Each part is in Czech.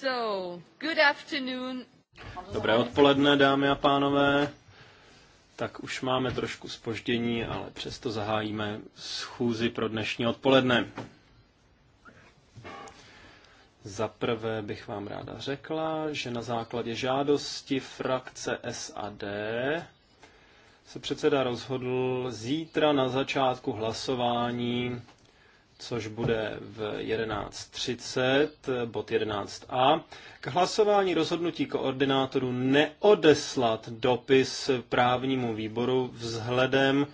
So, good afternoon. Dobré odpoledne, dámy a pánové. Tak už máme trošku spoždění, ale přesto zahájíme schůzi pro dnešní odpoledne. Za prvé bych vám ráda řekla, že na základě žádosti frakce SAD se předseda rozhodl zítra na začátku hlasování což bude v 11.30, bod 11a, k hlasování rozhodnutí koordinátorů neodeslat dopis právnímu výboru vzhledem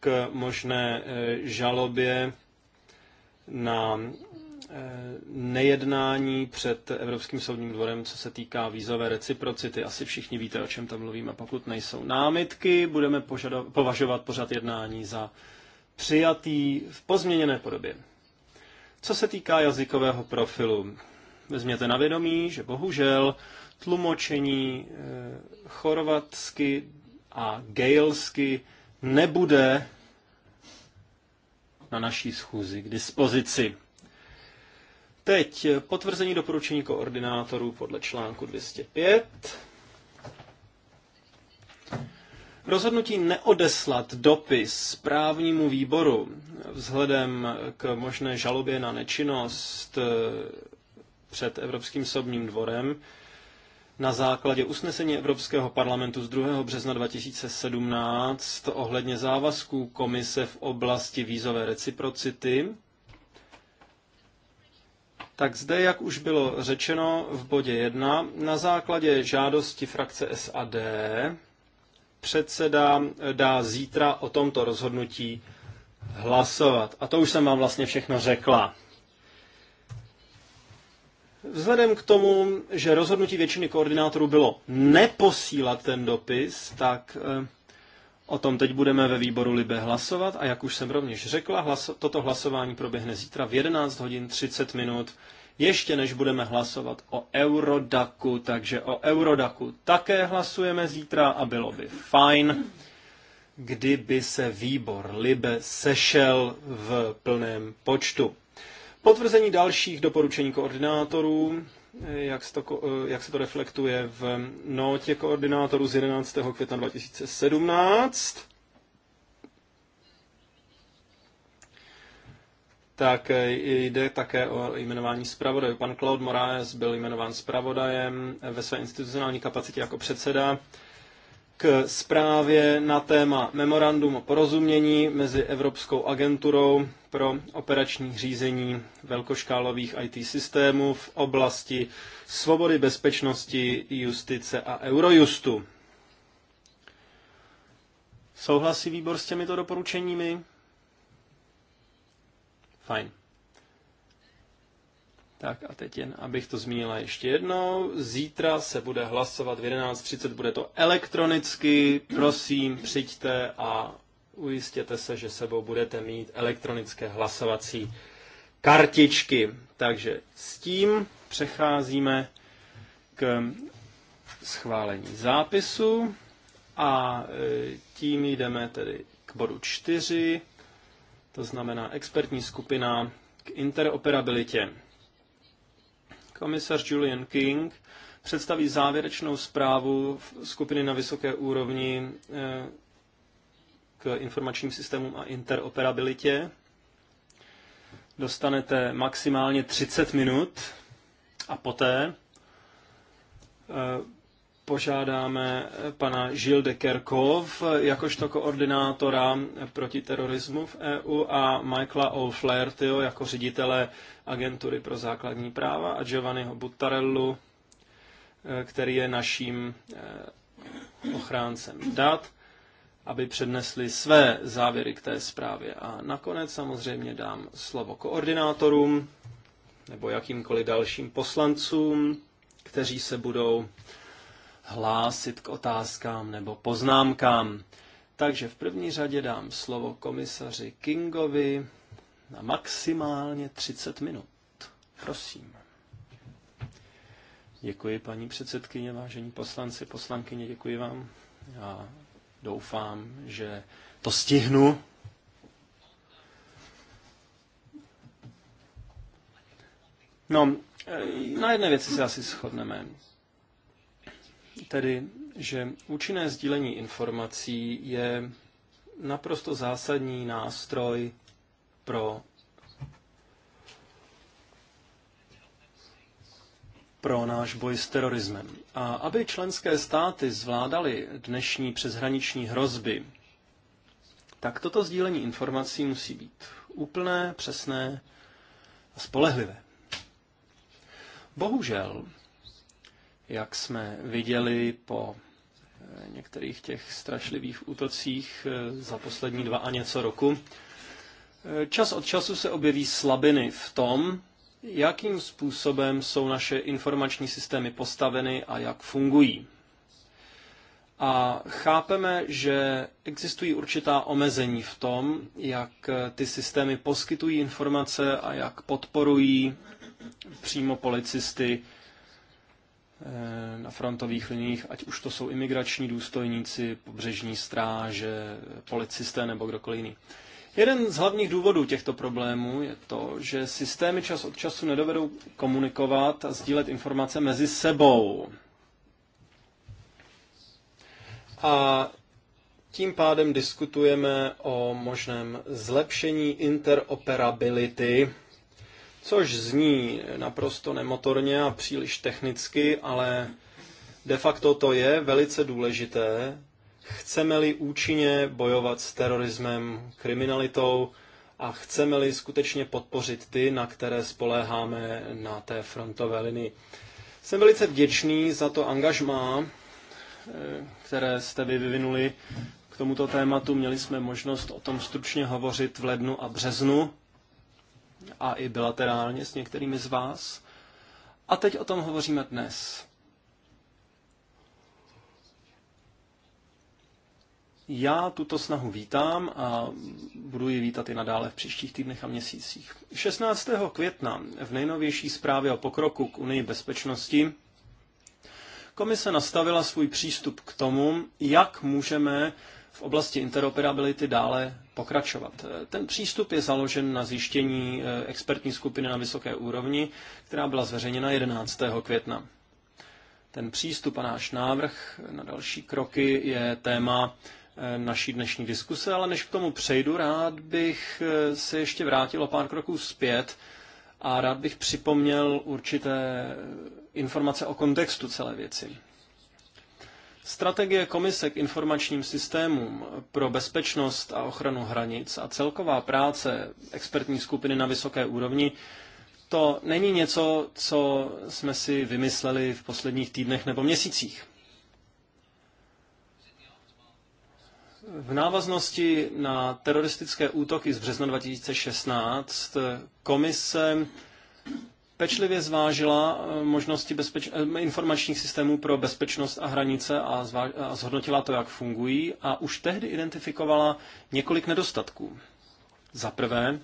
k možné e, žalobě na e, nejednání před Evropským soudním dvorem, co se týká vízové reciprocity. Asi všichni víte, o čem tam mluvíme. Pokud nejsou námitky, budeme požado- považovat pořad jednání za přijatý v pozměněné podobě. Co se týká jazykového profilu, vezměte na vědomí, že bohužel tlumočení eh, chorvatsky a gaelsky nebude na naší schůzi k dispozici. Teď potvrzení doporučení koordinátorů podle článku 205. Rozhodnutí neodeslat dopis správnímu výboru vzhledem k možné žalobě na nečinnost eh, před Evropským soudním dvorem na základě usnesení Evropského parlamentu z 2. března 2017 ohledně závazků komise v oblasti vízové reciprocity, tak zde, jak už bylo řečeno v bodě 1, na základě žádosti frakce SAD předseda dá zítra o tomto rozhodnutí hlasovat. A to už jsem vám vlastně všechno řekla. Vzhledem k tomu, že rozhodnutí většiny koordinátorů bylo neposílat ten dopis, tak eh, o tom teď budeme ve výboru Libe hlasovat a jak už jsem rovněž řekla, hlaso- toto hlasování proběhne zítra v 11 hodin 30 minut ještě než budeme hlasovat o Eurodaku, takže o Eurodaku také hlasujeme zítra a bylo by fajn, kdyby se výbor Libe sešel v plném počtu. Potvrzení dalších doporučení koordinátorů, jak se, to, jak se to reflektuje v notě koordinátorů z 11. května 2017. tak e, jde také o jmenování zpravodajů. Pan Claude Moraes byl jmenován zpravodajem ve své institucionální kapacitě jako předseda k zprávě na téma memorandum o porozumění mezi Evropskou agenturou pro operační řízení velkoškálových IT systémů v oblasti svobody, bezpečnosti, justice a Eurojustu. Souhlasí výbor s těmito doporučeními? Fajn. Tak a teď jen, abych to zmínila ještě jednou. Zítra se bude hlasovat v 11.30, bude to elektronicky. Prosím, přijďte a ujistěte se, že sebou budete mít elektronické hlasovací kartičky. Takže s tím přecházíme k schválení zápisu a e, tím jdeme tedy k bodu 4 to znamená expertní skupina k interoperabilitě. Komisař Julian King představí závěrečnou zprávu skupiny na vysoké úrovni eh, k informačním systémům a interoperabilitě. Dostanete maximálně 30 minut a poté eh, požádáme pana Žil de Kerkov jakožto koordinátora proti terorismu v EU a Michaela O'Flaherty jako ředitele Agentury pro základní práva a Giovanniho Buttarellu, eh, který je naším eh, ochráncem dat, aby přednesli své závěry k té zprávě. A nakonec samozřejmě dám slovo koordinátorům nebo jakýmkoliv dalším poslancům, kteří se budou hlásit k otázkám nebo poznámkám. Takže v první řadě dám slovo komisaři Kingovi na maximálně 30 minut. Prosím. Děkuji, paní předsedkyně, vážení poslanci, poslankyně, děkuji vám. Já doufám, že to stihnu. No, na jedné věci se asi shodneme tedy, že účinné sdílení informací je naprosto zásadní nástroj pro pro náš boj s terorismem. A aby členské státy zvládaly dnešní přeshraniční hrozby, tak toto sdílení informací musí být úplné, přesné a spolehlivé. Bohužel, jak jsme viděli po eh, některých těch strašlivých útocích eh, za poslední dva a něco roku, eh, čas od času se objeví slabiny v tom, jakým způsobem jsou naše informační systémy postaveny a jak fungují. A chápeme, že existují určitá omezení v tom, jak ty systémy poskytují informace a jak podporují přímo policisty Eh, na frontových liních, ať už to jsou imigrační důstojníci, pobřežní stráže, policisté nebo kdokoliv jiný. Jeden z hlavních důvodů těchto problémů je to, že systémy čas od času nedovedou komunikovat a sdílet informace mezi sebou. A tím pádem diskutujeme o možném zlepšení interoperability což zní naprosto nemotorně a příliš technicky, ale de facto to je velice důležité, chceme-li účinně bojovat s terorismem, kriminalitou a chceme-li skutečně podpořit ty, na které spoléháme na té frontové linii. Jsem velice vděčný za to angažmá, eh, které jste vy vyvinuli k tomuto tématu. Měli jsme možnost o tom stručně hovořit v lednu a březnu a i bilaterálně s některými z vás. A teď o tom hovoříme dnes. Já tuto snahu vítám a budu ji vítat i nadále v příštích týdnech a měsících. 16. května v nejnovější zprávě o pokroku k Unii bezpečnosti komise nastavila svůj přístup k tomu, jak můžeme v oblasti interoperability dále pokračovat. Ten přístup je založen na zjištění eh, expertní skupiny na vysoké úrovni, která byla zveřejněna 11. května. Ten přístup a náš návrh na další kroky je téma eh, naší dnešní diskuse, ale než k tomu přejdu, rád bych eh, se ještě vrátil o pár kroků zpět a rád bych připomněl určité informace o kontextu celé věci. Strategie Komise k informačním systémům pro bezpečnost a ochranu hranic a celková práce expertní skupiny na vysoké úrovni to není něco, co jsme si vymysleli v posledních týdnech nebo měsících. V návaznosti na teroristické útoky z března 2016 komise pečlivě zvážila eh, možnosti bezpeč- eh, informačních systémů pro bezpečnost a hranice a, zvá- a zhodnotila to, jak fungují a už tehdy identifikovala několik nedostatků. Za prvé,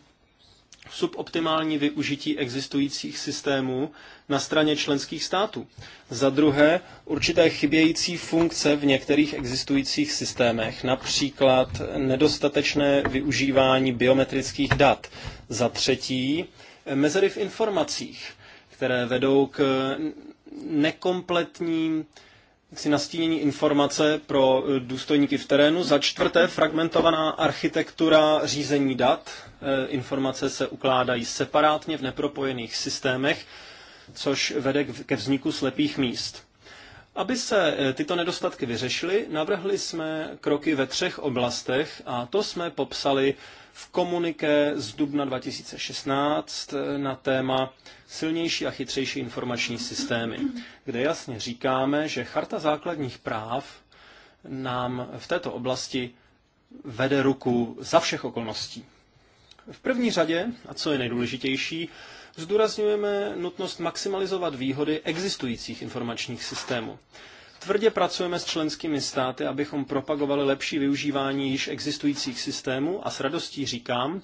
suboptimální využití existujících systémů na straně členských států. Za druhé, určité chybějící funkce v některých existujících systémech, například nedostatečné využívání biometrických dat. Za třetí, mezery v informacích, které vedou k nekompletním si nastínění informace pro eh, důstojníky v terénu. Za čtvrté, fragmentovaná architektura řízení dat. Eh, informace se ukládají separátně v nepropojených systémech, což vede ke vzniku slepých míst. Aby se eh, tyto nedostatky vyřešily, navrhli jsme kroky ve třech oblastech a to jsme popsali v komuniké z dubna 2016 eh, na téma silnější a chytřejší informační systémy, kde jasně říkáme, že Charta základních práv nám v této oblasti vede ruku za všech okolností. V první řadě, a co je nejdůležitější, zdůrazňujeme nutnost maximalizovat výhody existujících informačních systémů. Tvrdě pracujeme s členskými státy, abychom propagovali lepší využívání již existujících systémů a s radostí říkám,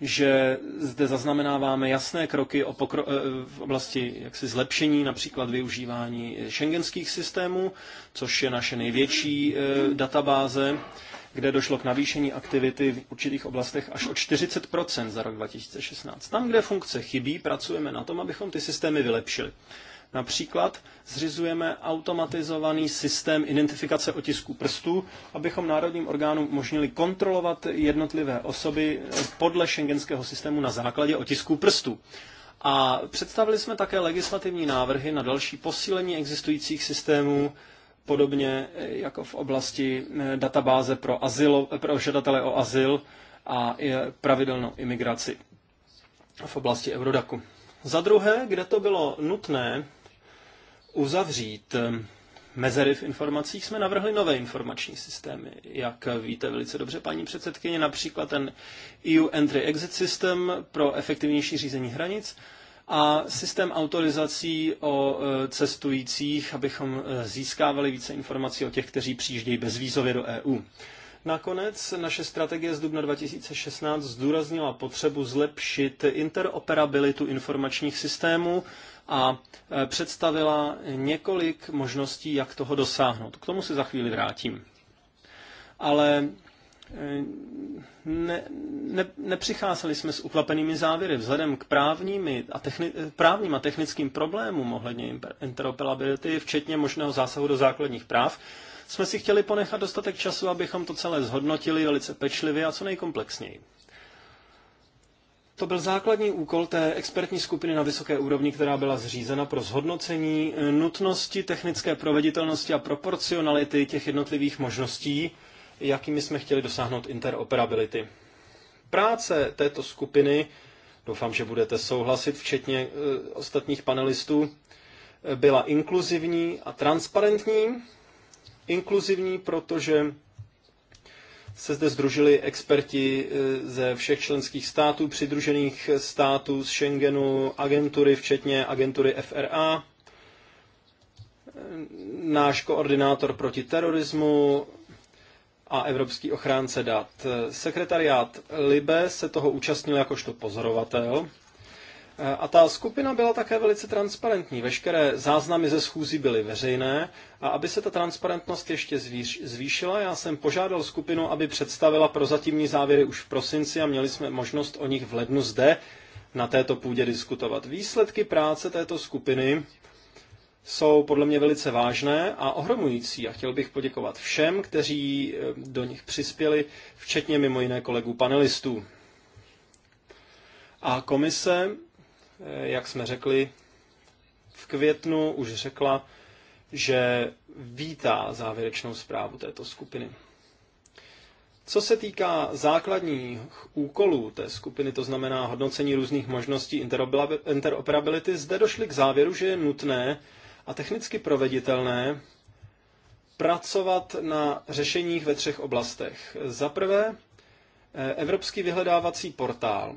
že zde zaznamenáváme jasné kroky o pokro- eh, v oblasti jaksi zlepšení, například využívání šengenských systémů, což je naše největší eh, databáze, kde došlo k navýšení aktivity v určitých oblastech až o 40 za rok 2016. Tam, kde funkce chybí, pracujeme na tom, abychom ty systémy vylepšili. Například zřizujeme automatizovaný systém identifikace otisků prstů, abychom národním orgánům umožnili kontrolovat jednotlivé osoby eh, podle šengenského systému na základě otisků prstů. A představili jsme také legislativní návrhy na další posílení existujících systémů, podobně eh, jako v oblasti eh, databáze pro, azylo, pro žadatele o azyl a pravidelnou imigraci v oblasti Eurodaku. Za druhé, kde to bylo nutné, uzavřít eh, mezery v informacích, jsme navrhli nové informační systémy. Jak víte velice dobře, paní předsedkyně, například ten EU Entry-Exit System pro efektivnější řízení hranic a systém autorizací o eh, cestujících, abychom eh, získávali více informací o těch, kteří přijíždějí bezvízově do EU. Nakonec naše strategie z dubna 2016 zdůraznila potřebu zlepšit interoperabilitu informačních systémů a e, představila několik možností, jak toho dosáhnout. K tomu se za chvíli vrátím. Ale e, ne, ne, nepřicházeli jsme s ukvapenými závěry. Vzhledem k právními a techni, právním a technickým problémům ohledně interoperability, včetně možného zásahu do základních práv, jsme si chtěli ponechat dostatek času, abychom to celé zhodnotili velice pečlivě a co nejkomplexněji. To byl základní úkol té expertní skupiny na vysoké úrovni, která byla zřízena pro zhodnocení eh, nutnosti, technické proveditelnosti a proporcionality těch jednotlivých možností, jakými jsme chtěli dosáhnout interoperability. Práce této skupiny, doufám, že budete souhlasit, včetně eh, ostatních panelistů, eh, byla inkluzivní a transparentní. Inkluzivní, protože se zde združili experti e, ze všech členských států, přidružených států z Schengenu, agentury, včetně agentury FRA, náš koordinátor proti terorismu a Evropský ochránce dat. Sekretariát Libe se toho účastnil jakožto pozorovatel a ta skupina byla také velice transparentní. Veškeré záznamy ze schůzí byly veřejné a aby se ta transparentnost ještě zvýšila, já jsem požádal skupinu, aby představila prozatímní závěry už v prosinci a měli jsme možnost o nich v lednu zde na této půdě diskutovat. Výsledky práce této skupiny jsou podle mě velice vážné a ohromující a chtěl bych poděkovat všem, kteří eh, do nich přispěli, včetně mimo jiné kolegů panelistů. A komise Eh, jak jsme řekli, v květnu už řekla, že vítá závěrečnou zprávu této skupiny. Co se týká základních úkolů té skupiny, to znamená hodnocení různých možností interoperability, zde došli k závěru, že je nutné a technicky proveditelné pracovat na řešeních ve třech oblastech. Za prvé, eh, evropský vyhledávací portál.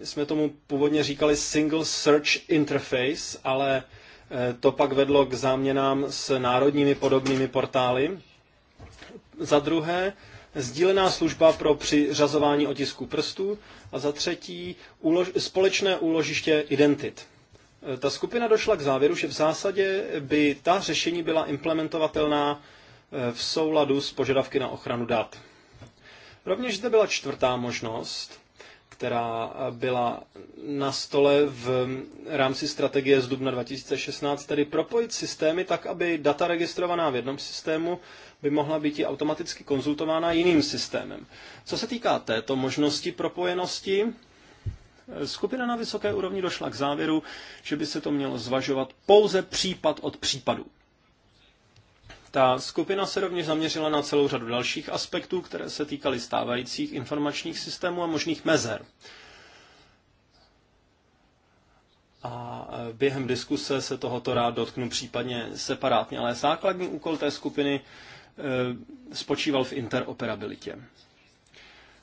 My jsme tomu původně říkali Single Search Interface, ale eh, to pak vedlo k záměnám s národními podobnými portály. Za druhé, sdílená služba pro přiřazování otisků prstů a za třetí ulož, společné úložiště identit. Eh, ta skupina došla k závěru, že v zásadě by ta řešení byla implementovatelná eh, v souladu s požadavky na ochranu dat. Rovněž zde byla čtvrtá možnost, která byla na stole v rámci strategie z dubna 2016, tedy propojit systémy tak, aby data registrovaná v jednom systému by mohla být i automaticky konzultována jiným systémem. Co se týká této možnosti propojenosti, skupina na vysoké úrovni došla k závěru, že by se to mělo zvažovat pouze případ od případu. Ta skupina se rovněž zaměřila na celou řadu dalších aspektů, které se týkaly stávajících informačních systémů a možných mezer. A e, během diskuse se tohoto rád dotknu případně separátně, ale základní úkol té skupiny e, spočíval v interoperabilitě.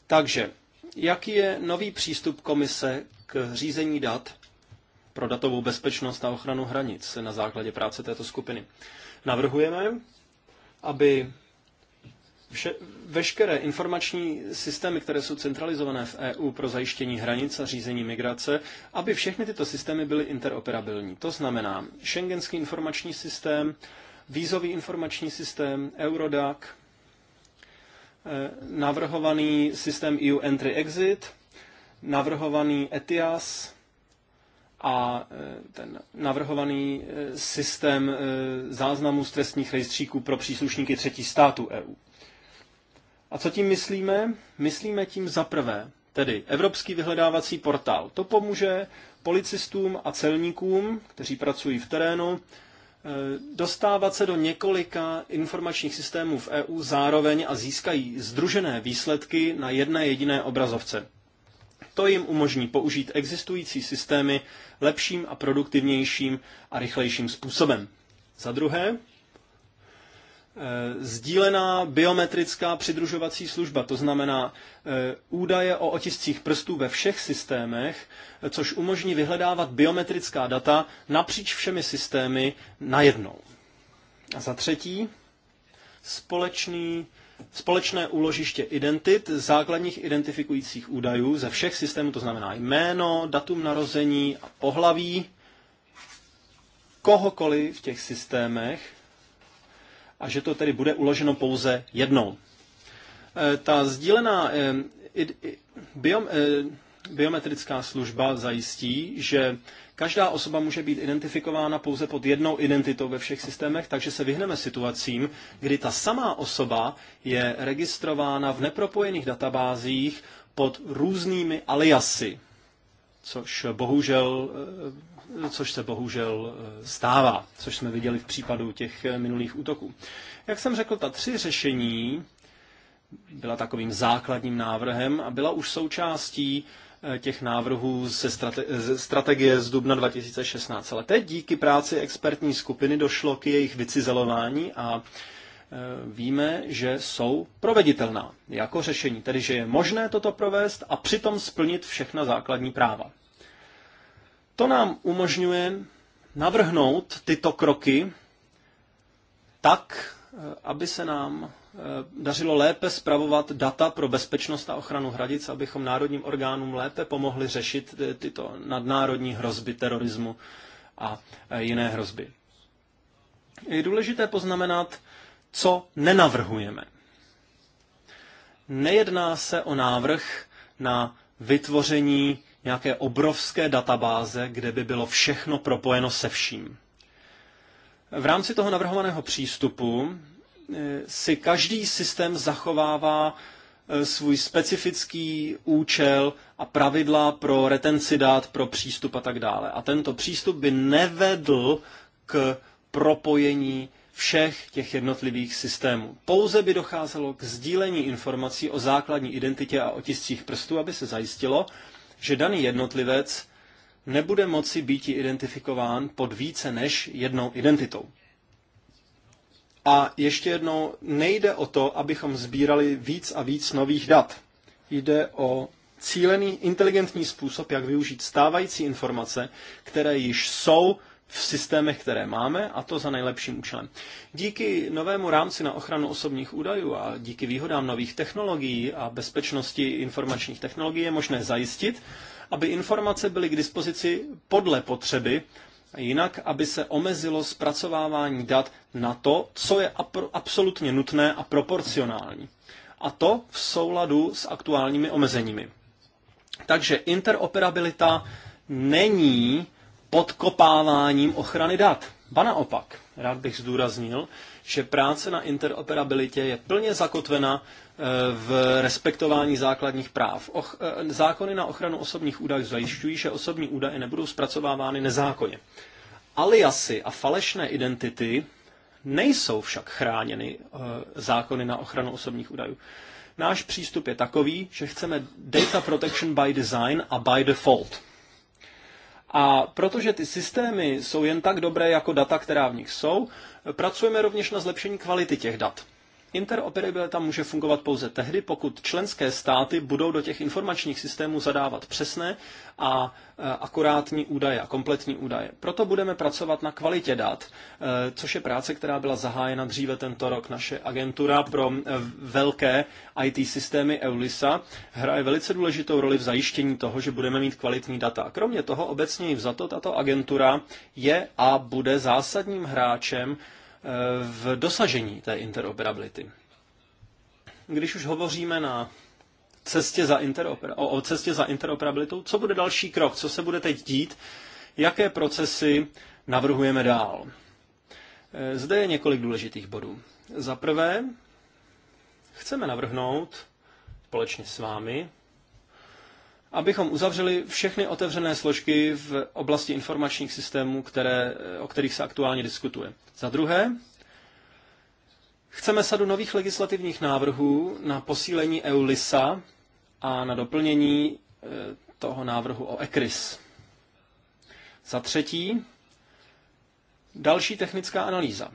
Takže, jaký je nový přístup komise k řízení dat pro datovou bezpečnost a ochranu hranic na základě práce této skupiny? Navrhujeme, aby vše, veškeré informační systémy, které jsou centralizované v EU pro zajištění hranic a řízení migrace, aby všechny tyto systémy byly interoperabilní. To znamená Schengenský informační systém, vízový informační systém, Eurodac, eh, navrhovaný systém EU Entry-Exit, navrhovaný ETIAS, a e, ten navrhovaný e, systém e, záznamů stresních rejstříků pro příslušníky třetí státu EU. A co tím myslíme? Myslíme tím zaprvé, tedy Evropský vyhledávací portál. To pomůže policistům a celníkům, kteří pracují v terénu, dostávat se do několika informačních systémů v EU zároveň a získají združené výsledky na jedné jediné obrazovce. To jim umožní použít existující systémy lepším a produktivnějším a rychlejším způsobem. Za druhé, eh, sdílená biometrická přidružovací služba, to znamená eh, údaje o otiscích prstů ve všech systémech, což umožní vyhledávat biometrická data napříč všemi systémy najednou. A za třetí, společný společné úložiště identit, základních identifikujících údajů ze všech systémů, to znamená jméno, datum narození a pohlaví kohokoliv v těch systémech a že to tedy bude uloženo pouze jednou. E, ta sdílená e, biom, e, biometrická služba zajistí, že každá osoba může být identifikována pouze pod jednou identitou ve všech systémech, takže se vyhneme situacím, kdy ta samá osoba je registrována v nepropojených databázích pod různými aliasy, což bohužel eh, což se bohužel eh, stává, což jsme viděli v případu těch eh, minulých útoků. Jak jsem řekl, ta tři řešení byla takovým základním návrhem a byla už součástí Eh, těch návrhů ze strate- strategie z dubna 2016. Ale teď díky práci expertní skupiny došlo k jejich vycizelování a eh, víme, že jsou proveditelná jako řešení, tedy že je možné toto provést a přitom splnit všechna základní práva. To nám umožňuje navrhnout tyto kroky tak, eh, aby se nám Eh, dařilo lépe spravovat data pro bezpečnost a ochranu hradic, abychom národním orgánům lépe pomohli řešit eh, tyto nadnárodní hrozby terorismu a eh, jiné hrozby. Je důležité poznamenat, co nenavrhujeme. Nejedná se o návrh na vytvoření nějaké obrovské databáze, kde by bylo všechno propojeno se vším. V rámci toho navrhovaného přístupu si každý systém zachovává e, svůj specifický účel a pravidla pro retenci dát, pro přístup a tak dále. A tento přístup by nevedl k propojení všech těch jednotlivých systémů. Pouze by docházelo k sdílení informací o základní identitě a otiscích prstů, aby se zajistilo, že daný jednotlivec nebude moci být identifikován pod více než jednou identitou. A ještě jednou, nejde o to, abychom sbírali víc a víc nových dat. Jde o cílený, inteligentní způsob, jak využít stávající informace, které již jsou v systémech, které máme, a to za nejlepším účelem. Díky novému rámci na ochranu osobních údajů a díky výhodám nových technologií a bezpečnosti informačních technologií je možné zajistit, aby informace byly k dispozici podle potřeby jinak, aby se omezilo zpracovávání dat na to, co je absolutně nutné a proporcionální. A to v souladu s aktuálními omezeními. Takže interoperabilita není podkopáváním ochrany dat. Ba naopak, rád bych zdůraznil, že práce na interoperabilitě je plně zakotvena eh, v respektování základních práv. Och, eh, zákony na ochranu osobních údajů zajišťují, že osobní údaje nebudou zpracovávány nezákonně. Aliasy a falešné identity nejsou však chráněny eh, zákony na ochranu osobních údajů. Náš přístup je takový, že chceme data protection by design a by default. A protože ty systémy jsou jen tak dobré jako data, která v nich jsou, pracujeme rovněž na zlepšení kvality těch dat. Interoperabilita může fungovat pouze tehdy, pokud členské státy budou do těch informačních systémů zadávat přesné a e, akurátní údaje a kompletní údaje. Proto budeme pracovat na kvalitě dat, e, což je práce, která byla zahájena dříve tento rok. Naše agentura pro e, velké IT systémy EULISA hraje velice důležitou roli v zajištění toho, že budeme mít kvalitní data. Kromě toho obecně i vzato tato agentura je a bude zásadním hráčem v dosažení té interoperability. Když už hovoříme na cestě za interoper- o, o cestě za interoperabilitou, co bude další krok, co se bude teď dít, jaké procesy navrhujeme dál. E, zde je několik důležitých bodů. Za prvé, chceme navrhnout společně s vámi abychom uzavřeli všechny otevřené složky v oblasti informačních systémů, které, o kterých se aktuálně diskutuje. Za druhé, chceme sadu nových legislativních návrhů na posílení EULISA a na doplnění e, toho návrhu o ECRIS. Za třetí, další technická analýza.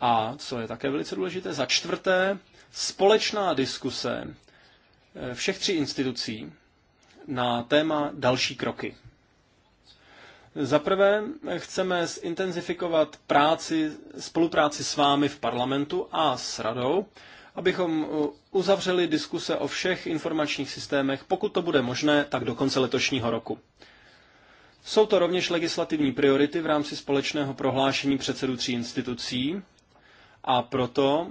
A co je také velice důležité, za čtvrté, společná diskuse Eh, všech tří institucí na téma další kroky. Za prvé eh, chceme zintenzifikovat práci, spolupráci s vámi v parlamentu a s radou, abychom eh, uzavřeli diskuse o všech informačních systémech, pokud to bude možné, tak do konce letošního roku. Jsou to rovněž legislativní priority v rámci společného prohlášení předsedů tří institucí a proto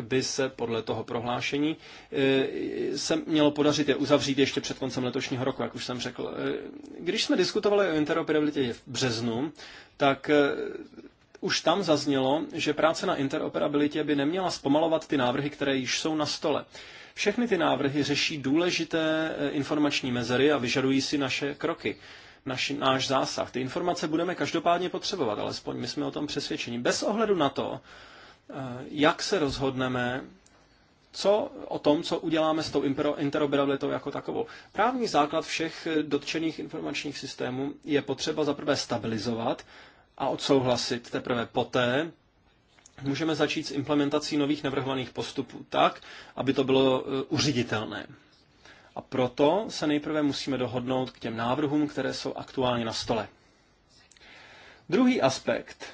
by se podle toho prohlášení eh, se mělo podařit je uzavřít ještě před koncem letošního roku, jak už jsem řekl. Eh, když jsme diskutovali o interoperabilitě v březnu, tak eh, už tam zaznělo, že práce na interoperabilitě by neměla zpomalovat ty návrhy, které již jsou na stole. Všechny ty návrhy řeší důležité informační mezery a vyžadují si naše kroky naš, náš zásah. Ty informace budeme každopádně potřebovat, alespoň my jsme o tom přesvědčeni. Bez ohledu na to, Eh, jak se rozhodneme, co o tom, co uděláme s tou interoperabilitou jako takovou. Právní základ všech eh, dotčených informačních systémů je potřeba zaprvé stabilizovat a odsouhlasit teprve poté, můžeme začít s implementací nových navrhovaných postupů tak, aby to bylo eh, uřiditelné. A proto se nejprve musíme dohodnout k těm návrhům, které jsou aktuálně na stole. Druhý aspekt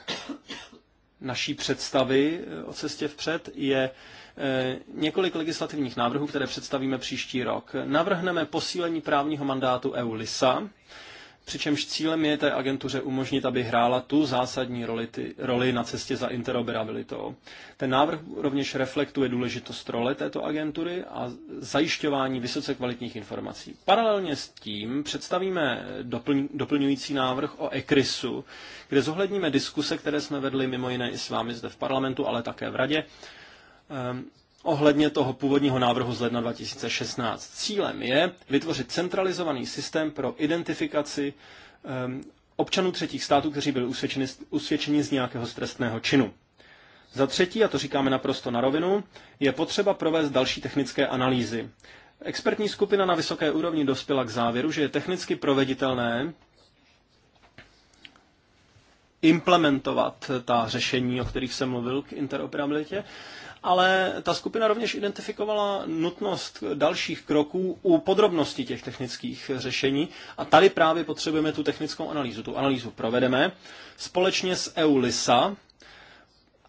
naší představy eh, o cestě vpřed je eh, několik legislativních návrhů, které představíme příští rok. Navrhneme posílení právního mandátu EULISA, přičemž cílem je té agentuře umožnit, aby hrála tu zásadní roli, ty, roli na cestě za interoperabilitou. Ten návrh rovněž reflektuje důležitost role této agentury a zajišťování vysoce kvalitních informací. Paralelně s tím představíme doplň, doplňující návrh o ECRISu, kde zohledníme diskuse, které jsme vedli mimo jiné i s vámi zde v parlamentu, ale také v radě, ehm, ohledně toho původního návrhu z ledna 2016. Cílem je vytvořit centralizovaný systém pro identifikaci ehm, občanů třetích států, kteří byli usvědčeni, usvědčeni z nějakého stresného činu. Za třetí, a to říkáme naprosto na rovinu, je potřeba provést další technické analýzy. Expertní skupina na vysoké úrovni dospěla k závěru, že je technicky proveditelné implementovat ta řešení, o kterých jsem mluvil k interoperabilitě, ale ta skupina rovněž identifikovala nutnost dalších kroků u podrobností těch technických řešení a tady právě potřebujeme tu technickou analýzu. Tu analýzu provedeme společně s EULISA,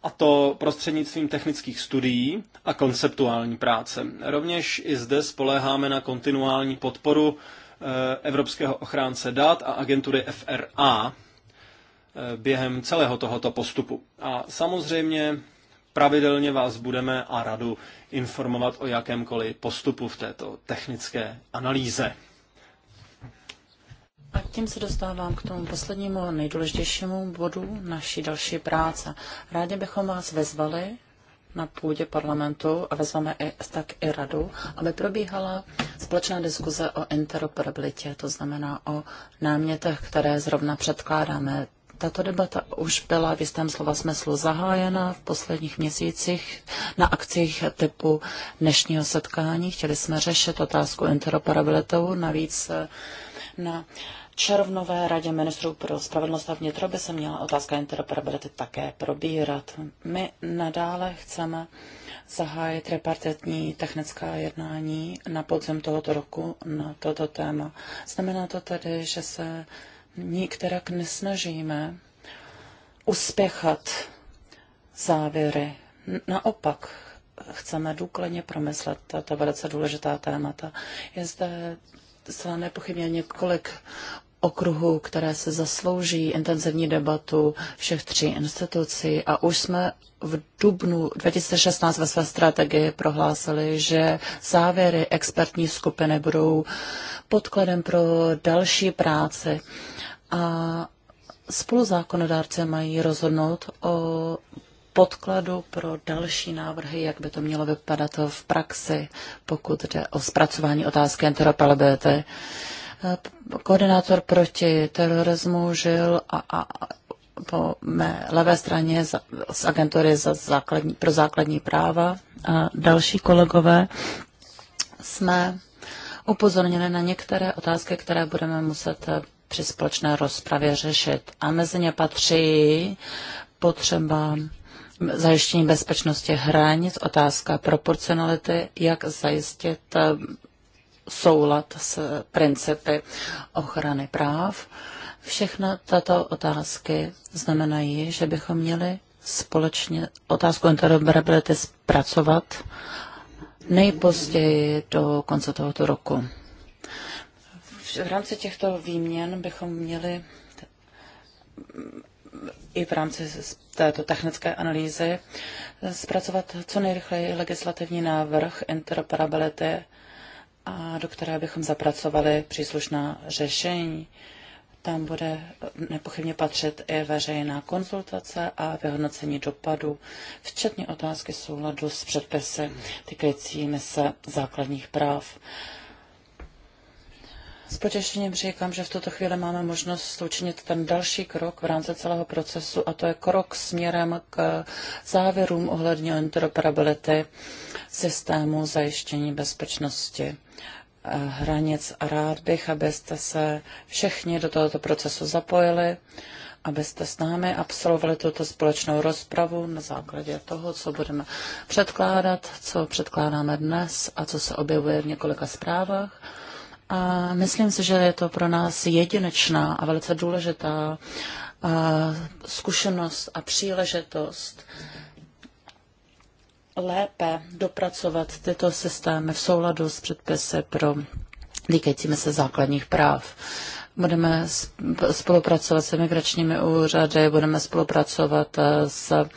a to prostřednictvím technických studií a konceptuální práce. Rovněž i zde spoléháme na kontinuální podporu eh, Evropského ochránce dat a agentury FRA eh, během celého tohoto postupu. A samozřejmě Pravidelně vás budeme a radu informovat o jakémkoliv postupu v této technické analýze. A tím se dostávám k tomu poslednímu nejdůležitějšímu bodu naší další práce. Rádi bychom vás vezvali na půdě parlamentu a vezmeme i, tak i radu, aby probíhala společná diskuze o interoperabilitě, to znamená o námětech, které zrovna předkládáme. Tato debata už byla v jistém slova smyslu zahájena v posledních měsících na akcích typu dnešního setkání. Chtěli jsme řešit otázku interoperabilitou. navíc eh, na červnové radě ministrů pro spravedlnost a vnitro by se měla otázka interoperability také probírat. My nadále chceme zahájit repartitní technická jednání na podzem tohoto roku na toto téma. Znamená to tedy, že se nikterak nesnažíme uspěchat závěry. Naopak, chceme důkladně promyslet tato velice důležitá témata. Je zde zcela nepochybně několik okruhů, které se zaslouží intenzivní debatu všech tří institucí a už jsme v dubnu 2016 ve své strategii prohlásili, že závěry expertní skupiny budou podkladem pro další práci a spoluzákonodárce mají rozhodnout o podkladu pro další návrhy, jak by to mělo vypadat v praxi, pokud jde o zpracování otázky interoperability. E, koordinátor proti terorismu žil a, a po mé levé straně za, z agentury za základní, pro základní práva a další kolegové jsme upozorněni na některé otázky, které budeme muset při společné rozpravě řešit. A mezi ně patří potřeba zajištění bezpečnosti hranic, otázka proporcionality, jak zajistit eh, soulad s principy ochrany práv. Všechna tato otázky znamenají, že bychom měli společně otázku interoperability zpracovat nejpozději do konce tohoto roku v rámci těchto výměn bychom měli i v rámci této technické analýzy zpracovat co nejrychleji legislativní návrh interoperability, a do které bychom zapracovali příslušná řešení. Tam bude nepochybně patřit i veřejná konzultace a vyhodnocení dopadu, včetně otázky souladu s předpisy týkajícími se základních práv. Uh, s potěšením říkám, že v tuto chvíli máme možnost učinit ten další krok v rámci celého procesu a to je krok směrem k závěrům ohledně interoperability systému zajištění bezpečnosti eh, hranic a rád bych, abyste se všichni do tohoto procesu zapojili, abyste s námi absolvovali tuto společnou rozpravu na základě toho, co budeme předkládat, co předkládáme dnes a co se objevuje v několika zprávách a myslím si, že je to pro nás jedinečná a velice důležitá zkušenost a příležitost lépe dopracovat tyto systémy v souladu s předpisy pro týkajícími se základních práv. Budeme spolupracovat s migračními úřady, budeme spolupracovat eh, s eh,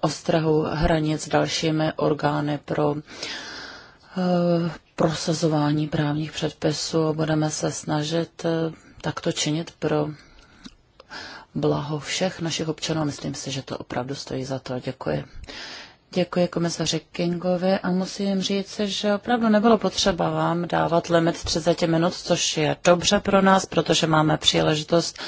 ostrahou hranic dalšími orgány pro Eh, prosazování právních předpisů a budeme se snažit eh, takto činit pro blaho všech našich občanů. Myslím si, že to opravdu stojí za to. Děkuji. Děkuji komisaři Kingovi a musím říct, že opravdu nebylo potřeba vám dávat limit 30 minut, což je dobře pro nás, protože máme příležitost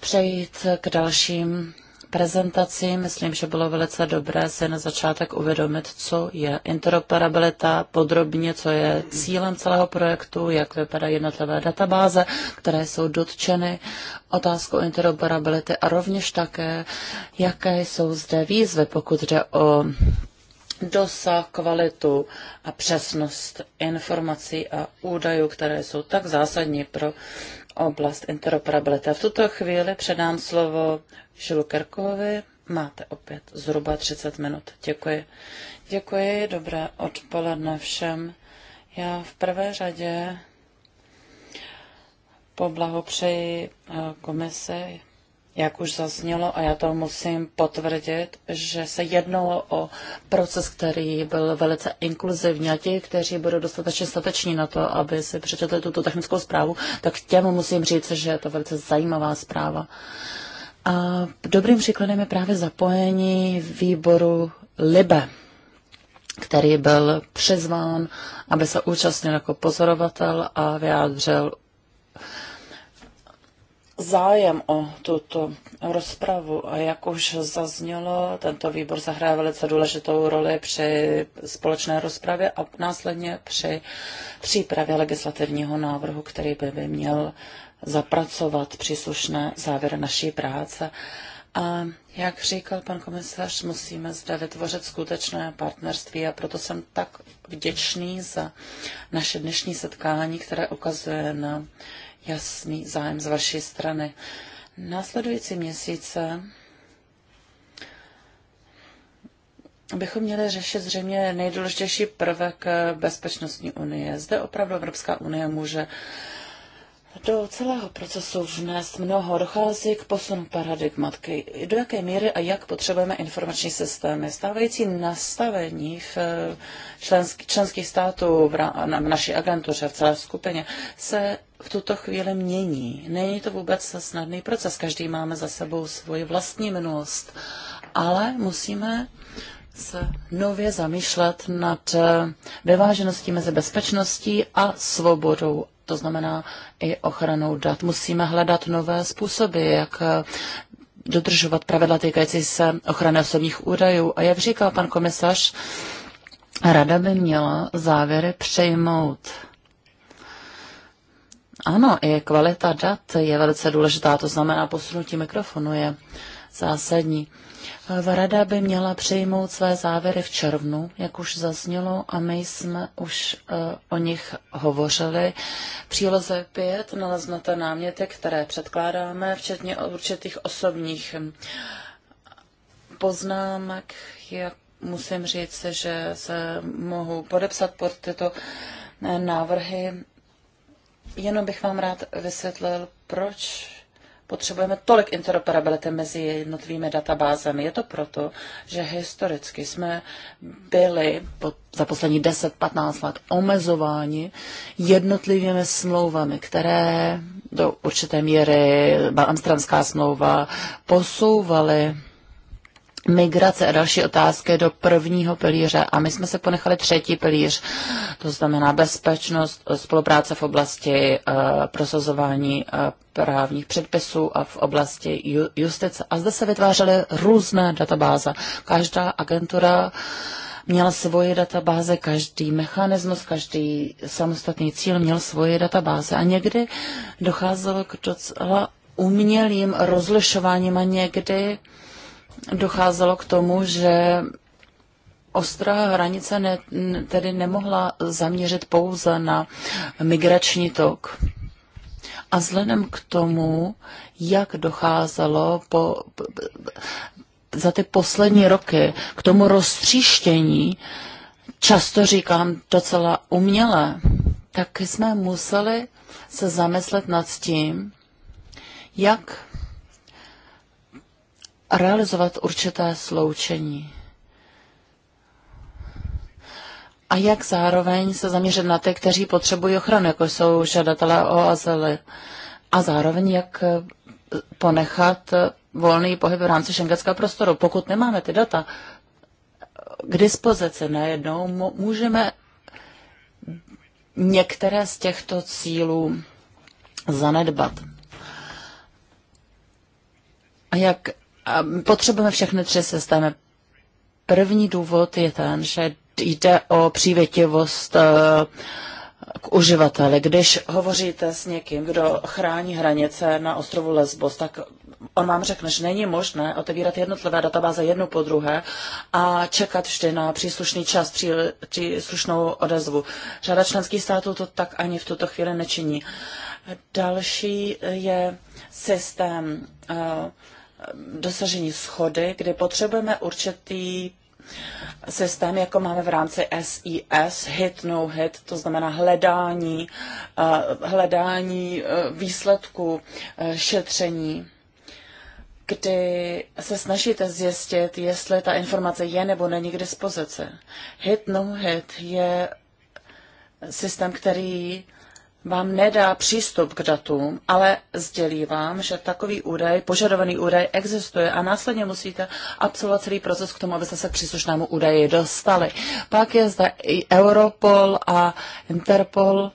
přejít k dalším prezentaci. Myslím, že bylo velice dobré si na začátek uvědomit, co je interoperabilita podrobně, co je cílem celého projektu, jak vypadají jednotlivé databáze, které jsou dotčeny otázkou interoperability a rovněž také, jaké jsou zde výzvy, pokud jde o dosah, kvalitu a přesnost informací a údajů, které jsou tak zásadní pro oblast interoperability. V tuto chvíli předám slovo Žilu Kerkovi. Máte opět zhruba 30 minut. Děkuji. Děkuji, dobré odpoledne všem. Já v prvé řadě poblahopřeji eh, komise jak už zaznělo, a já to musím potvrdit, že se jednalo o proces, který byl velice inkluzivní a ti, kteří budou dostatečně stateční na to, aby si přečetli tuto technickou zprávu, tak těm musím říct, že je to velice zajímavá zpráva. A dobrým příkladem je právě zapojení výboru LIBE, který byl přizván, aby se účastnil jako pozorovatel a vyjádřil zájem o tuto rozpravu a jak už zaznělo, tento výbor zahraje velice důležitou roli při společné rozpravě a následně při přípravě legislativního návrhu, který by, by měl zapracovat příslušné závěry naší práce. A jak říkal pan komisař, musíme zde vytvořit skutečné partnerství a proto jsem tak vděčný za naše dnešní setkání, které ukazuje na jasný zájem z vaší strany. Následující měsíce bychom měli řešit zřejmě nejdůležitější prvek bezpečnostní unie. Zde opravdu Evropská unie může uh, do celého procesu vnést mnoho. Dochází k posunu paradigmatky. do jaké míry a jak potřebujeme informační systémy. Stávající nastavení v eh, členský, členských států v, na, v naší agentuře, v celé skupině, se v tuto chvíli mění. Není to vůbec snadný proces, každý máme za sebou svoji vlastní minulost, ale musíme se nově zamýšlet nad eh, vyvážeností mezi bezpečností a svobodou to znamená i ochranou dat. Musíme hledat nové způsoby, jak eh, dodržovat pravidla týkající se ochrany osobních údajů. A jak říkal pan komisař, rada by měla závěry přejmout. Ano, i kvalita dat je velice důležitá, to znamená posunutí mikrofonu je zásadní rada by měla přejmout své závěry v červnu, jak už zaznělo, a my jsme už eh, o nich hovořili. příloze 5 naleznete náměty, které předkládáme, včetně určitých osobních hm, poznámek. Jak musím říct, že se mohu podepsat pod tyto eh, návrhy. Jenom bych vám rád vysvětlil, proč potřebujeme tolik interoperability mezi jednotlivými databázemi. Je to proto, že historicky jsme byli za poslední 10-15 let omezováni jednotlivými smlouvami, které do určité míry amsterdamská smlouva posouvaly migrace a další otázky do prvního pilíře. A my jsme se ponechali třetí pilíř, to znamená bezpečnost, spolupráce v oblasti uh, prosazování uh, právních předpisů a v oblasti ju, justice. A zde se vytvářely různé databáze. Každá agentura měla svoje databáze, každý mechanismus, každý samostatný cíl měl svoje databáze. A někdy docházelo k docela umělým rozlišováním a někdy uh, docházelo k tomu, že ostrá hranice ne, tedy nemohla zaměřit pouze na migrační tok. A vzhledem k tomu, jak docházelo po, za ty poslední roky k tomu roztříštění, často říkám docela uměle, tak jsme museli se zamyslet nad tím, jak realizovat určité sloučení. A jak zároveň se zaměřit na ty, kteří potřebují ochranu, jako jsou žadatelé o azyly. A zároveň jak eh, ponechat eh, volný pohyb v rámci šengenského prostoru. Pokud nemáme ty data eh, k dispozici najednou, můžeme některé z těchto cílů zanedbat. A jak potřebujeme všechny tři systémy. První důvod je ten, že jde o přívětivost eh, k uživateli. Když hovoříte s někým, kdo chrání hranice na ostrovu Lesbos, tak on vám řekne, že není možné otevírat jednotlivé databáze jednu po druhé a čekat vždy na příslušný čas, příslušnou odezvu. Řada členských států to tak ani v tuto chvíli nečiní. Další je systém uh, dosažení schody, kdy potřebujeme určitý systém, jako máme v rámci SIS, hit, no hit, to znamená hledání, eh, hledání eh, výsledků eh, šetření, kdy se snažíte zjistit, jestli ta informace je nebo není k dispozici. Hit, no hit je systém, který vám nedá přístup k datům, ale sdělí vám, že takový údaj, požadovaný údaj existuje a následně musíte absolvovat celý proces k tomu, abyste se k příslušnému údaji dostali. Pak je zde i Europol a Interpol,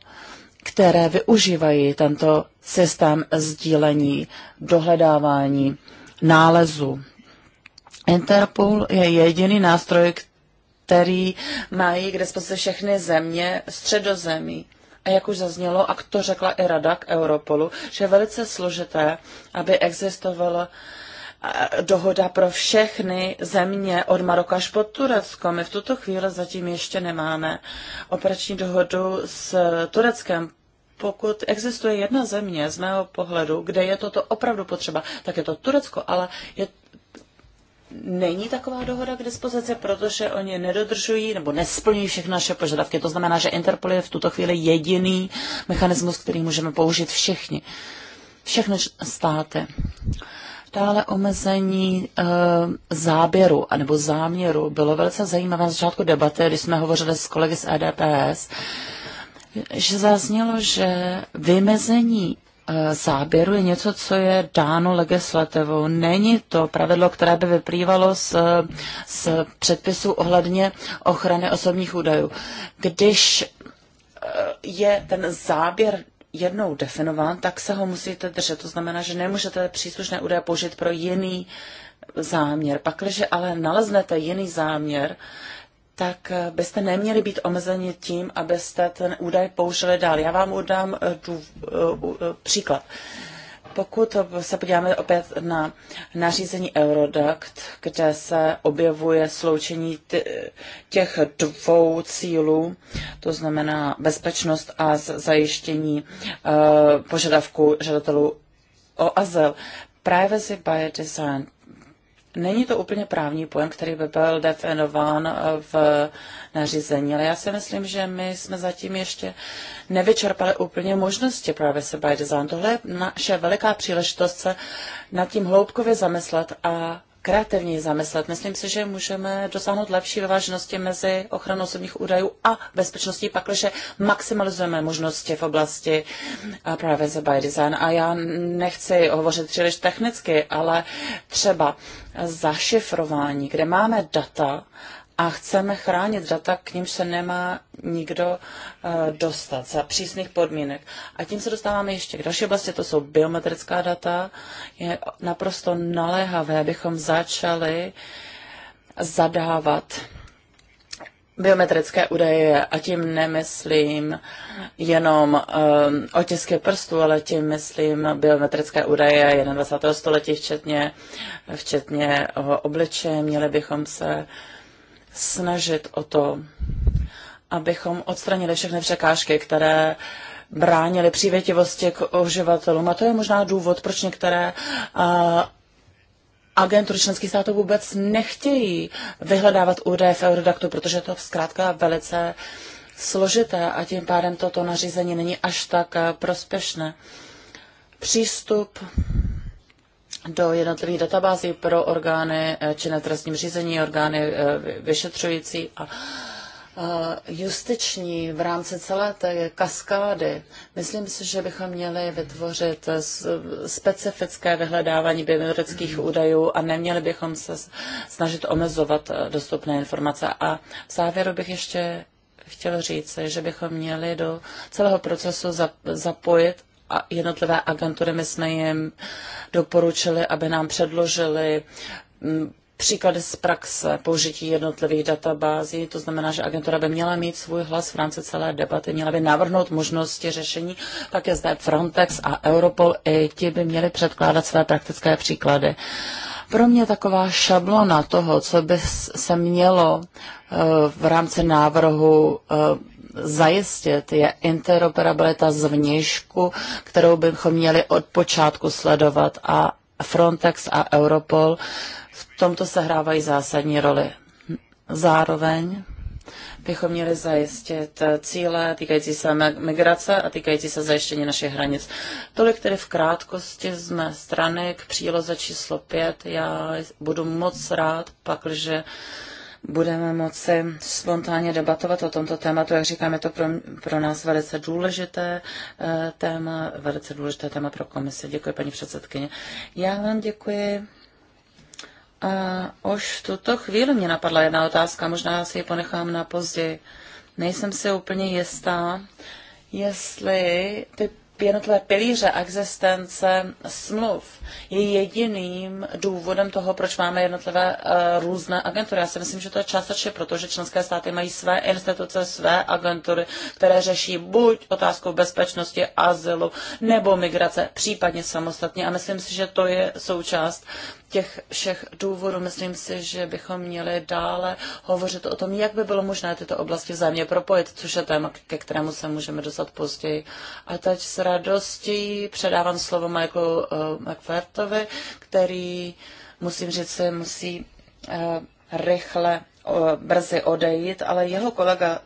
které využívají tento systém sdílení, dohledávání, nálezu. Interpol je jediný nástroj, který mají k dispozici všechny země středozemí. A jak už zaznělo, a to řekla i rada k Europolu, že je velice složité, aby existovala eh, dohoda pro všechny země od Maroka až po Turecko. My v tuto chvíli zatím ještě nemáme operační dohodu s Tureckem. Pokud existuje jedna země z mého pohledu, kde je toto opravdu potřeba, tak je to Turecko, ale je není taková dohoda k dispozici, protože oni nedodržují nebo nesplňují všechny naše požadavky. To znamená, že Interpol je v tuto chvíli jediný mechanismus, který můžeme použít všichni. Všechny státy. Dále omezení e, záběru anebo záměru bylo velice zajímavé na začátku debaty, když jsme hovořili s kolegy z EDPS, že zaznělo, že vymezení záběru je něco, co je dáno legislativou. Není to pravidlo, které by vyplývalo z, z předpisů ohledně ochrany osobních údajů. Když eh, je ten záběr jednou definován, tak se ho musíte držet. To znamená, že nemůžete příslušné údaje použít pro jiný záměr. Pakliže ale naleznete jiný záměr, tak eh, byste neměli být omezeni tím, abyste ten údaj použili dál. Já vám udám eh, eh, příklad. Pokud se podíváme opět na nařízení Eurodact, kde se objevuje sloučení těch dvou cílů, to znamená bezpečnost a zajištění požadavku žadatelů o azyl. Privacy by design. Není to úplně právní pojem, který by byl definován eh, v nařízení, ale já si myslím, že my jsme zatím ještě nevyčerpali úplně možnosti právě se by design. Tohle je naše veliká příležitost se nad tím hloubkově zamyslet a kreativní zamyslet. Myslím si, že můžeme dosáhnout lepší vyváženosti mezi ochranou osobních údajů a bezpečností, pakliže maximalizujeme možnosti v oblasti eh, privacy by design. A já nechci hovořit příliš technicky, ale třeba zašifrování, kde máme data, a chceme chránit data, k nímž se nemá nikdo eh, dostat za přísných podmínek. A tím se dostáváme ještě k další oblasti, to jsou biometrická data. Je naprosto naléhavé, abychom začali zadávat biometrické údaje a tím nemyslím jenom um, otisky prstů, ale tím myslím biometrické údaje 21. století, včetně, včetně obličeje. Měli bychom se uh, snažit o to, abychom odstranili všechny překážky, které bránily přívětivosti k uživatelům. A to je možná důvod, proč některé agentury členských států vůbec nechtějí vyhledávat údaje v Eurodactu, protože je to zkrátka velice složité a tím pádem toto nařízení není až tak prospěšné. Přístup do jednotlivých databází pro orgány eh, či na trestním řízení, orgány eh, vyšetřující a eh, justiční v rámci celé té kaskády. Myslím si, že bychom měli vytvořit specifické vyhledávání biometrických mhm. údajů a neměli bychom se snažit omezovat dostupné informace. A v závěru bych ještě chtěl říct, že bychom měli do celého procesu zapojit jednotlivé agentury. My jsme jim doporučili, aby nám předložili mm, příklady z praxe použití jednotlivých databází. To znamená, že agentura by měla mít svůj hlas v rámci celé debaty, měla by navrhnout možnosti řešení. Pak je zde Frontex a Europol, i ti by měli předkládat své praktické příklady. Pro mě taková šablona toho, co by se mělo eh, v rámci návrhu eh, zajistit, je interoperabilita zvnějšku, kterou bychom měli od počátku sledovat a Frontex a Europol v tomto sehrávají zásadní roli. Zároveň bychom měli zajistit cíle týkající se migrace a týkající se zajištění našich hranic. Tolik tedy v krátkosti z mé strany k příloze číslo 5. Já budu moc rád, pakliže uh, budeme moci spontánně debatovat o tomto tématu. Jak říkám, je to pro, pro nás velice důležité eh, téma, velice důležité téma pro komisi. Děkuji, paní předsedkyně. Já vám děkuji. A už v tuto chvíli mě napadla jedna otázka, možná si ji ponechám na později. Nejsem si úplně jistá, jestli ty jednotlivé pilíře existence smluv je jediným důvodem toho, proč máme jednotlivé uh, různé agentury. Já si myslím, že to je částečně proto, že členské státy mají své instituce, své agentury, které řeší buď otázku bezpečnosti, azylu nebo migrace, případně samostatně. A myslím si, že to je součást těch všech důvodů myslím si, že bychom měli dále hovořit o tom, jak by bylo možné tyto oblasti vzájemně propojit, což je téma, ke kterému se můžeme dostat později. A teď s radostí předávám slovo Michaelu uh, eh, McFertovi, který, musím říct, se musí uh, rychle uh, brzy odejít, ale jeho kolega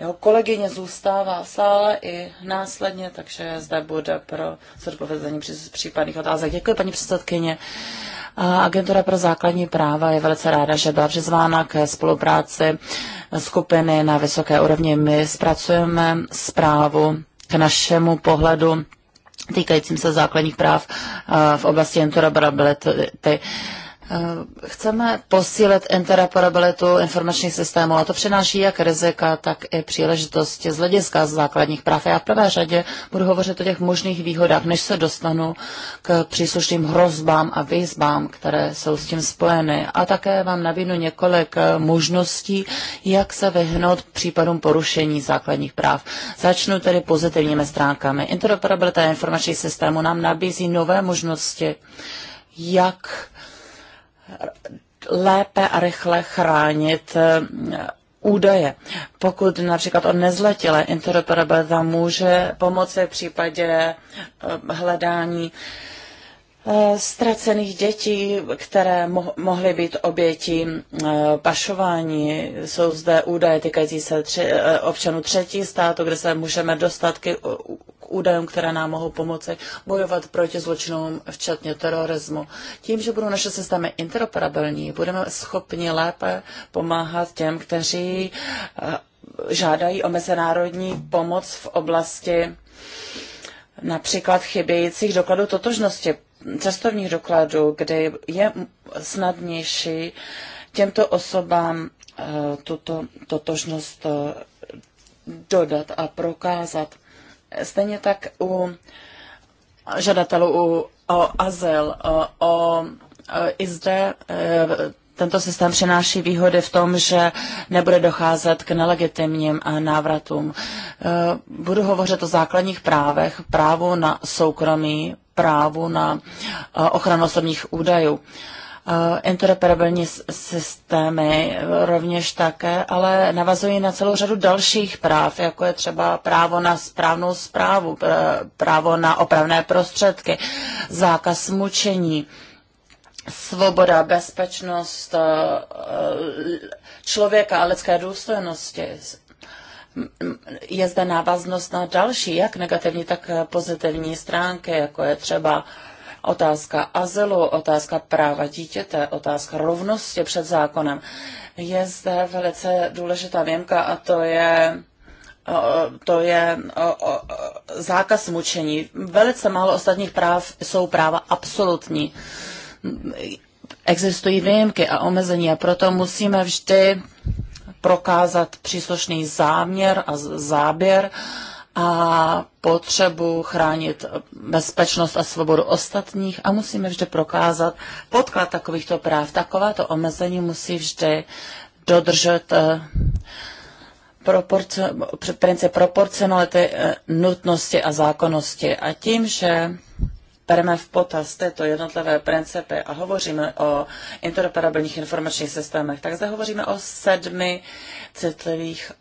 jeho kolegyně zůstává v sále i následně, takže zde bude pro zodpovězení případných otázek. Děkuji, paní předsedkyně. Uh, Agentura pro základní práva je velice ráda, že byla přizvána k spolupráci skupiny na vysoké úrovni. My zpracujeme zprávu k našemu pohledu týkajícím se základních práv eh, v oblasti interoperability Eh, chceme posílit interoperabilitu informačních systémů a to přináší jak rizika, tak i příležitosti z hlediska základních práv. Já v prvé řadě budu hovořit o těch možných výhodách, než se dostanu k příslušným hrozbám a výzvám, které jsou s tím spojeny. A také vám nabídnu několik eh, možností, jak se vyhnout případům porušení základních práv. Začnu tedy pozitivními stránkami. Interoperabilita informačních systémů nám nabízí nové možnosti, jak lépe a rychle chránit eh, údaje. Pokud například o nezletilé interoperabilita může pomoci v případě eh, hledání Eh, ztracených dětí, které mo- mohly být oběti eh, pašování. Jsou zde údaje týkající se tři- eh, občanů třetí státu, kde se můžeme dostat k, k údajům, které nám mohou pomoci bojovat proti zločinům, včetně terorismu. Tím, že budou naše systémy interoperabilní, budeme schopni lépe pomáhat těm, kteří žádají o mezinárodní pomoc v oblasti například chybějících dokladů totožnosti cestovních dokladů, kde je snadnější těmto osobám eh, tuto totožnost eh, dodat a prokázat. Stejně tak u žadatelů o azyl, o, o, eh, i zde tento systém přináší výhody v tom, že nebude docházet k nelegitimním návratům. Budu hovořit o základních právech, právu na soukromí, právu na eh, ochranu osobních údajů. Eh, interoperabilní systémy eh, rovněž také, ale navazují na celou řadu dalších práv, jako je třeba právo na správnou zprávu, právo na opravné prostředky, zákaz mučení, svoboda, bezpečnost člověka a lidské důstojnosti, je zde návaznost na další, jak negativní, tak pozitivní stránky, jako je třeba otázka azylu, otázka práva dítěte, otázka rovnosti před zákonem. Je zde velice důležitá věmka a to je to je zákaz mučení. Velice málo ostatních práv jsou práva absolutní. Existují výjimky a omezení a proto musíme vždy prokázat příslušný záměr a záběr a potřebu chránit bezpečnost a svobodu ostatních a musíme vždy prokázat podklad takovýchto práv. Takováto omezení musí vždy dodržet eh, proporci, princip proporcionality, eh, nutnosti a zákonnosti. A tím, že bereme v potaz tyto jednotlivé principy a hovoříme o interoperabilních informačních systémech, tak zde hovoříme o sedmi citlivých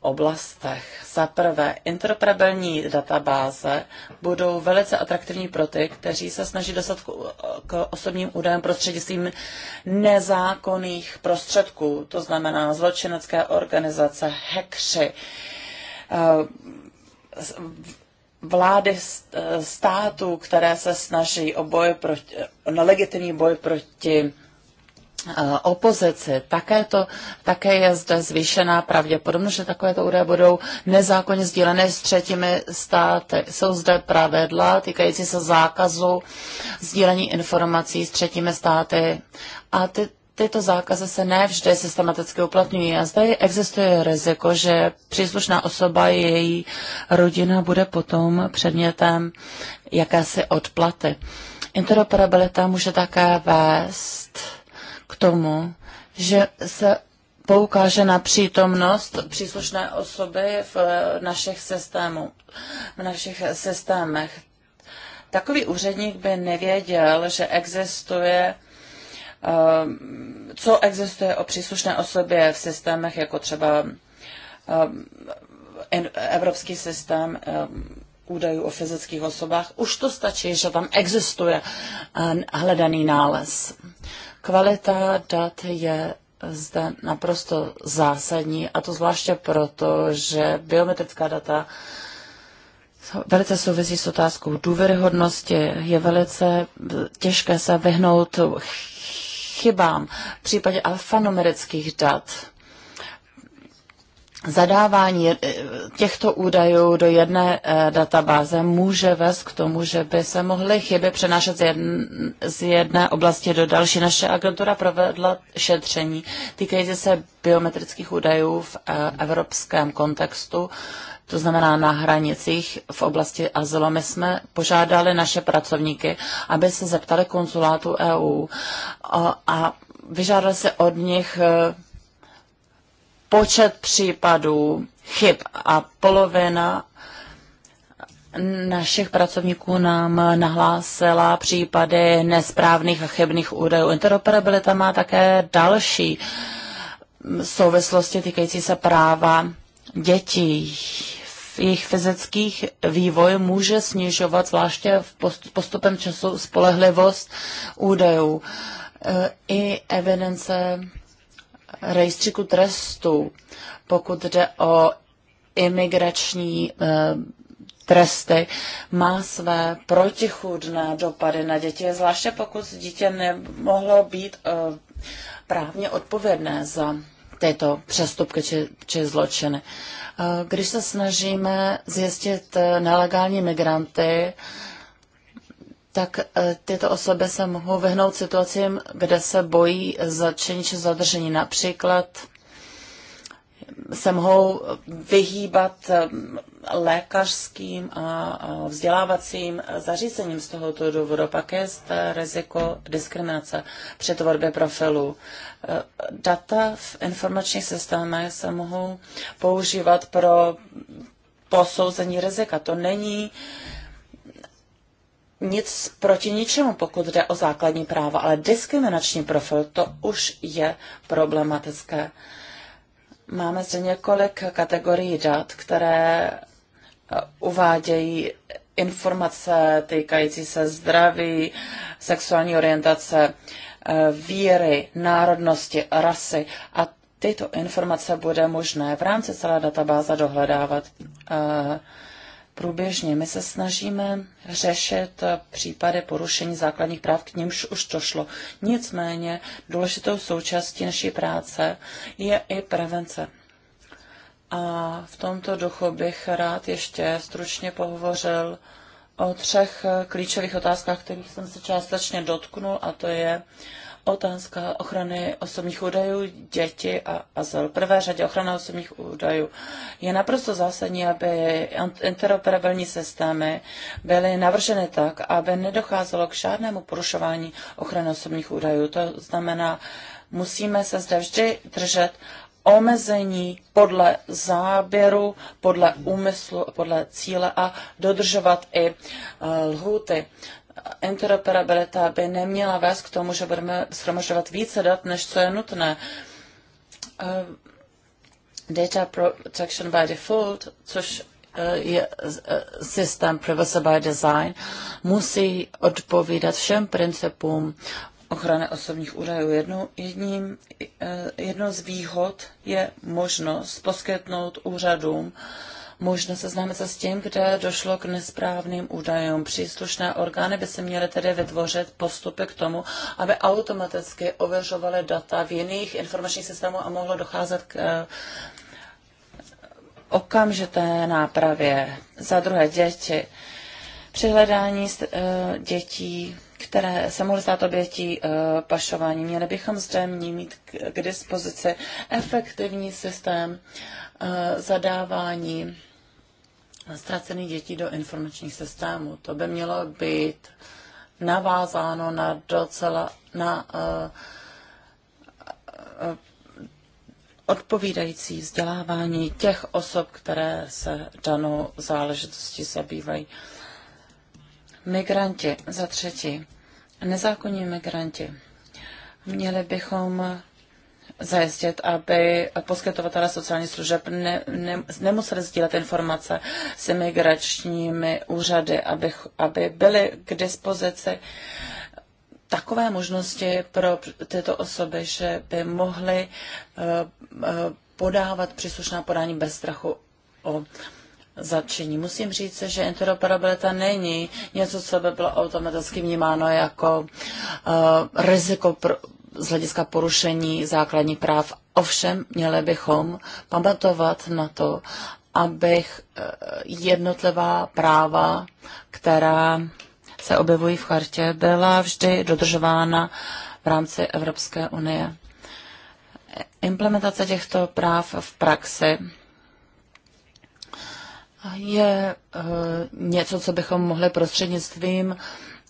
oblastech. Za prvé, interoperabilní databáze budou velice atraktivní pro ty, kteří se snaží dostat k osobním údajům prostřednictvím nezákonných prostředků, to znamená zločinecké organizace, hekři, eh, vlády eh, států, které se snaží o boj proti, eh, na legitimní boj proti eh, opozici. Také, to, také je zde zvýšená pravděpodobnost, že takovéto údaje budou nezákonně sdílené s třetími státy. Jsou zde pravidla týkající se zákazu sdílení informací s třetími státy a ty tyto zákazy se ne vždy systematicky uplatňují a zde existuje riziko, že příslušná osoba její rodina bude potom předmětem jakési odplaty. Interoperabilita může také vést k tomu, že se poukáže na přítomnost příslušné osoby v našich, systému, v našich systémech. Takový úředník by nevěděl, že existuje Eh, co existuje o příslušné osobě v systémech, jako třeba eh, evropský systém eh, údajů o fyzických osobách, už to stačí, že tam existuje hledaný nález. Kvalita dat je zde naprosto zásadní, a to zvláště proto, že biometrická data velice souvisí s otázkou důvěryhodnosti. Je velice těžké se vyhnout chybám v případě alfanumerických dat zadávání eh, těchto údajů do jedné eh, databáze může vést k tomu, že by se mohly chyby přenášet z, z jedné oblasti do další. Naše agentura provedla šetření týkající se biometrických údajů v eh, evropském kontextu, to znamená na hranicích v oblasti azylu. My jsme požádali naše pracovníky, aby se zeptali konzulátu EU a vyžádali se od nich počet případů chyb a polovina našich pracovníků nám nahlásila případy nesprávných a chybných údajů. Interoperabilita má také další souvislosti týkající se práva dětí. Jejich fyzických vývoj může snižovat zvláště postupem času spolehlivost údajů e, i evidence rejstříku trestů, pokud jde o imigrační eh, tresty má své protichůdné dopady na děti, zvláště pokud dítě nemohlo být uh, právně odpovědné za tyto přestupky či, či zločiny. Eh, když se snažíme zjistit nelegální migranty, tak e, tyto osoby se mohou vyhnout situacím, kde se bojí začení či zadržení. Například se mohou vyhýbat e, lékařským a vzdělávacím zařízením z tohoto důvodu. Pak je zde riziko diskriminace při tvorbě profilu. E, data v informačních systémech se mohou používat pro posouzení rizika. To není uh, nic proti ničemu, pokud jde o základní práva, ale diskriminační profil, to už je problematické. Máme zde několik kategorií dat, které eh, uvádějí informace týkající se zdraví, sexuální orientace, eh, víry, národnosti, rasy a tyto informace bude možné v rámci celé databáze dohledávat eh, průběžně. My se snažíme řešit případy porušení základních práv, k nímž už to šlo. Nicméně důležitou součástí naší práce je i prevence. A v tomto duchu bych rád ještě stručně pohovořil o třech klíčových otázkách, kterých jsem se částečně dotknul, a to je uh, Otázka ochrany osobních údajů, děti a azyl. V prvé řadě ochrana osobních údajů. Je naprosto zásadní, aby interoperabilní systémy byly navrženy tak, aby nedocházelo k žádnému porušování ochrany osobních údajů. To znamená, musíme se zde vždy držet omezení podle záběru, podle úmyslu, podle cíle a dodržovat i eh, lhuty interoperabilita by neměla vést k tomu, že budeme shromažďovat více dat, než co je nutné. Eh, data Protection by Default, což eh, je eh, systém Privacy by Design, musí odpovídat všem principům ochrany osobních údajů. Jednou, jedním, jednou z výhod je možnost poskytnout úřadům uh, možno seznámit se s tím, kde došlo k nesprávným údajům. Příslušné orgány by se měly tedy vytvořit postupy k tomu, aby automaticky ověřovaly data v jiných informačních systémů a mohlo docházet k eh, okamžité nápravě. Za druhé děti. Při hledání eh, dětí které se mohly stát obětí eh, pašování. Měli bychom zde mít k dispozici efektivní systém zadávání ztracených dětí do informačních systémů. To by mělo být navázáno na docela na uh, uh, odpovídající vzdělávání těch osob, které se danou záležitostí zabývají. Migranti za třetí, nezákonní migranti. Měli bychom zajistit, aby poskytovatele sociálních služeb ne, ne, nemuseli sdílet informace s imigračními úřady, aby, aby byly k dispozici takové možnosti pro tyto osoby, že by mohly eh, eh, podávat příslušná podání bez strachu o zatčení. Musím říct, že interoperabilita není něco, co by bylo automaticky vnímáno jako uh, riziko pro, z hlediska porušení základních práv. Ovšem, měli bychom pamatovat na to, abych eh, jednotlivá práva, která se objevují v chartě, byla vždy dodržována v rámci Evropské unie. Implementace těchto práv v praxi je eh, něco, co bychom mohli prostřednictvím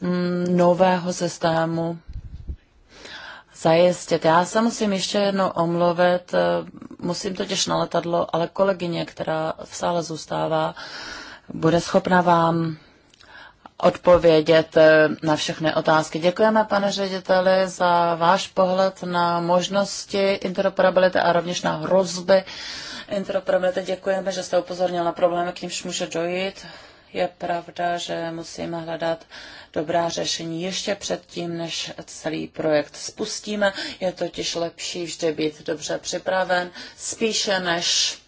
mm, nového systému zajistit. Já se musím ještě jednou omluvit, eh, musím totiž na letadlo, ale kolegyně, která v sále zůstává, bude schopna vám odpovědět eh, na všechny otázky. Děkujeme, pane řediteli, za váš pohled na možnosti interoperability a rovněž na hrozby interoperability. Děkujeme, že jste upozornil na problémy, k nímž může dojít je pravda, že musíme hledat dobrá řešení ještě předtím, než celý projekt spustíme. Je totiž lepší vždy být dobře připraven, spíše než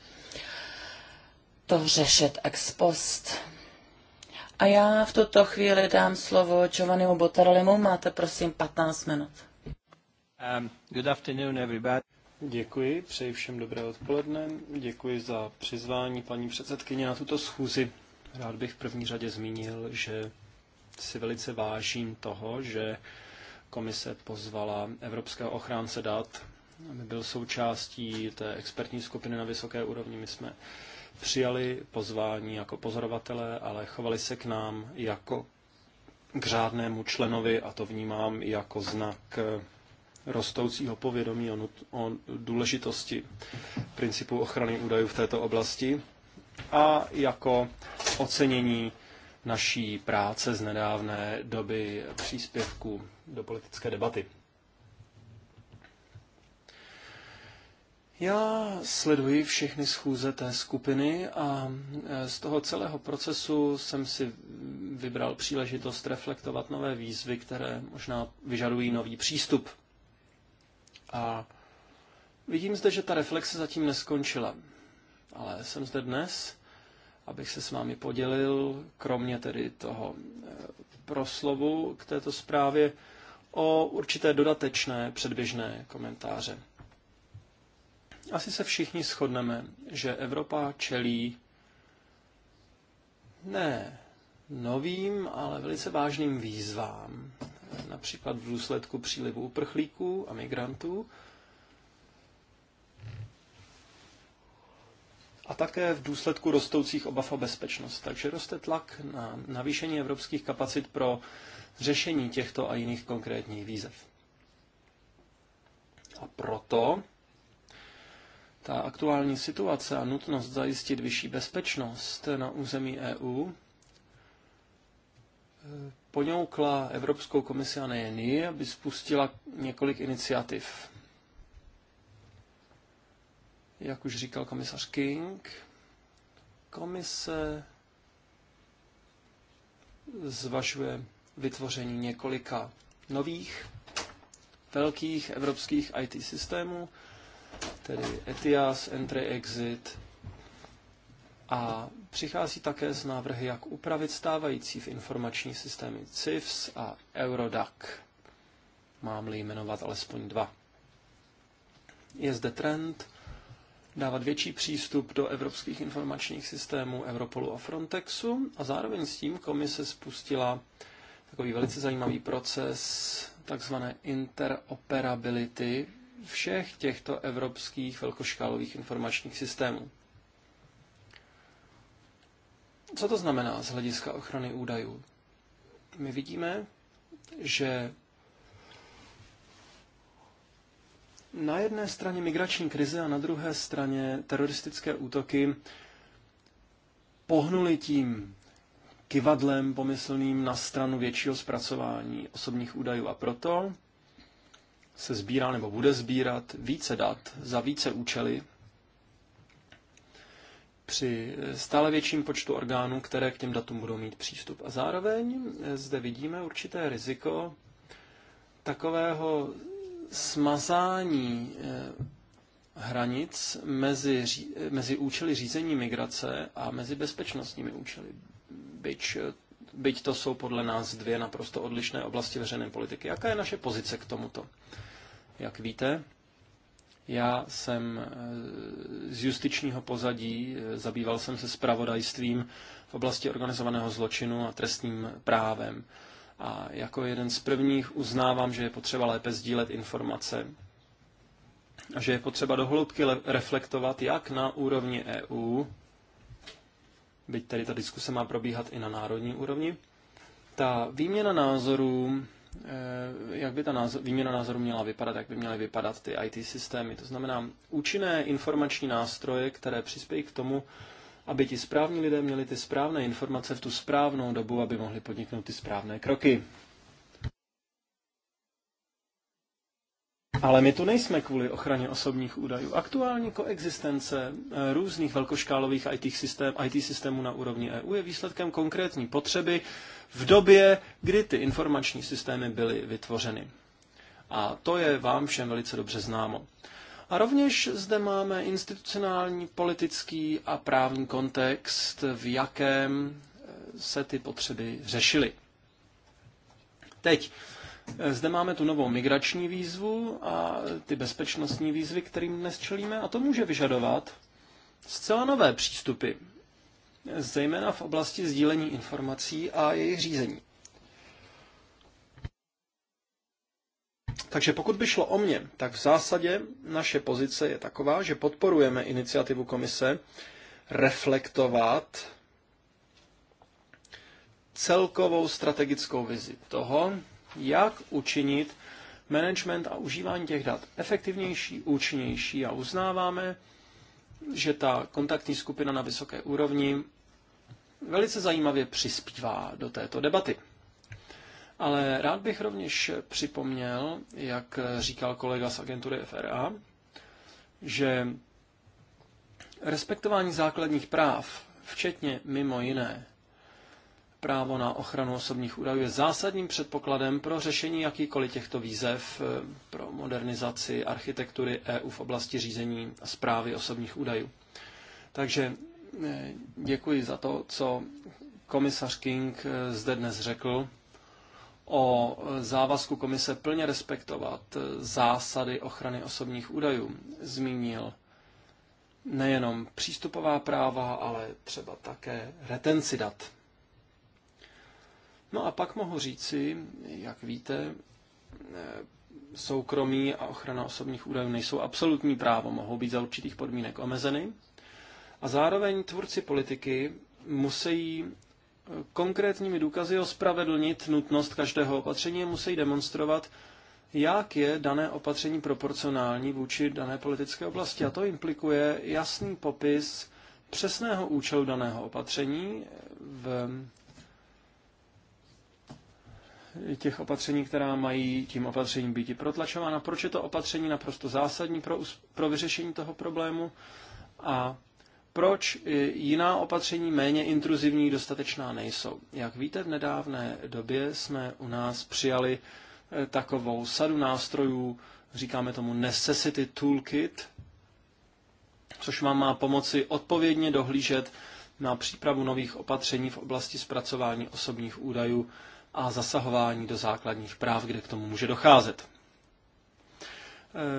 to řešit ex post. A já v tuto chvíli dám slovo Giovannimu Botarlimu. Máte prosím 15 minut. Um, good afternoon, everybody. Děkuji, přeji všem dobré odpoledne. Děkuji za přizvání paní předsedkyně na tuto schůzi. Rád bych v první řadě zmínil, že si velice vážím toho, že komise pozvala Evropského ochránce dat, aby byl součástí té expertní skupiny na vysoké úrovni. My jsme přijali pozvání jako pozorovatele, ale chovali se k nám jako k řádnému členovi a to vnímám jako znak rostoucího povědomí o, o důležitosti principu ochrany údajů v této oblasti a jako ocenění naší práce z nedávné doby příspěvku do politické debaty. Já sleduji všechny schůze té skupiny a e, z toho celého procesu jsem si vybral příležitost reflektovat nové výzvy, které možná vyžadují nový přístup. A vidím zde, že ta reflexe zatím neskončila ale jsem zde dnes, abych se s vámi podělil, kromě tedy toho eh, proslovu k této zprávě, o určité dodatečné předběžné komentáře. Asi se všichni shodneme, že Evropa čelí ne novým, ale velice vážným výzvám, například v důsledku přílivu uprchlíků a migrantů, a také v důsledku rostoucích obav o bezpečnost. Takže roste tlak na navýšení evropských kapacit pro řešení těchto a jiných konkrétních výzev. A proto ta aktuální situace a nutnost zajistit vyšší bezpečnost na území EU eh, poňoukla Evropskou komisi a nejen ji, aby spustila několik iniciativ. Jak už říkal komisař King, komise zvažuje vytvoření několika nových velkých evropských IT systémů, tedy ETIAS, Entry Exit, a přichází také z návrhy, jak upravit stávající v informační systémy CIFS a Eurodac. Mám-li jmenovat alespoň dva. Je zde trend dávat větší přístup do evropských informačních systémů Europolu a Frontexu a zároveň s tím komise spustila takový velice zajímavý proces takzvané interoperability všech těchto evropských velkoškálových informačních systémů. Co to znamená z hlediska ochrany údajů? My vidíme, že na jedné straně migrační krize a na druhé straně teroristické útoky pohnuli tím kivadlem pomyslným na stranu většího zpracování osobních údajů a proto se sbírá nebo bude sbírat více dat za více účely při stále větším počtu orgánů, které k těm datům budou mít přístup. A zároveň zde vidíme určité riziko takového smazání eh, hranic mezi, mezi účely řízení migrace a mezi bezpečnostními účely. Byť, eh, byť to jsou podle nás dvě naprosto odlišné oblasti veřejné politiky. Jaká je naše pozice k tomuto? Jak víte, já jsem eh, z justičního pozadí, zabýval jsem se spravodajstvím v oblasti organizovaného zločinu a trestním právem. A jako jeden z prvních uznávám, že je potřeba lépe sdílet informace a že je potřeba dohloubky reflektovat, jak na úrovni EU, byť tady ta diskuse má probíhat i na národní úrovni, ta výměna názorů, eh, jak by ta názor, výměna názorů měla vypadat, jak by měly vypadat ty IT systémy. To znamená účinné informační nástroje, které přispějí k tomu, aby ti správní lidé měli ty správné informace v tu správnou dobu, aby mohli podniknout ty správné kroky. Ale my tu nejsme kvůli ochraně osobních údajů. Aktuální koexistence eh, různých velkoškálových IT, systém, IT systémů na úrovni EU je výsledkem konkrétní potřeby v době, kdy ty informační systémy byly vytvořeny. A to je vám všem velice dobře známo. A rovněž zde máme institucionální, politický a právní kontext, v jakém eh, se ty potřeby řešily. Teď, eh, zde máme tu novou migrační výzvu a ty bezpečnostní výzvy, kterým dnes čelíme, a to může vyžadovat zcela nové přístupy, zejména v oblasti sdílení informací a jejich řízení. Takže pokud by šlo o mě, tak v zásadě naše pozice je taková, že podporujeme iniciativu komise reflektovat celkovou strategickou vizi toho, jak učinit management a užívání těch dat efektivnější, účinnější a uznáváme, že ta kontaktní skupina na vysoké úrovni velice zajímavě přispívá do této debaty. Ale rád bych rovněž připomněl, jak říkal kolega z agentury FRA, že respektování základních práv, včetně mimo jiné právo na ochranu osobních údajů, je zásadním předpokladem pro řešení jakýkoliv těchto výzev eh, pro modernizaci architektury EU v oblasti řízení a zprávy osobních údajů. Takže eh, děkuji za to, co komisař King eh, zde dnes řekl o závazku komise plně respektovat zásady ochrany osobních údajů. Zmínil nejenom přístupová práva, ale třeba také retenci dat. No a pak mohu říci, jak víte, soukromí a ochrana osobních údajů nejsou absolutní právo, mohou být za určitých podmínek omezeny. A zároveň tvůrci politiky musí konkrétními důkazy ospravedlnit nutnost každého opatření a musí demonstrovat, jak je dané opatření proporcionální vůči dané politické oblasti. A to implikuje jasný popis přesného účelu daného opatření v těch opatření, která mají tím opatřením být protlačována, proč je to opatření naprosto zásadní pro, pro vyřešení toho problému a proč e, jiná opatření méně intruzivní dostatečná nejsou? Jak víte, v nedávné době jsme u nás přijali e, takovou sadu nástrojů, říkáme tomu Necessity Toolkit, což vám má pomoci odpovědně dohlížet na přípravu nových opatření v oblasti zpracování osobních údajů a zasahování do základních práv, kde k tomu může docházet.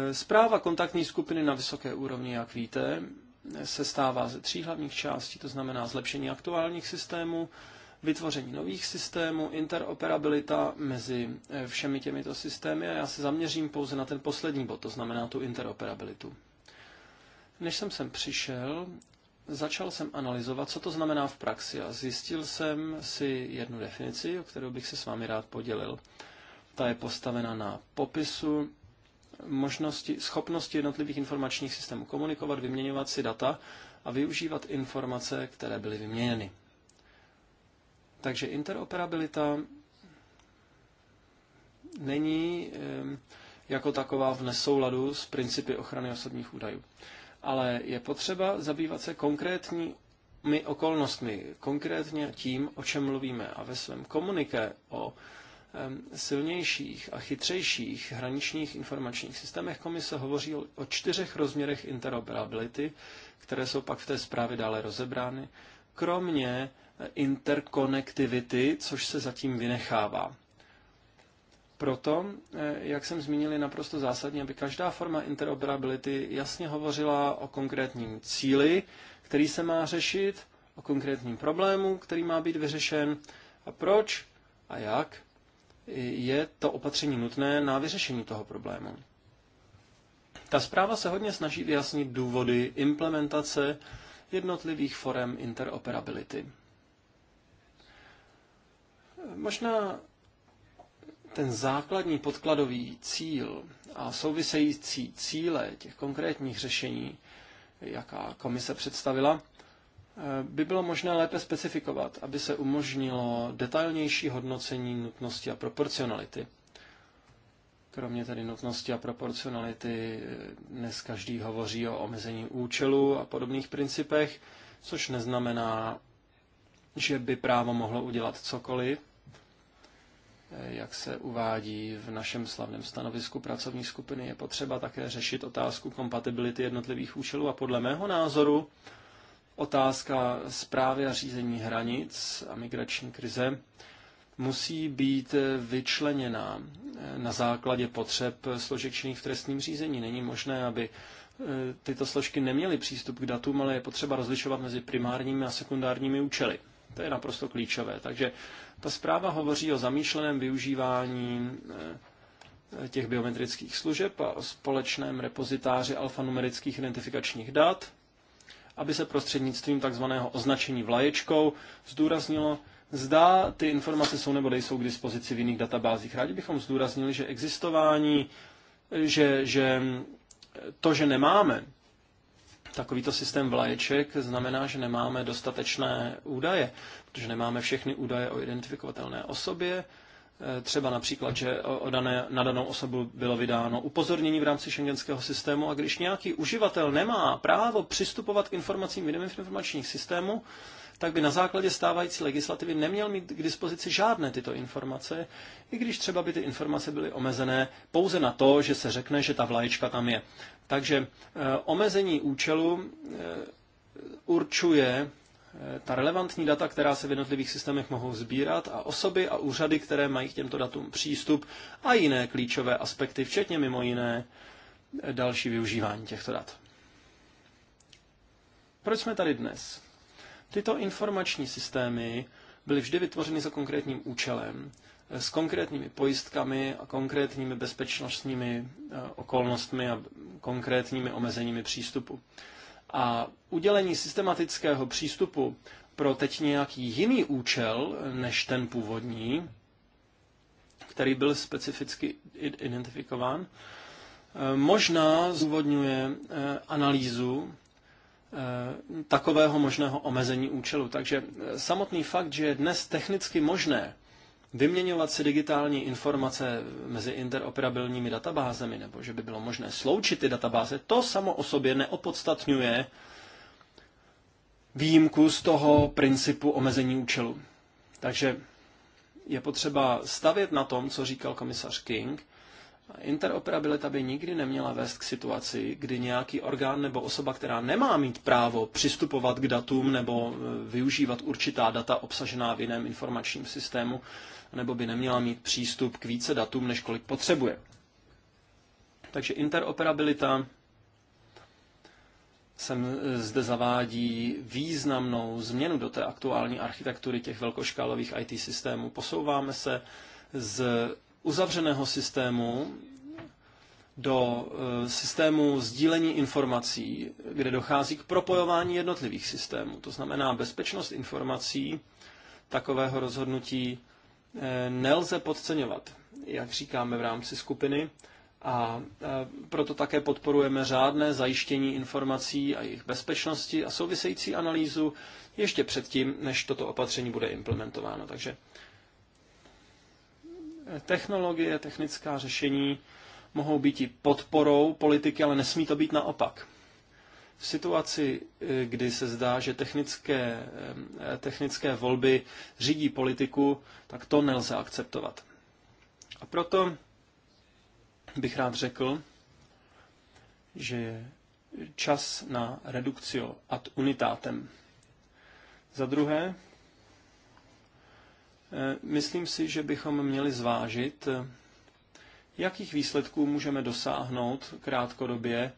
E, zpráva kontaktní skupiny na vysoké úrovni, jak víte, se stává ze tří hlavních částí, to znamená zlepšení aktuálních systémů, vytvoření nových systémů, interoperabilita mezi eh, všemi těmito systémy a já se zaměřím pouze na ten poslední bod, to znamená tu interoperabilitu. Než jsem sem přišel, začal jsem analyzovat, co to znamená v praxi a zjistil jsem si jednu definici, o kterou bych se s vámi rád podělil. Ta je postavena na popisu možnosti, schopnosti jednotlivých informačních systémů komunikovat, vyměňovat si data a využívat informace, které byly vyměněny. Takže interoperabilita není jako taková v nesouladu s principy ochrany osobních údajů. Ale je potřeba zabývat se konkrétními okolnostmi, konkrétně tím, o čem mluvíme. A ve svém komuniké o silnějších a chytřejších hraničních informačních systémech komise hovoří o čtyřech rozměrech interoperability, které jsou pak v té zprávě dále rozebrány, kromě e, interkonektivity, což se zatím vynechává. Proto, e, jak jsem zmínil, je naprosto zásadní, aby každá forma interoperability jasně hovořila o konkrétním cíli, který se má řešit, o konkrétním problému, který má být vyřešen a proč a jak je to opatření nutné na vyřešení toho problému. Ta zpráva se hodně snaží vyjasnit důvody implementace jednotlivých forem interoperability. Možná ten základní podkladový cíl a související cíle těch konkrétních řešení, jaká komise představila, Eh, by bylo možné lépe specifikovat, aby se umožnilo detailnější hodnocení nutnosti a proporcionality. Kromě tedy nutnosti a proporcionality eh, dnes každý hovoří o omezení účelu a podobných principech, což neznamená, že by právo mohlo udělat cokoliv, eh, jak se uvádí v našem slavném stanovisku pracovní skupiny, je potřeba také řešit otázku kompatibility jednotlivých účelů a podle mého názoru otázka zprávy a řízení hranic a migrační krize musí být vyčleněná na základě potřeb složek činných v trestním řízení. Není možné, aby e, tyto složky neměly přístup k datům, ale je potřeba rozlišovat mezi primárními a sekundárními účely. To je naprosto klíčové. Takže ta zpráva hovoří o zamýšleném využívání e, těch biometrických služeb a o společném repozitáři alfanumerických identifikačních dat, aby se prostřednictvím tzv. označení vlaječkou zdůraznilo, zda ty informace jsou nebo nejsou k dispozici v jiných databázích. Rádi bychom zdůraznili, že existování, že, že to, že nemáme takovýto systém vlaječek, znamená, že nemáme dostatečné údaje, protože nemáme všechny údaje o identifikovatelné osobě, Eh, třeba například, že o dané, na danou osobu bylo vydáno upozornění v rámci šengenského systému a když nějaký uživatel nemá právo přistupovat k informacím v informačních systémů, tak by na základě stávající legislativy neměl mít k dispozici žádné tyto informace, i když třeba by ty informace byly omezené pouze na to, že se řekne, že ta vlaječka tam je. Takže e, omezení účelu e, určuje Eh, ta relevantní data, která se v jednotlivých systémech mohou sbírat a osoby a úřady, které mají k těmto datům přístup a jiné klíčové aspekty, včetně mimo jiné eh, další využívání těchto dat. Proč jsme tady dnes? Tyto informační systémy byly vždy vytvořeny za konkrétním účelem, eh, s konkrétními pojistkami a konkrétními bezpečnostními okolnostmi a konkrétními omezeními přístupu. A udělení systematického přístupu pro teď nějaký jiný účel než ten původní, který byl specificky identifikován, eh, možná zúvodňuje eh, analýzu eh, takového možného omezení účelu. Takže samotný fakt, že je dnes technicky možné vyměňovat si digitální informace mezi interoperabilními databázemi, nebo že by bylo možné sloučit ty databáze, to samo o sobě neopodstatňuje výjimku z toho principu omezení účelu. Takže je potřeba stavět na tom, co říkal komisař King, Interoperabilita by nikdy neměla vést k situaci, kdy nějaký orgán nebo osoba, která nemá mít právo přistupovat k datům nebo e, využívat určitá data obsažená v jiném informačním systému, nebo by neměla mít přístup k více datům, než kolik potřebuje. Takže interoperabilita sem e, zde zavádí významnou změnu do té aktuální architektury těch velkoškálových IT systémů. Posouváme se z uzavřeného systému do eh, systému sdílení informací, kde dochází k propojování jednotlivých systémů. To znamená, bezpečnost informací takového rozhodnutí eh, nelze podceňovat, jak říkáme v rámci skupiny, a eh, proto také podporujeme řádné zajištění informací a jejich bezpečnosti a související analýzu ještě předtím, než toto opatření bude implementováno. Takže Technologie, technická řešení mohou být i podporou politiky, ale nesmí to být naopak. V situaci, eh, kdy se zdá, že technické, eh, technické volby řídí politiku, tak to nelze akceptovat. A proto bych rád řekl, že je čas na redukcio ad unitátem. Za druhé, Eh, myslím si, že bychom měli zvážit, eh, jakých výsledků můžeme dosáhnout krátkodobě,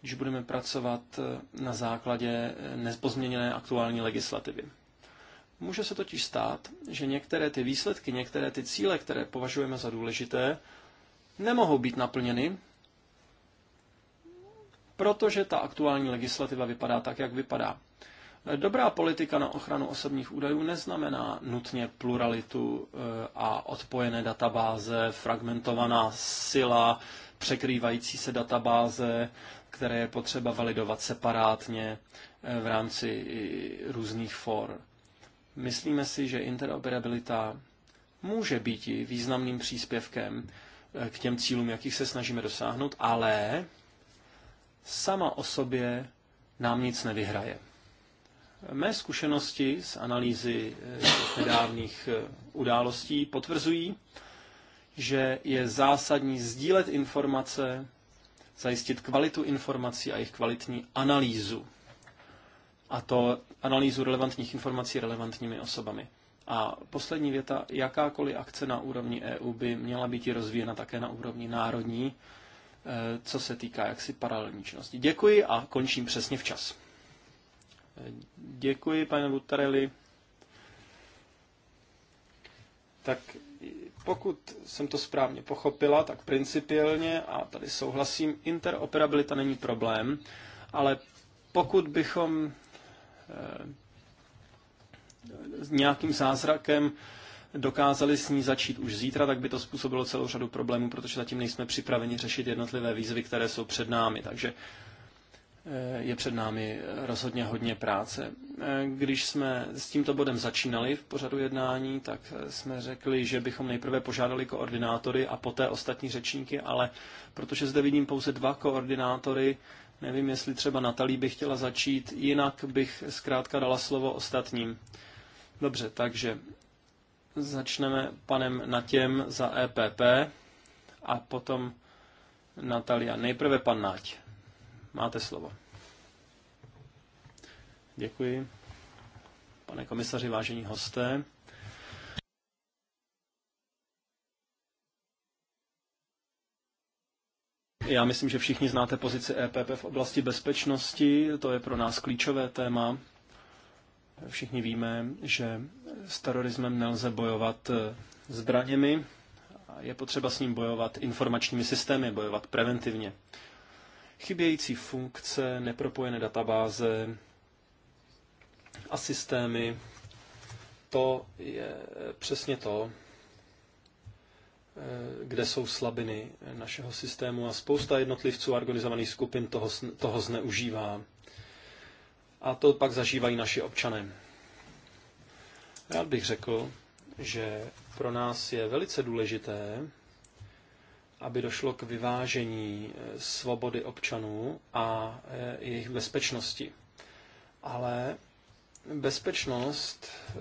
když budeme pracovat eh, na základě nezpozměněné aktuální legislativy. Může se totiž stát, že některé ty výsledky, některé ty cíle, které považujeme za důležité, nemohou být naplněny, protože ta aktuální legislativa vypadá tak, jak vypadá. Dobrá politika na ochranu osobních údajů neznamená nutně pluralitu eh, a odpojené databáze, fragmentovaná sila, překrývající se databáze, které je potřeba validovat separátně eh, v rámci různých for. Myslíme si, že interoperabilita může být i významným příspěvkem eh, k těm cílům, jakých se snažíme dosáhnout, ale sama o sobě nám nic nevyhraje. Mé zkušenosti z analýzy eh, nedávných eh, událostí potvrzují, že je zásadní sdílet informace, zajistit kvalitu informací a jejich kvalitní analýzu. A to analýzu relevantních informací relevantními osobami. A poslední věta, jakákoliv akce na úrovni EU by měla být rozvíjena také na úrovni národní, eh, co se týká jaksi paralelní činnosti. Děkuji a končím přesně včas. Děkuji, pane Lutarelli. Tak pokud jsem to správně pochopila, tak principiálně, a tady souhlasím, interoperabilita není problém, ale pokud bychom eh, s nějakým zázrakem dokázali s ní začít už zítra, tak by to způsobilo celou řadu problémů, protože zatím nejsme připraveni řešit jednotlivé výzvy, které jsou před námi. Takže Eh, je před námi rozhodně hodně práce. Eh, když jsme s tímto bodem začínali v pořadu jednání, tak eh, jsme řekli, že bychom nejprve požádali koordinátory a poté ostatní řečníky, ale protože zde vidím pouze dva koordinátory, nevím, jestli třeba Natalí by chtěla začít, jinak bych zkrátka dala slovo ostatním. Dobře, takže začneme panem Natěm za EPP a potom Natalia. Nejprve pan Nať. Máte slovo. Děkuji. Pane komisaři, vážení hosté. Já myslím, že všichni znáte pozici EPP v oblasti bezpečnosti. To je pro nás klíčové téma. Všichni víme, že s terorismem nelze bojovat eh, zbraněmi. Je potřeba s ním bojovat informačními systémy, bojovat preventivně chybějící funkce, nepropojené databáze a systémy, to je přesně to, eh, kde jsou slabiny našeho systému a spousta jednotlivců a organizovaných skupin toho, toho zneužívá. A to pak zažívají naši občané. Rád bych řekl, že pro nás je velice důležité, aby došlo k vyvážení eh, svobody občanů a eh, jejich bezpečnosti. Ale bezpečnost, eh,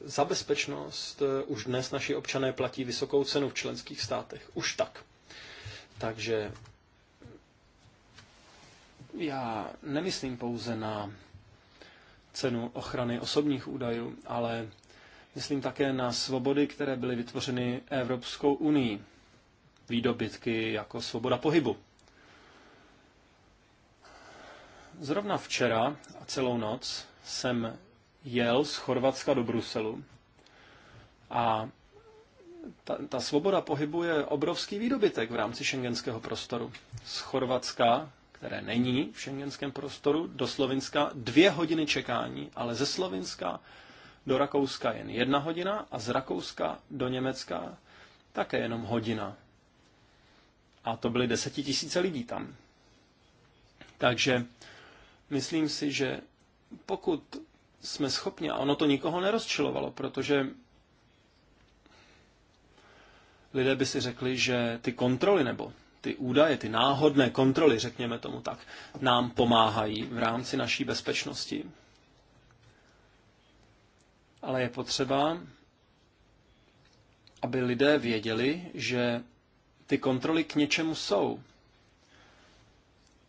za bezpečnost už dnes naši občané platí vysokou cenu v členských státech. Už tak. Takže já nemyslím pouze na cenu ochrany osobních údajů, ale myslím také na svobody, které byly vytvořeny Evropskou unii výdobytky jako svoboda pohybu. Zrovna včera a celou noc jsem jel z Chorvatska do Bruselu a ta, ta svoboda pohybu je obrovský výdobytek v rámci šengenského prostoru. Z Chorvatska, které není v šengenském prostoru, do Slovinska dvě hodiny čekání, ale ze Slovinska do Rakouska jen jedna hodina a z Rakouska do Německa také jenom hodina. A to byly desetitisíce lidí tam. Takže myslím si, že pokud jsme schopni, a ono to nikoho nerozčilovalo, protože lidé by si řekli, že ty kontroly nebo ty údaje, ty náhodné kontroly, řekněme tomu tak, nám pomáhají v rámci naší bezpečnosti. Ale je potřeba, aby lidé věděli, že ty kontroly k něčemu jsou.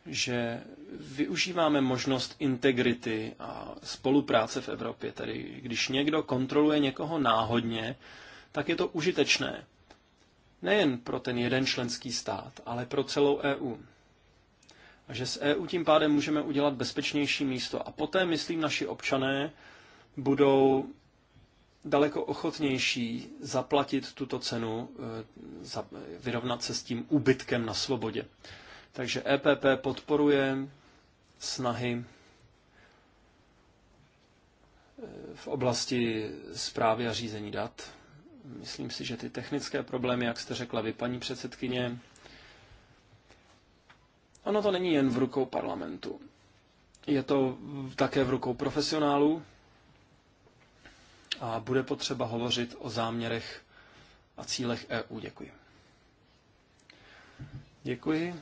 Že využíváme možnost integrity a spolupráce v Evropě. Tedy když někdo kontroluje někoho náhodně, tak je to užitečné. Nejen pro ten jeden členský stát, ale pro celou EU. A že s EU tím pádem můžeme udělat bezpečnější místo. A poté, myslím, naši občané budou daleko ochotnější zaplatit tuto cenu, eh, vyrovnat se s tím úbytkem na svobodě. Takže EPP podporuje snahy eh, v oblasti zprávy a řízení dat. Myslím si, že ty technické problémy, jak jste řekla vy, paní předsedkyně, ono to není jen v rukou parlamentu. Je to také v rukou profesionálů, a bude potřeba hovořit o záměrech a cílech EU. Děkuji. Děkuji.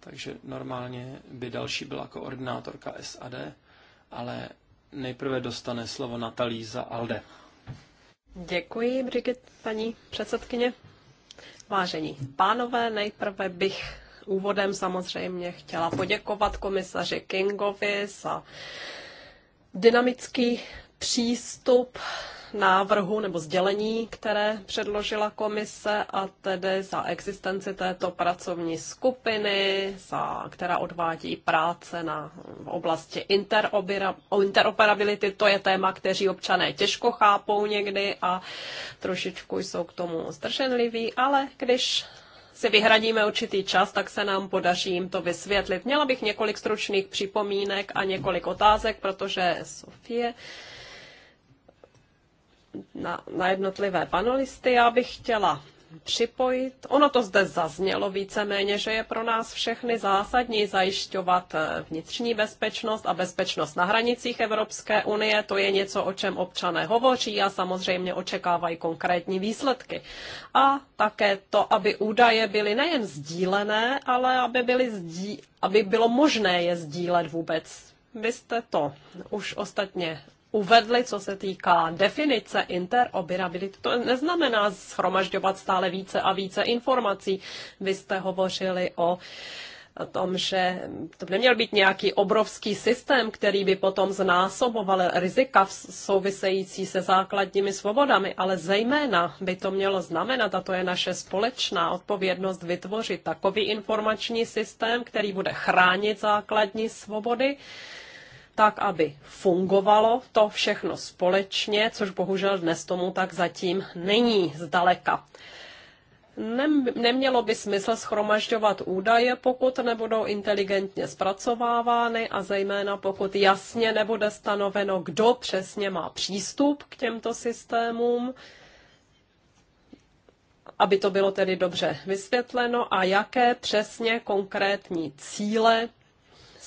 Takže normálně by další byla koordinátorka SAD, ale nejprve dostane slovo Natalí za ALDE. Děkuji, Brigit, paní předsedkyně. Vážení pánové, nejprve bych úvodem samozřejmě chtěla poděkovat komisaři Kingovi za dynamický přístup návrhu nebo sdělení, které předložila komise a tedy za existenci této pracovní skupiny, za, která odvádí práce na v oblasti interoperability. To je téma, kteří občané těžko chápou někdy a trošičku jsou k tomu zdrženliví, ale když si vyhradíme určitý čas, tak se nám podaří jim to vysvětlit. Měla bych několik stručných připomínek a několik otázek, protože Sofie na, na jednotlivé panelisty. Já bych chtěla připojit. Ono to zde zaznělo víceméně, že je pro nás všechny zásadní zajišťovat eh, vnitřní bezpečnost a bezpečnost na hranicích Evropské unie. To je něco, o čem občané hovoří a samozřejmě očekávají konkrétní výsledky. A také to, aby údaje byly nejen sdílené, ale aby, byly sdí- aby bylo možné je sdílet vůbec. Vy jste to už ostatně uvedli, co se týká definice interoperability. To neznamená schromažďovat stále více a více informací. Vy jste hovořili o o tom, že to by neměl být nějaký obrovský systém, který by potom znásoboval rizika související se základními svobodami, ale zejména by to mělo znamenat, a to je naše společná odpovědnost, vytvořit takový informační systém, který bude chránit základní svobody, tak aby fungovalo to všechno společně, což bohužel dnes tomu tak zatím není zdaleka. Nemělo by smysl schromažďovat údaje, pokud nebudou inteligentně zpracovávány a zejména pokud jasně nebude stanoveno, kdo přesně má přístup k těmto systémům, aby to bylo tedy dobře vysvětleno a jaké přesně konkrétní cíle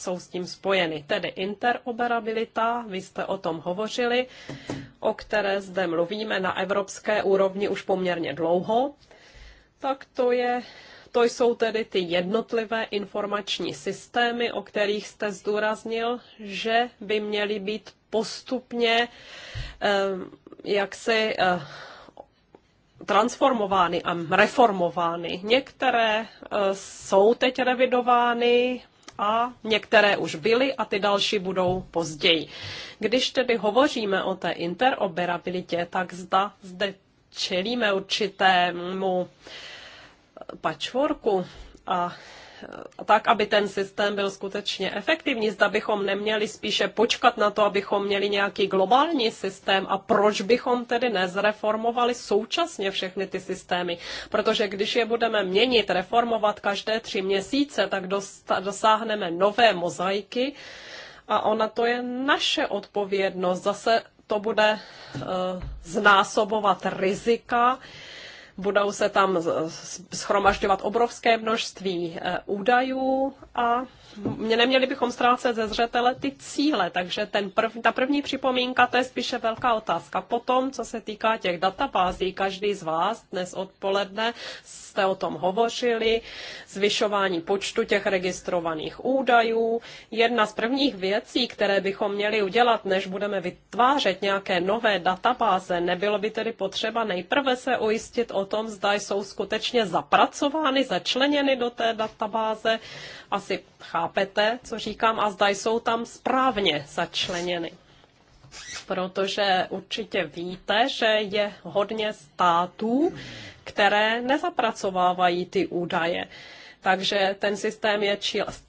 jsou s tím spojeny. Tedy interoperabilita, vy jste o tom hovořili, o které zde mluvíme na evropské úrovni už poměrně dlouho. Tak to je to jsou tedy ty jednotlivé informační systémy, o kterých jste zdůraznil, že by měly být postupně eh, jaksi eh, transformovány a reformovány. Některé eh, jsou teď revidovány, a některé už byly a ty další budou později. Když tedy hovoříme o té interoperabilitě, tak zda zde čelíme určitému pačvorku a tak, aby ten systém byl skutečně efektivní. Zda bychom neměli spíše počkat na to, abychom měli nějaký globální systém a proč bychom tedy nezreformovali současně všechny ty systémy. Protože když je budeme měnit, reformovat každé tři měsíce, tak dosáhneme nové mozaiky a ona to je naše odpovědnost. Zase to bude uh, znásobovat rizika, uh, Budou se tam schromažďovat obrovské množství eh, údajů a mě neměli bychom ztrácet ze zřetele ty cíle, takže ten prv, ta první připomínka, to je spíše velká otázka. Potom, co se týká těch databází, každý z vás dnes odpoledne jste o tom hovořili, zvyšování počtu těch registrovaných údajů. Jedna z prvních věcí, které bychom měli udělat, než budeme vytvářet nějaké nové databáze, nebylo by tedy potřeba nejprve se ujistit o tom, zda jsou skutečně zapracovány, začleněny do té databáze. Asi Chápete, co říkám a zda jsou tam správně začleněny? Protože určitě víte, že je hodně států, které nezapracovávají ty údaje. Takže ten systém je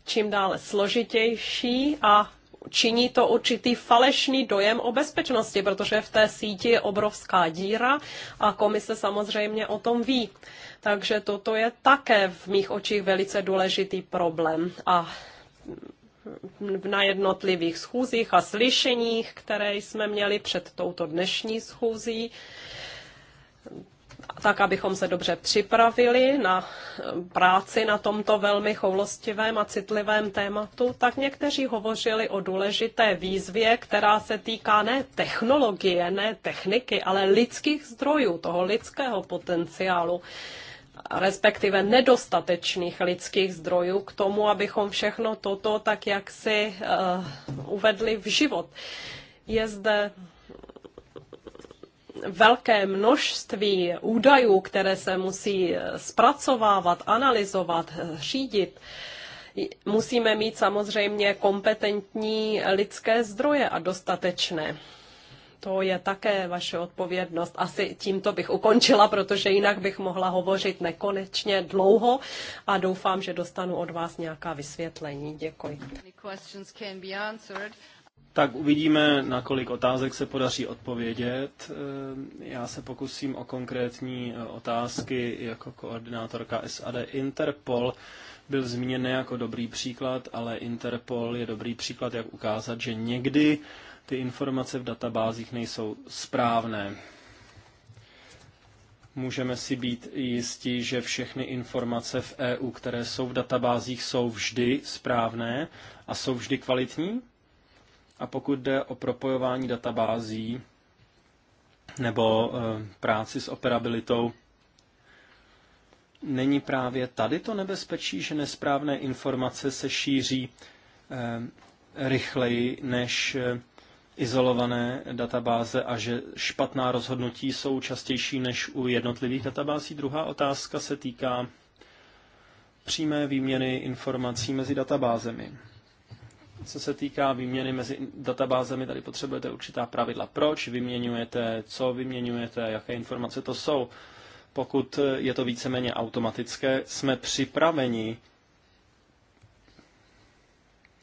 čím dále složitější a činí to určitý falešný dojem o bezpečnosti, protože v té síti je obrovská díra a komise samozřejmě o tom ví. Takže toto je také v mých očích velice důležitý problém. A na jednotlivých schůzích a slyšeních, které jsme měli před touto dnešní schůzí, tak abychom se dobře připravili na eh, práci na tomto velmi choulostivém a citlivém tématu, tak někteří hovořili o důležité výzvě, která se týká ne technologie, ne techniky, ale lidských zdrojů, toho lidského potenciálu respektive nedostatečných lidských zdrojů k tomu, abychom všechno toto tak jak si uh, eh, uvedli v život. Je zde velké množství údajů, které se musí eh, zpracovávat, analyzovat, eh, řídit, musíme mít samozřejmě kompetentní lidské zdroje a dostatečné. To je také vaše odpovědnost. Asi tímto bych ukončila, protože jinak bych mohla hovořit nekonečně dlouho a doufám, že dostanu od vás nějaká vysvětlení. Děkuji. Tak uvidíme, na kolik otázek se podaří odpovědět. Eh, já se pokusím o konkrétní eh, otázky jako koordinátorka SAD. Interpol byl zmíněn jako dobrý příklad, ale Interpol je dobrý příklad, jak ukázat, že někdy ty informace v databázích nejsou správné. Můžeme si být jistí, že všechny informace v EU, které jsou v databázích, jsou vždy správné a jsou vždy kvalitní? A pokud jde o propojování databází nebo eh, práci s operabilitou, není právě tady to nebezpečí, že nesprávné informace se šíří eh, rychleji než eh, izolované databáze a že špatná rozhodnutí jsou častější než u jednotlivých databází. Druhá otázka se týká přímé výměny informací mezi databázemi co se týká výměny mezi databázemi, tady potřebujete určitá pravidla. Proč vyměňujete, co vyměňujete, jaké informace to jsou. Pokud je to víceméně automatické, jsme připraveni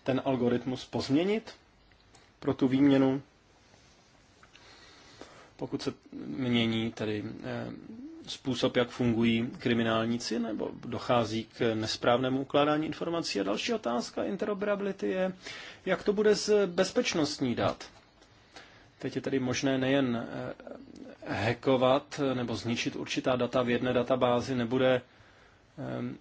ten algoritmus pozměnit pro tu výměnu, pokud se mění tedy eh, způsob, jak fungují kriminálníci, nebo dochází k nesprávnému ukládání informací. A další otázka interoperability je, jak to bude s bezpečnostní dat. Teď je tedy možné nejen eh, hackovat nebo zničit určitá data v jedné databázi, nebude, ehm,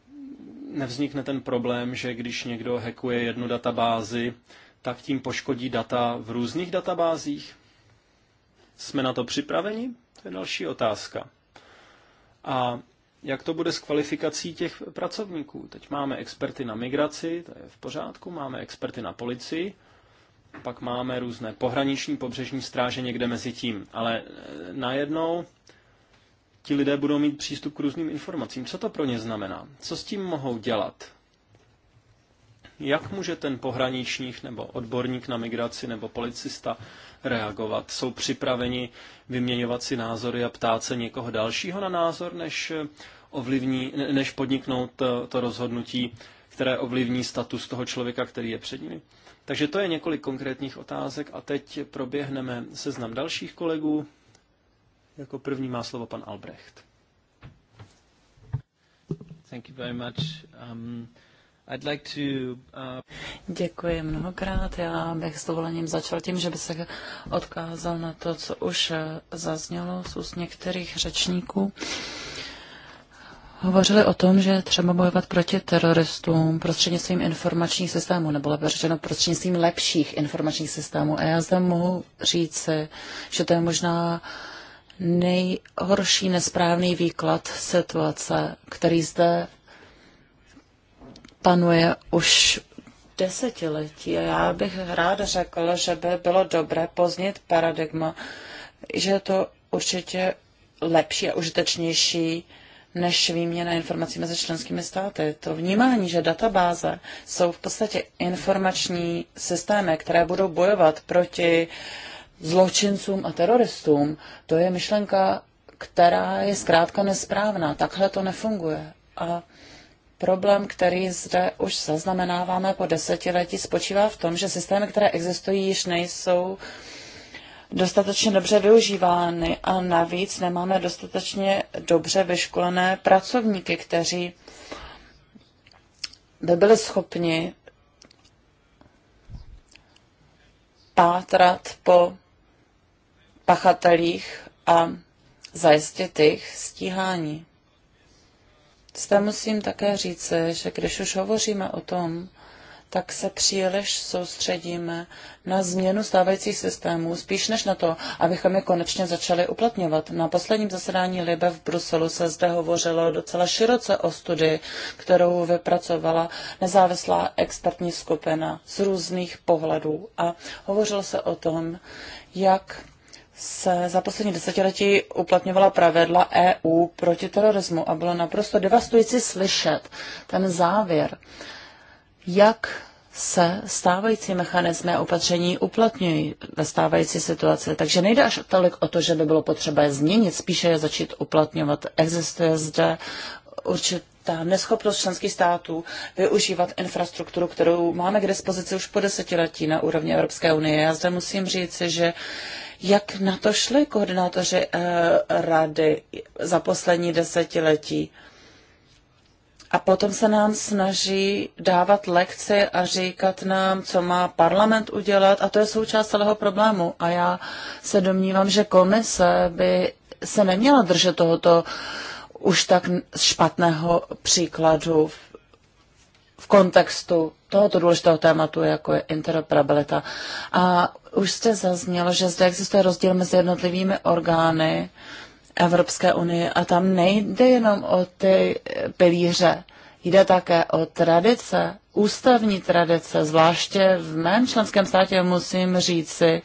nevznikne ten problém, že když někdo hackuje jednu databázi, tak tím poškodí data v různých databázích. Jsme na to připraveni? To je další otázka. A jak to bude s kvalifikací těch pracovníků? Teď máme experty na migraci, to je v pořádku, máme experty na policii, pak máme různé pohraniční pobřežní stráže někde mezi tím. Ale eh, najednou ti lidé budou mít přístup k různým informacím. Co to pro ně znamená? Co s tím mohou dělat? Jak může ten pohraničník nebo odborník na migraci nebo policista reagovat. Jsou připraveni vyměňovat si názory a ptát se někoho dalšího na názor, než, eh, ovlivní, než podniknout to, eh, to rozhodnutí, které ovlivní status toho člověka, který je před nimi. Takže to je několik konkrétních otázek a teď proběhneme seznam dalších kolegů. Jako první má slovo pan Albrecht. Thank you very much. Um... I'd like to, uh... Děkuji mnohokrát. Já bych s dovolením začal tím, že bych se odkázal na to, co už eh, zaznělo z úst některých řečníků. Hovořili o tom, že třeba bojovat proti teroristům prostřednictvím informačních systémů, nebo lépe řečeno prostřednictvím lepších informačních systémů. A já zde mohu říci, že to je možná nejhorší nesprávný výklad situace, který zde panuje už desetiletí. a Já bych ráda řekla, že by bylo dobré poznit paradigma, že je to určitě lepší a užitečnější než výměna informací mezi členskými státy. To vnímání, že databáze jsou v podstatě informační systémy, které budou bojovat proti zločincům a teroristům, to je myšlenka, která je zkrátka nesprávná. Takhle to nefunguje. A Problém, který zde už zaznamenáváme po desetiletí, spočívá v tom, že systémy, které existují, již nejsou dostatečně dobře využívány a navíc nemáme dostatečně dobře vyškolené pracovníky, kteří by byli schopni pátrat po pachatelích a zajistit jejich stíhání. Zde musím také říct, že když už hovoříme o tom, tak se příliš soustředíme na změnu stávajících systémů, spíš než na to, abychom je konečně začali uplatňovat. Na posledním zasedání Libe v Bruselu se zde hovořilo docela široce o studii, kterou vypracovala nezávislá expertní skupina z různých pohledů. A hovořilo se o tom, jak se za poslední desetiletí uplatňovala pravidla EU proti terorismu a bylo naprosto devastující slyšet ten závěr, jak se stávající mechanismy a opatření uplatňují ve stávající situaci. Takže nejde až tolik o to, že by bylo potřeba je změnit, spíše je začít uplatňovat. Existuje zde určitá neschopnost členských států využívat infrastrukturu, kterou máme k dispozici už po desetiletí na úrovni Evropské unie. Já zde musím říci, že jak na to šli koordinátoři eh, rady za poslední desetiletí? A potom se nám snaží dávat lekce a říkat nám, co má parlament udělat, a to je součást celého problému. A já se domnívám, že komise by se neměla držet tohoto už tak špatného příkladu v kontextu tohoto důležitého tématu, jako je interoperabilita. A už jste zaznělo, že zde existuje rozdíl mezi jednotlivými orgány Evropské unie a tam nejde jenom o ty pilíře, jde také o tradice, ústavní tradice, zvláště v mém členském státě musím říci,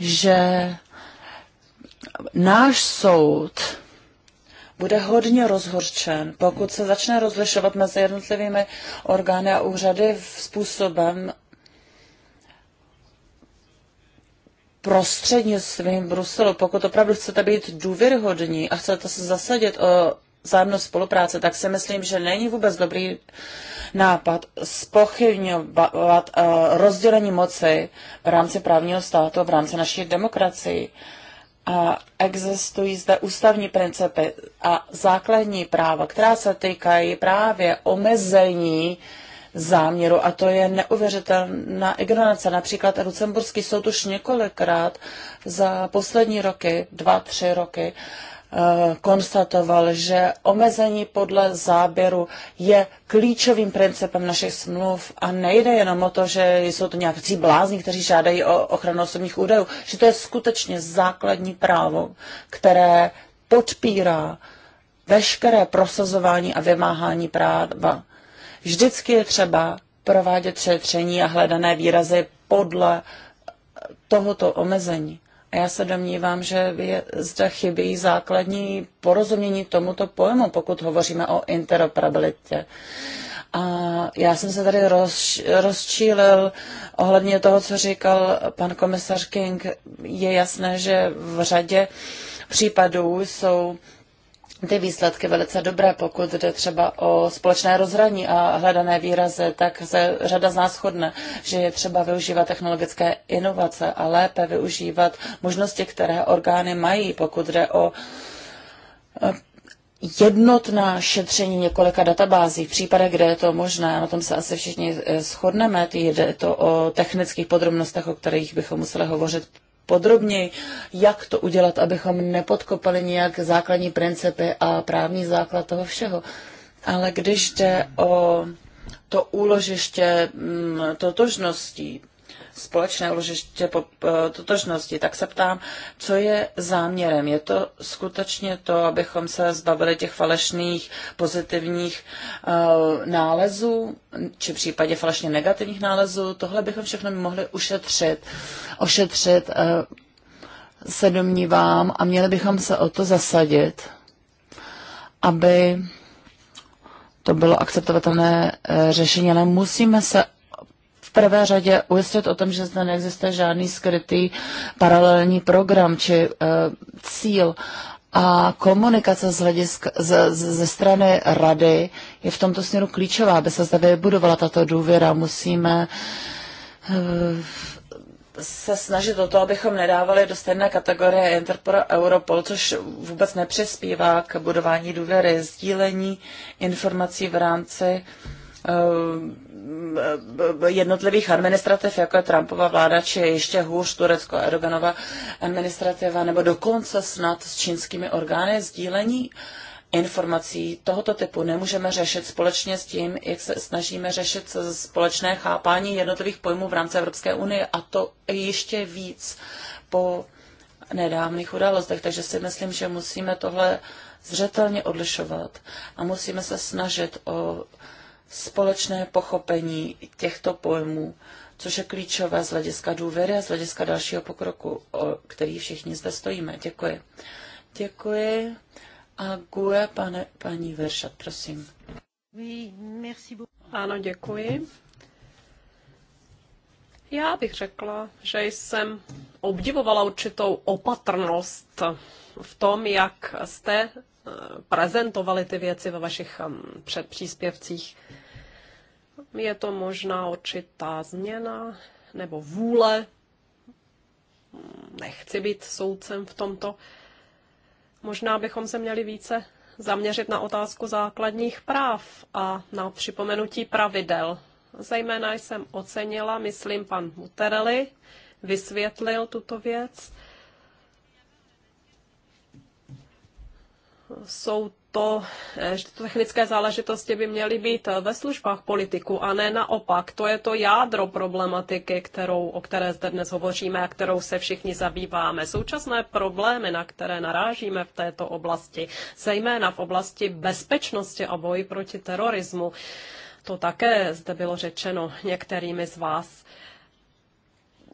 že náš soud bude hodně rozhorčen, pokud se začne rozlišovat mezi jednotlivými orgány a úřady v způsobem prostřednictvím Bruselu. Pokud opravdu chcete být důvěryhodní a chcete se zasadit o zájemnou spolupráci, tak si myslím, že není vůbec dobrý nápad spochybňovat eh, rozdělení moci v rámci právního státu a v rámci naší demokracie existují zde ústavní principy a základní práva, která se týkají právě omezení záměru a to je neuvěřitelná ignorace. Například Lucemburský soud už několikrát za poslední roky, dva, tři roky, Eh, konstatoval, že omezení podle záběru je klíčovým principem našich smluv a nejde jenom o to, že jsou to nějakí blázni, kteří žádají o ochranu osobních údajů, že to je skutečně základní právo, které podpírá veškeré prosazování a vymáhání práva. Vždycky je třeba provádět šetření a hledané výrazy podle tohoto omezení. Já se domnívám, že je, zde chybí základní porozumění tomuto pojmu, pokud hovoříme o interoperabilitě. A já jsem se tady roz, rozčílil ohledně toho, co říkal pan komisař King. Je jasné, že v řadě případů jsou ty výsledky velice dobré, pokud jde třeba o společné rozhraní a hledané výrazy, tak se řada z nás shodne, že je třeba využívat technologické inovace a lépe využívat možnosti, které orgány mají, pokud jde o eh, jednotná šetření několika databází v případech, kde je to možné, na tom se asi všichni eh, shodneme, jde to o technických podrobnostech, o kterých bychom museli hovořit podrobněji, jak to udělat, abychom nepodkopali nějak základní principy a právní základ toho všeho. Ale když jde o to úložiště mm, totožností, společné úložiště eh, totožnosti, tak se ptám, co je záměrem? Je to skutečně to, abychom se zbavili těch falešných pozitivních eh, nálezů, či v případě falešně negativních nálezů? Tohle bychom všechno mohli ušetřit, ošetřit, eh, se domnívám, a měli bychom se o to zasadit, aby to bylo akceptovatelné řešení, ale musíme se prvé řadě ujistit o tom, že zde neexistuje žádný skrytý paralelní program či eh, cíl. A komunikace z hledisk, z, z, ze strany rady je v tomto směru klíčová, aby se zde vybudovala tato důvěra. Musíme eh, se snažit o to, abychom nedávali do stejné kategorie Interpol a Europol, což vůbec nepřispívá k budování důvěry, sdílení informací v rámci uh, Eh, jednotlivých administrativ, jako je Trumpova vláda, či ještě hůř Turecko Erdoganova administrativa, nebo dokonce snad s čínskými orgány sdílení informací tohoto typu nemůžeme řešit společně s tím, jak se snažíme řešit společné chápání jednotlivých pojmů v rámci Evropské unie a to ještě víc po nedávných událostech. Takže si myslím, že musíme tohle zřetelně odlišovat a musíme se snažit o společné pochopení těchto pojmů, což je klíčové z hlediska důvěry a z hlediska dalšího pokroku, o který všichni zde stojíme. Děkuji. Děkuji. A Gue, pane, paní Veršat, prosím. Ano, děkuji. Já bych řekla, že jsem obdivovala určitou opatrnost v tom, jak jste eh, prezentovali ty věci ve vašich eh, předpříspěvcích. Je to možná určitá změna nebo vůle. Nechci být soudcem v tomto. Možná bychom se měli více zaměřit na otázku základních práv a na připomenutí pravidel. Zejména jsem ocenila, myslím, pan Muterely vysvětlil tuto věc. Jsou to, eh, že tyto technické záležitosti by měly být eh, ve službách politiku a ne naopak. To je to jádro problematiky, kterou, o které zde dnes hovoříme a kterou se všichni zabýváme. Současné problémy, na které narážíme v této oblasti, zejména v oblasti bezpečnosti a boji proti terorismu, to také zde bylo řečeno některými z vás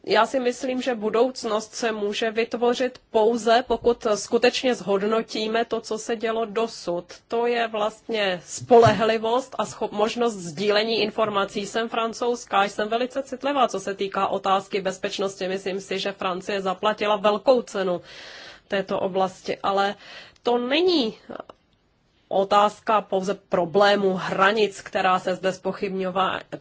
já si myslím, že budoucnost se může vytvořit pouze, pokud skutečně zhodnotíme to, co se dělo dosud. To je vlastně spolehlivost a schop, možnost sdílení informací. Jsem francouzská, jsem velice citlivá, co se týká otázky bezpečnosti. Myslím si, že Francie zaplatila velkou cenu této oblasti, ale to není otázka pouze problému hranic, která se zde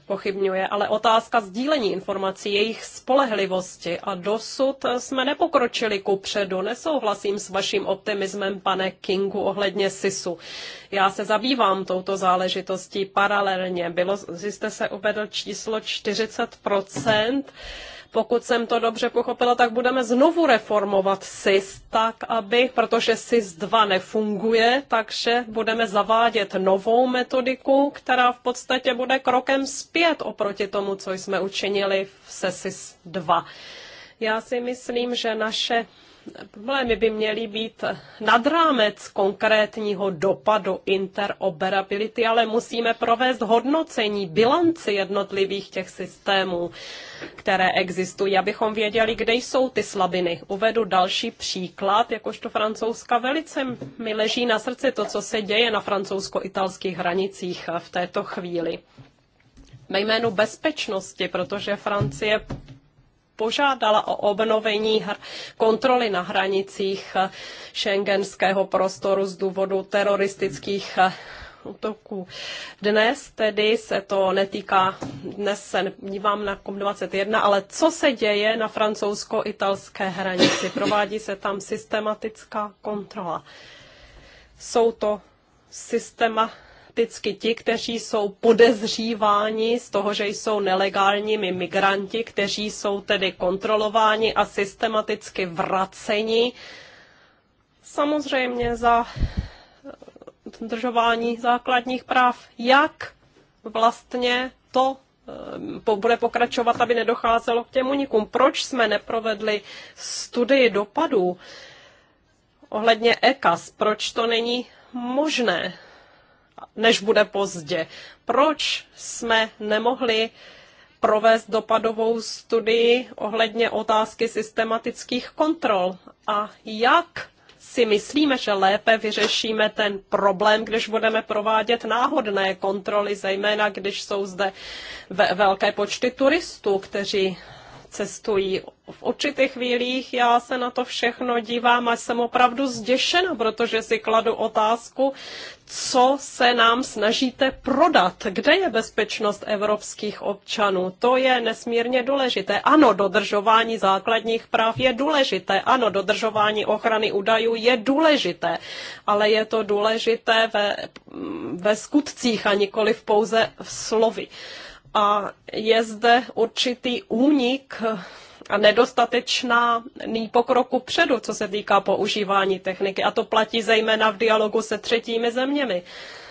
pochybňuje, ale otázka sdílení informací, jejich spolehlivosti. A dosud jsme nepokročili ku předu. Nesouhlasím s vaším optimismem, pane Kingu, ohledně SISu. Já se zabývám touto záležitostí paralelně. Bylo, jste se uvedl číslo 40 pokud jsem to dobře pochopila, tak budeme znovu reformovat SIS tak, aby, protože SIS 2 nefunguje, takže budeme zavádět novou metodiku, která v podstatě bude krokem zpět oproti tomu, co jsme učinili se SIS 2. Já si myslím, že naše problémy by měly být nad rámec konkrétního dopadu interoperability, ale musíme provést hodnocení, bilanci jednotlivých těch systémů, které existují, abychom věděli, kde jsou ty slabiny. Uvedu další příklad, jakožto francouzska velice mi leží na srdci to, co se děje na francouzsko-italských hranicích v této chvíli. Ve jménu bezpečnosti, protože Francie požádala o obnovení kontroly na hranicích eh, šengenského prostoru z důvodu teroristických eh, útoků. Dnes tedy se to netýká, dnes se dívám na COP21, ale co se děje na francouzsko-italské hranici? Provádí se tam systematická kontrola. Jsou to systema, prakticky ti, kteří jsou podezříváni z toho, že jsou nelegálními migranti, kteří jsou tedy kontrolováni a systematicky vraceni. Samozřejmě za eh, dodržování základních práv, jak vlastně to eh, bude pokračovat, aby nedocházelo k těm unikům. Proč jsme neprovedli studii dopadů ohledně EKAS? Proč to není možné? než bude pozdě. Proč jsme nemohli provést dopadovou studii ohledně otázky systematických kontrol a jak si myslíme, že lépe vyřešíme ten problém, když budeme provádět náhodné kontroly, zejména když jsou zde velké počty turistů, kteří cestují v určitých chvílích. Já se na to všechno dívám a jsem opravdu zděšena, protože si kladu otázku, co se nám snažíte prodat, kde je bezpečnost evropských občanů. To je nesmírně důležité. Ano, dodržování základních práv je důležité. Ano, dodržování ochrany údajů je důležité, ale je to důležité ve, ve skutcích a nikoli pouze v slovy a je zde určitý únik a nedostatečná ní pokroku předu, co se týká používání techniky. A to platí zejména v dialogu se třetími zeměmi.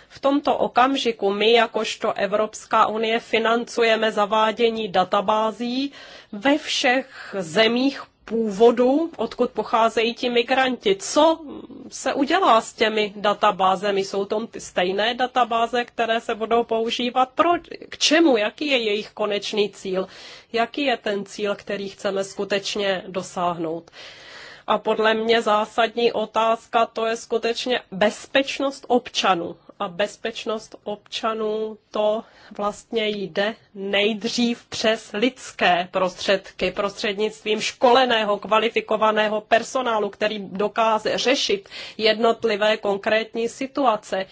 V tomto okamžiku my, jakožto Evropská unie, financujeme zavádění databází ve všech zemích původu, odkud pocházejí ti migranti. Co se udělá s těmi databázemi? Jsou to ty stejné databáze, které se budou používat? Pro, k čemu? Jaký je jejich konečný cíl? Jaký je ten cíl, který chceme skutečně dosáhnout? A podle mě zásadní otázka to je skutečně bezpečnost občanů a bezpečnost občanů, to vlastně jde nejdřív přes lidské prostředky, prostřednictvím školeného, kvalifikovaného personálu, který dokáže řešit jednotlivé konkrétní situace.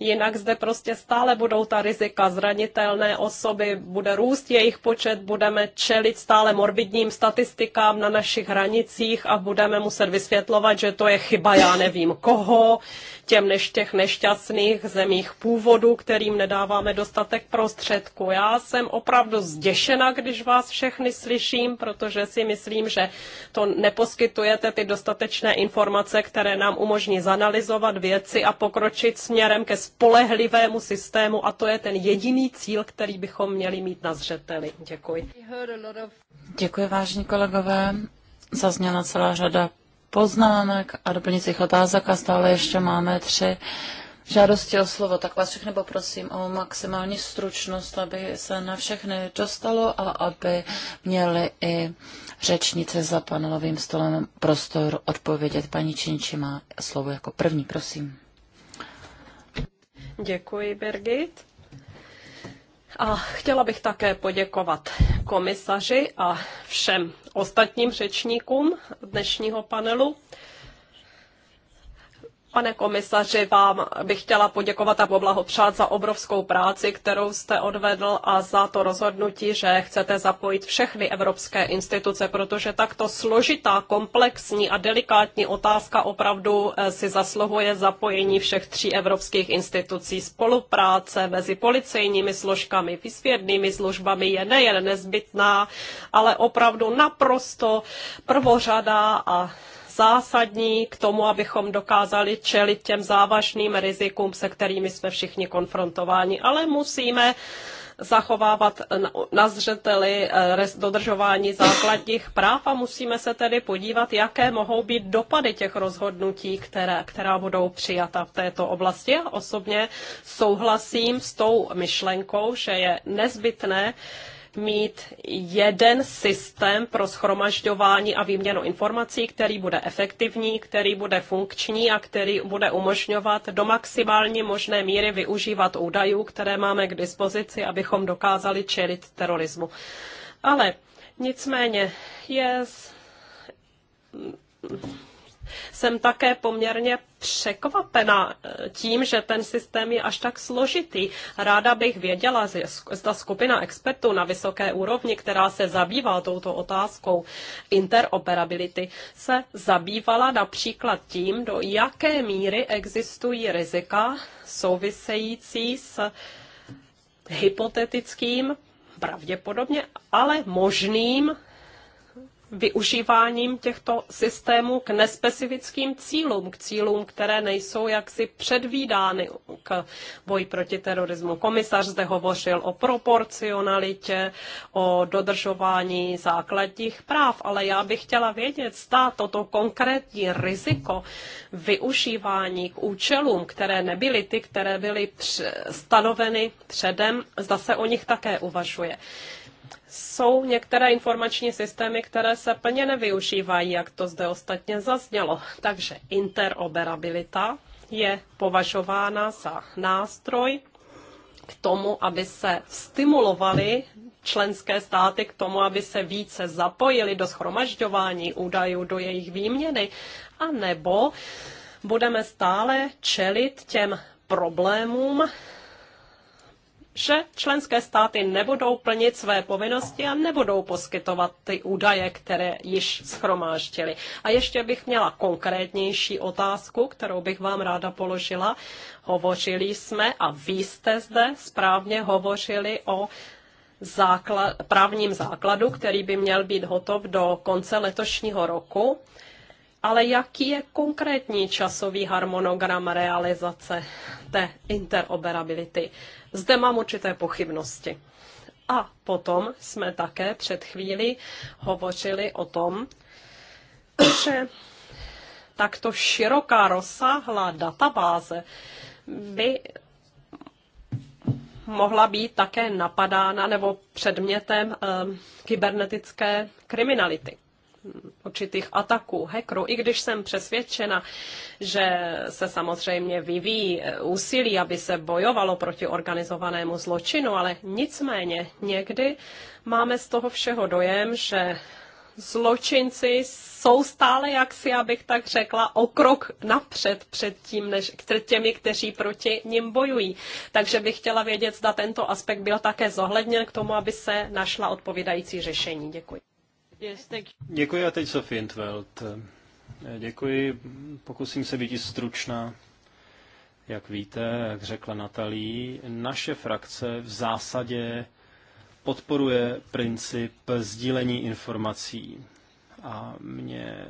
Jinak zde prostě stále budou ta rizika zranitelné osoby, bude růst jejich počet, budeme čelit stále morbidním statistikám na našich hranicích a budeme muset vysvětlovat, že to je chyba já nevím koho, těm než těch nešťastných zemích původu, kterým nedáváme dostatek prostředků. Já jsem opravdu zděšena, když vás všechny slyším, protože si myslím, že to neposkytujete ty dostatečné informace, které nám umožní zanalizovat věci a pokročit směrem ke spolehlivému systému a to je ten jediný cíl, který bychom měli mít na zřeteli. Děkuji. Děkuji, vážení kolegové. Zazněla celá řada poznámek a doplňujících otázek a stále ještě máme tři žádosti o slovo, tak vás všechny poprosím o maximální stručnost, aby se na všechny dostalo a aby měli i řečnice za panelovým stolem prostor odpovědět. Paní Činči má slovo jako první, prosím. Děkuji, Birgit. A chtěla bych také poděkovat komisaři a všem ostatním řečníkům dnešního panelu pane komisaři, vám bych chtěla poděkovat a poblahopřát za obrovskou práci, kterou jste odvedl a za to rozhodnutí, že chcete zapojit všechny evropské instituce, protože takto složitá, komplexní a delikátní otázka opravdu eh, si zasluhuje zapojení všech tří evropských institucí. Spolupráce mezi policejními složkami, vysvědnými službami je nejen nezbytná, ale opravdu naprosto prvořadá a zásadní k tomu, abychom dokázali čelit těm závažným rizikům, se kterými jsme všichni konfrontováni, ale musíme zachovávat na zřeteli eh, dodržování základních práv a musíme se tedy podívat, jaké mohou být dopady těch rozhodnutí, které, která budou přijata v této oblasti. Já osobně souhlasím s tou myšlenkou, že je nezbytné, mít jeden systém pro schromažďování a výměnu informací, který bude efektivní, který bude funkční a který bude umožňovat do maximální možné míry využívat údajů, které máme k dispozici, abychom dokázali čelit terorismu. Ale nicméně je yes jsem také poměrně překvapena eh, tím, že ten systém je až tak složitý. Ráda bych věděla, zda skupina expertů na vysoké úrovni, která se zabývá touto otázkou interoperability, se zabývala například tím, do jaké míry existují rizika související s hypotetickým pravděpodobně, ale možným využíváním těchto systémů k nespecifickým cílům, k cílům, které nejsou jaksi předvídány k boji proti terorismu. Komisař zde hovořil o proporcionalitě, o dodržování základních práv, ale já bych chtěla vědět, zda toto konkrétní riziko využívání k účelům, které nebyly ty, které byly stanoveny předem, zda se o nich také uvažuje jsou některé informační systémy, které se plně nevyužívají, jak to zde ostatně zaznělo. Takže interoperabilita je považována za nástroj k tomu, aby se stimulovaly členské státy k tomu, aby se více zapojili do schromažďování údajů, do jejich výměny, anebo budeme stále čelit těm problémům, že členské státy nebudou plnit své povinnosti a nebudou poskytovat ty údaje, které již schromáždili. A ještě bych měla konkrétnější otázku, kterou bych vám ráda položila. Hovořili jsme a vy jste zde správně hovořili o základ, právním základu, který by měl být hotov do konce letošního roku. Ale jaký je konkrétní časový harmonogram realizace té interoperability? Zde mám určité pochybnosti. A potom jsme také před chvíli hovořili o tom, že takto široká, rozsáhlá databáze by mohla být také napadána nebo předmětem um, kybernetické kriminality určitých ataků hackerů, i když jsem přesvědčena, že se samozřejmě vyvíjí eh, úsilí, aby se bojovalo proti organizovanému zločinu, ale nicméně někdy máme z toho všeho dojem, že zločinci jsou stále, jak si abych tak řekla, o krok napřed před, tím, než, před těmi, kteří proti ním bojují. Takže bych chtěla vědět, zda tento aspekt byl také zohledněn k tomu, aby se našla odpovídající řešení. Děkuji. Děkuji a teď Sofie Intveld. Děkuji, pokusím se být stručná. Jak víte, jak řekla Natalí, naše frakce v zásadě podporuje princip sdílení informací. A mě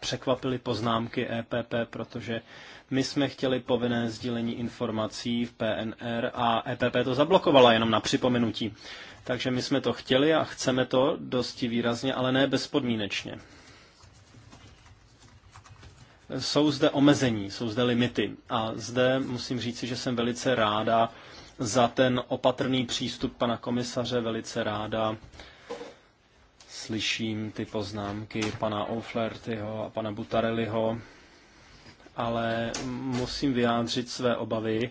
překvapily poznámky EPP, protože my jsme chtěli povinné sdílení informací v PNR a EPP to zablokovala jenom na připomenutí. Takže my jsme to chtěli a chceme to dosti výrazně, ale ne bezpodmínečně. Jsou zde omezení, jsou zde limity a zde musím říci, že jsem velice ráda za ten opatrný přístup pana komisaře, velice ráda slyším ty poznámky pana Oflertyho a pana Butarelliho, ale musím vyjádřit své obavy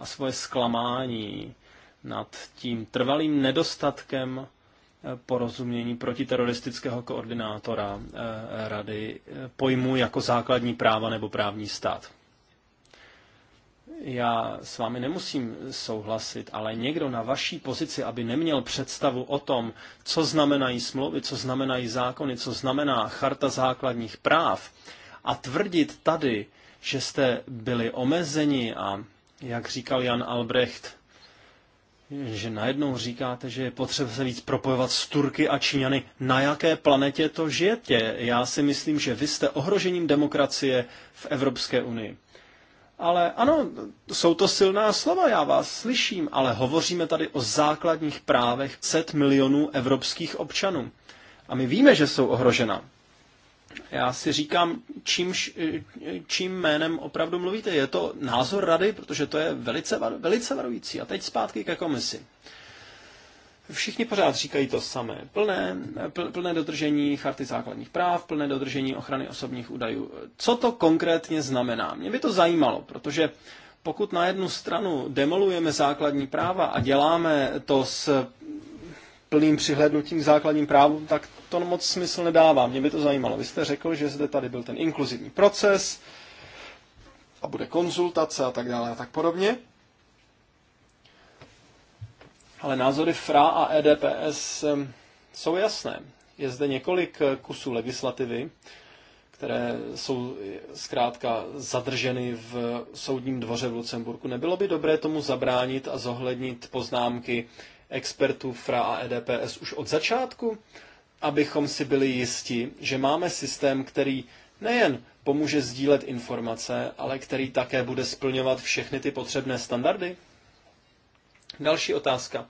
a svoje zklamání nad tím trvalým nedostatkem eh, porozumění protiteroristického koordinátora eh, rady eh, pojmu jako základní práva nebo právní stát. Já s vámi nemusím souhlasit, ale někdo na vaší pozici, aby neměl představu o tom, co znamenají smlouvy, co znamenají zákony, co znamená charta základních práv, a tvrdit tady, že jste byli omezeni a, jak říkal Jan Albrecht, že najednou říkáte, že je potřeba se víc propojovat s Turky a Číňany. Na jaké planetě to žijete? Já si myslím, že vy jste ohrožením demokracie v Evropské unii. Ale ano, jsou to silná slova, já vás slyším, ale hovoříme tady o základních právech 100 milionů evropských občanů. A my víme, že jsou ohrožena. Já si říkám, čímž, čím jménem opravdu mluvíte. Je to názor rady, protože to je velice, velice varující. A teď zpátky ke komisi. Všichni pořád říkají to samé. Plné, pl, plné dodržení charty základních práv, plné dodržení ochrany osobních údajů. Co to konkrétně znamená? Mě by to zajímalo, protože pokud na jednu stranu demolujeme základní práva a děláme to s plným přihlednutím k základním právům, tak to moc smysl nedává. Mě by to zajímalo. Vy jste řekl, že zde tady byl ten inkluzivní proces a bude konzultace a tak dále a tak podobně. Ale názory FRA a EDPS jsou jasné. Je zde několik eh, kusů legislativy, které jsou eh, zkrátka zadrženy v soudním dvoře v Lucemburku. Nebylo by dobré tomu zabránit a zohlednit poznámky expertů FRA a EDPS už od začátku, abychom si byli jisti, že máme systém, který nejen pomůže sdílet informace, ale který také bude splňovat všechny ty potřebné standardy? Další otázka.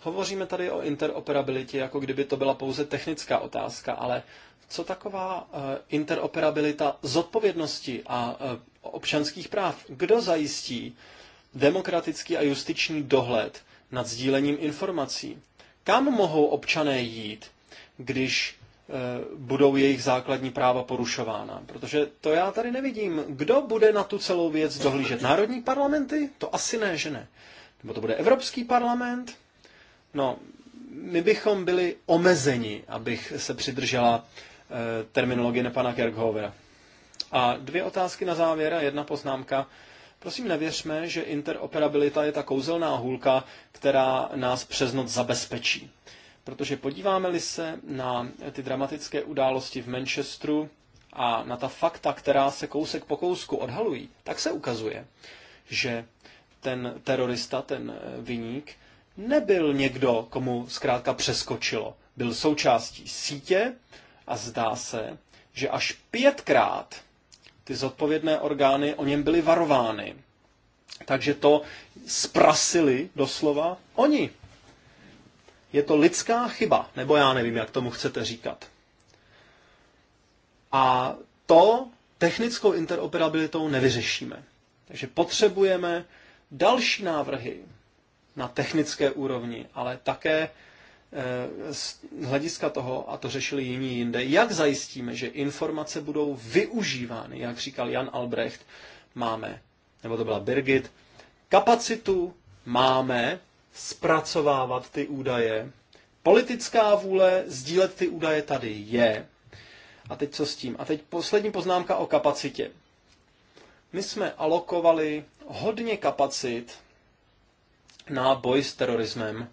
Hovoříme tady o interoperabilitě, jako kdyby to byla pouze technická otázka, ale co taková eh, interoperabilita zodpovědnosti a eh, občanských práv? Kdo zajistí demokratický a justiční dohled nad sdílením informací. Kam mohou občané jít, když e, budou jejich základní práva porušována. Protože to já tady nevidím. Kdo bude na tu celou věc dohlížet? Národní parlamenty? To asi ne, že ne. Nebo to bude Evropský parlament? No, my bychom byli omezeni, abych se přidržela e, terminologie pana Kerkhovera. A dvě otázky na závěr a jedna poznámka Prosím, nevěřme, že interoperabilita je ta kouzelná hůlka, která nás přes noc zabezpečí. Protože podíváme-li se na ty dramatické události v Manchesteru a na ta fakta, která se kousek po kousku odhalují, tak se ukazuje, že ten terorista, ten eh, viník, nebyl někdo, komu zkrátka přeskočilo. Byl součástí sítě a zdá se, že až pětkrát ty zodpovědné orgány o něm byly varovány. Takže to sprasili doslova oni. Je to lidská chyba, nebo já nevím, jak tomu chcete říkat. A to technickou interoperabilitou nevyřešíme. Takže potřebujeme další návrhy na technické úrovni, ale také Eh, z hlediska toho, a to řešili jiní jinde, jak zajistíme, že informace budou využívány, jak říkal Jan Albrecht, máme, nebo to byla Birgit, kapacitu máme zpracovávat ty údaje, politická vůle sdílet ty údaje tady je. A teď co s tím? A teď poslední poznámka o kapacitě. My jsme alokovali hodně kapacit na boj s terorismem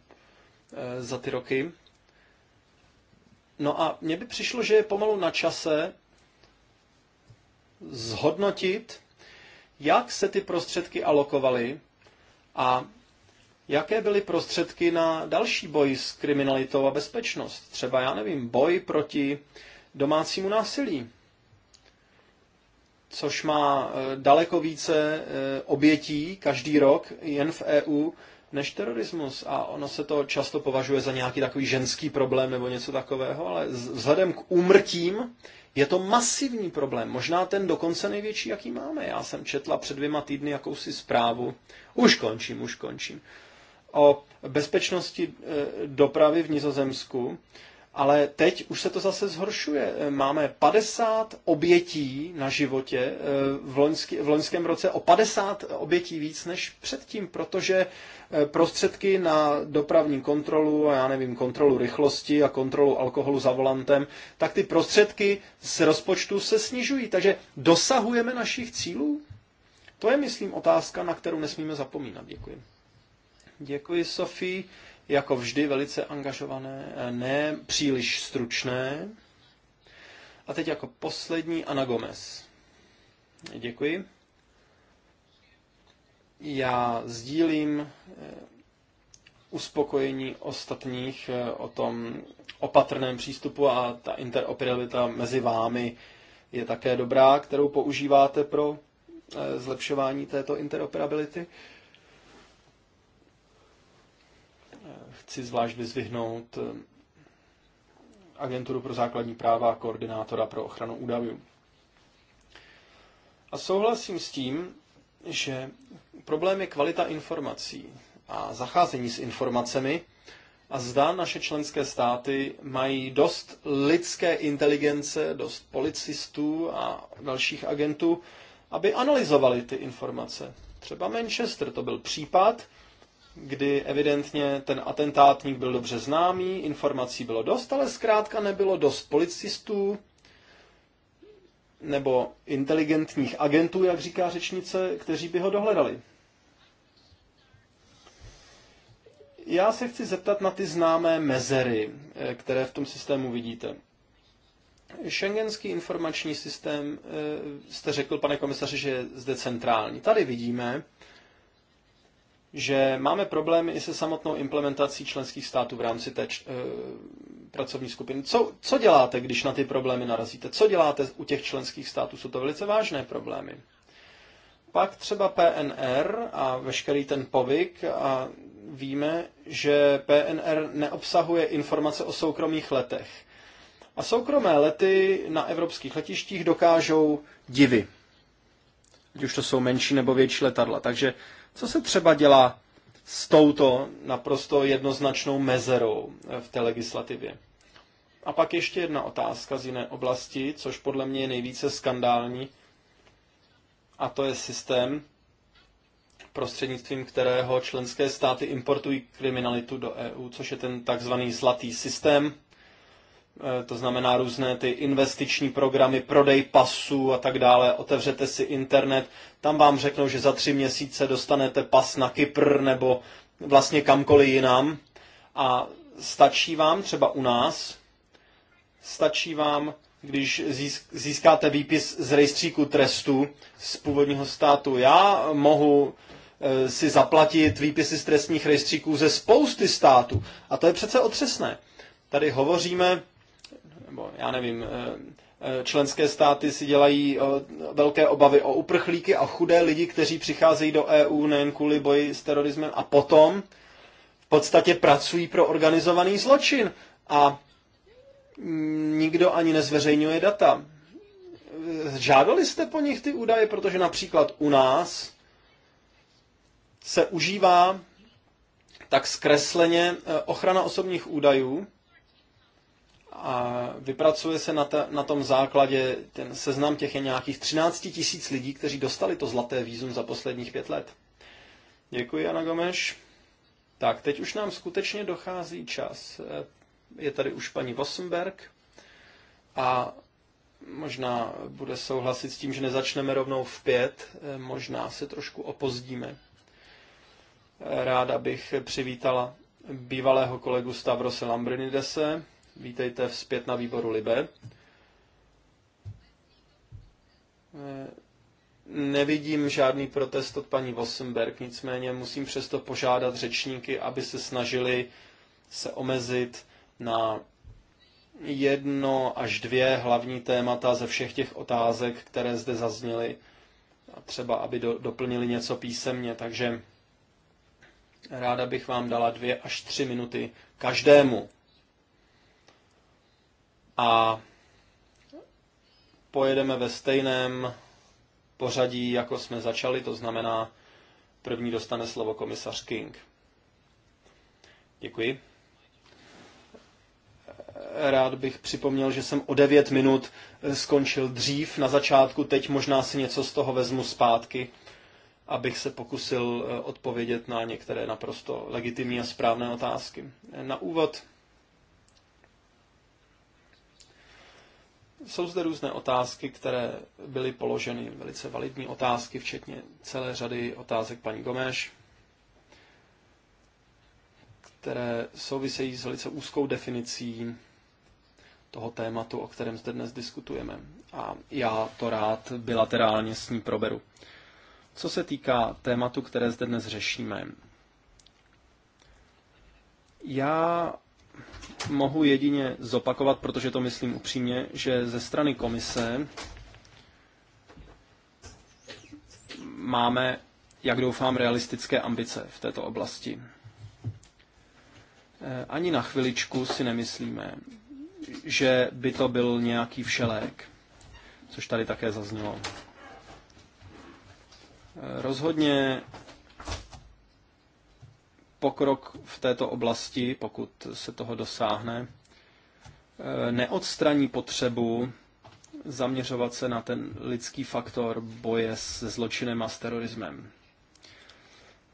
Eh, za ty roky. No a mně by přišlo, že je pomalu na čase zhodnotit, jak se ty prostředky alokovaly a jaké byly prostředky na další boj s kriminalitou a bezpečnost. Třeba, já nevím, boj proti domácímu násilí, což má eh, daleko více eh, obětí každý rok jen v EU než terorismus. A ono se to často považuje za nějaký takový ženský problém nebo něco takového, ale vzhledem k úmrtím je to masivní problém, možná ten dokonce největší, jaký máme. Já jsem četla před dvěma týdny jakousi zprávu, už končím, už končím, o bezpečnosti e, dopravy v Nizozemsku, ale teď už se to zase zhoršuje. Eh, máme 50 obětí na životě eh, v, loňský, v loňském roce o 50 obětí víc než předtím, protože eh, prostředky na dopravní kontrolu, a já nevím, kontrolu rychlosti a kontrolu alkoholu za volantem, tak ty prostředky z rozpočtu se snižují. Takže dosahujeme našich cílů? To je, myslím, otázka, na kterou nesmíme zapomínat. Děkuji. Děkuji, Sofii jako vždy velice angažované, eh, ne příliš stručné. A teď jako poslední Ana Gomez. Děkuji. Já sdílím eh, uspokojení ostatních eh, o tom opatrném přístupu a ta interoperabilita mezi vámi je také dobrá, kterou používáte pro zlepšování této interoperability. chci zvlášť vyzvihnout eh, agenturu pro základní práva a koordinátora pro ochranu údajů. A souhlasím s tím, že problém je kvalita informací a zacházení s informacemi a zdá naše členské státy mají dost lidské inteligence, dost policistů a dalších agentů, aby analyzovali ty informace. Třeba Manchester to byl případ, kdy evidentně ten atentátník byl dobře známý, informací bylo dost, ale zkrátka nebylo dost policistů nebo inteligentních agentů, jak říká řečnice, kteří by ho dohledali. Já se chci zeptat na ty známé mezery, eh, které v tom systému vidíte. Schengenský informační systém, eh, jste řekl, pane komisaři, že je zde centrální. Tady vidíme, že máme problémy i se samotnou implementací členských států v rámci té č- eh, pracovní skupiny. Co, co děláte, když na ty problémy narazíte? Co děláte u těch členských států? Jsou to velice vážné problémy. Pak třeba PNR a veškerý ten povyk a víme, že PNR neobsahuje informace o soukromých letech. A soukromé lety na evropských letištích dokážou divy. Ať už to jsou menší nebo větší letadla. Takže co se třeba dělá s touto naprosto jednoznačnou mezerou eh, v té legislativě? A pak ještě jedna otázka z jiné oblasti, což podle mě je nejvíce skandální, a to je systém, prostřednictvím kterého členské státy importují kriminalitu do EU, což je ten takzvaný zlatý systém, Eh, to znamená různé ty investiční programy, prodej pasů a tak dále, otevřete si internet, tam vám řeknou, že za tři měsíce dostanete pas na Kypr nebo vlastně kamkoliv jinam a stačí vám třeba u nás, stačí vám, když získáte výpis z rejstříku trestu z původního státu. Já mohu eh, si zaplatit výpisy z trestních rejstříků ze spousty států. A to je přece otřesné. Tady hovoříme nebo já nevím, eh, eh, členské státy si dělají eh, velké obavy o uprchlíky a chudé lidi, kteří přicházejí do EU nejen kvůli boji s terorismem a potom v podstatě pracují pro organizovaný zločin a nikdo ani nezveřejňuje data. Žádali jste po nich ty údaje, protože například u nás se užívá tak zkresleně ochrana osobních údajů, a vypracuje se na, ta, na tom základě, ten seznam těch je nějakých 13 tisíc lidí, kteří dostali to zlaté výzum za posledních pět let. Děkuji, Ana Gomeš. Tak, teď už nám skutečně dochází čas. Je tady už paní Vossenberg a možná bude souhlasit s tím, že nezačneme rovnou v pět, možná se trošku opozdíme. Ráda bych přivítala bývalého kolegu Stavrose Lambrinidese, Vítejte zpět na výboru Libe. Eh, nevidím žádný protest od paní Vossenberg, nicméně musím přesto požádat řečníky, aby se snažili se omezit na jedno až dvě hlavní témata ze všech těch otázek, které zde zazněly, a třeba aby do, doplnili něco písemně. Takže ráda bych vám dala dvě až tři minuty každému a pojedeme ve stejném pořadí, jako jsme začali, to znamená, první dostane slovo komisař King. Děkuji. Rád bych připomněl, že jsem o 9 minut skončil dřív na začátku, teď možná si něco z toho vezmu zpátky, abych se pokusil eh, odpovědět na některé naprosto legitimní a správné otázky. Na úvod Jsou zde různé otázky, které byly položeny, velice validní otázky, včetně celé řady otázek paní Gomeš, které souvisejí s velice úzkou definicí toho tématu, o kterém zde dnes diskutujeme. A já to rád bilaterálně s ní proberu. Co se týká tématu, které zde dnes řešíme, já mohu jedině zopakovat, protože to myslím upřímně, že ze strany komise máme, jak doufám, realistické ambice v této oblasti. Eh, ani na chviličku si nemyslíme, že by to byl nějaký všelék, což tady také zaznělo. Eh, rozhodně pokrok v této oblasti, pokud se toho dosáhne, e, neodstraní potřebu zaměřovat se na ten lidský faktor boje se zločinem a s terorismem.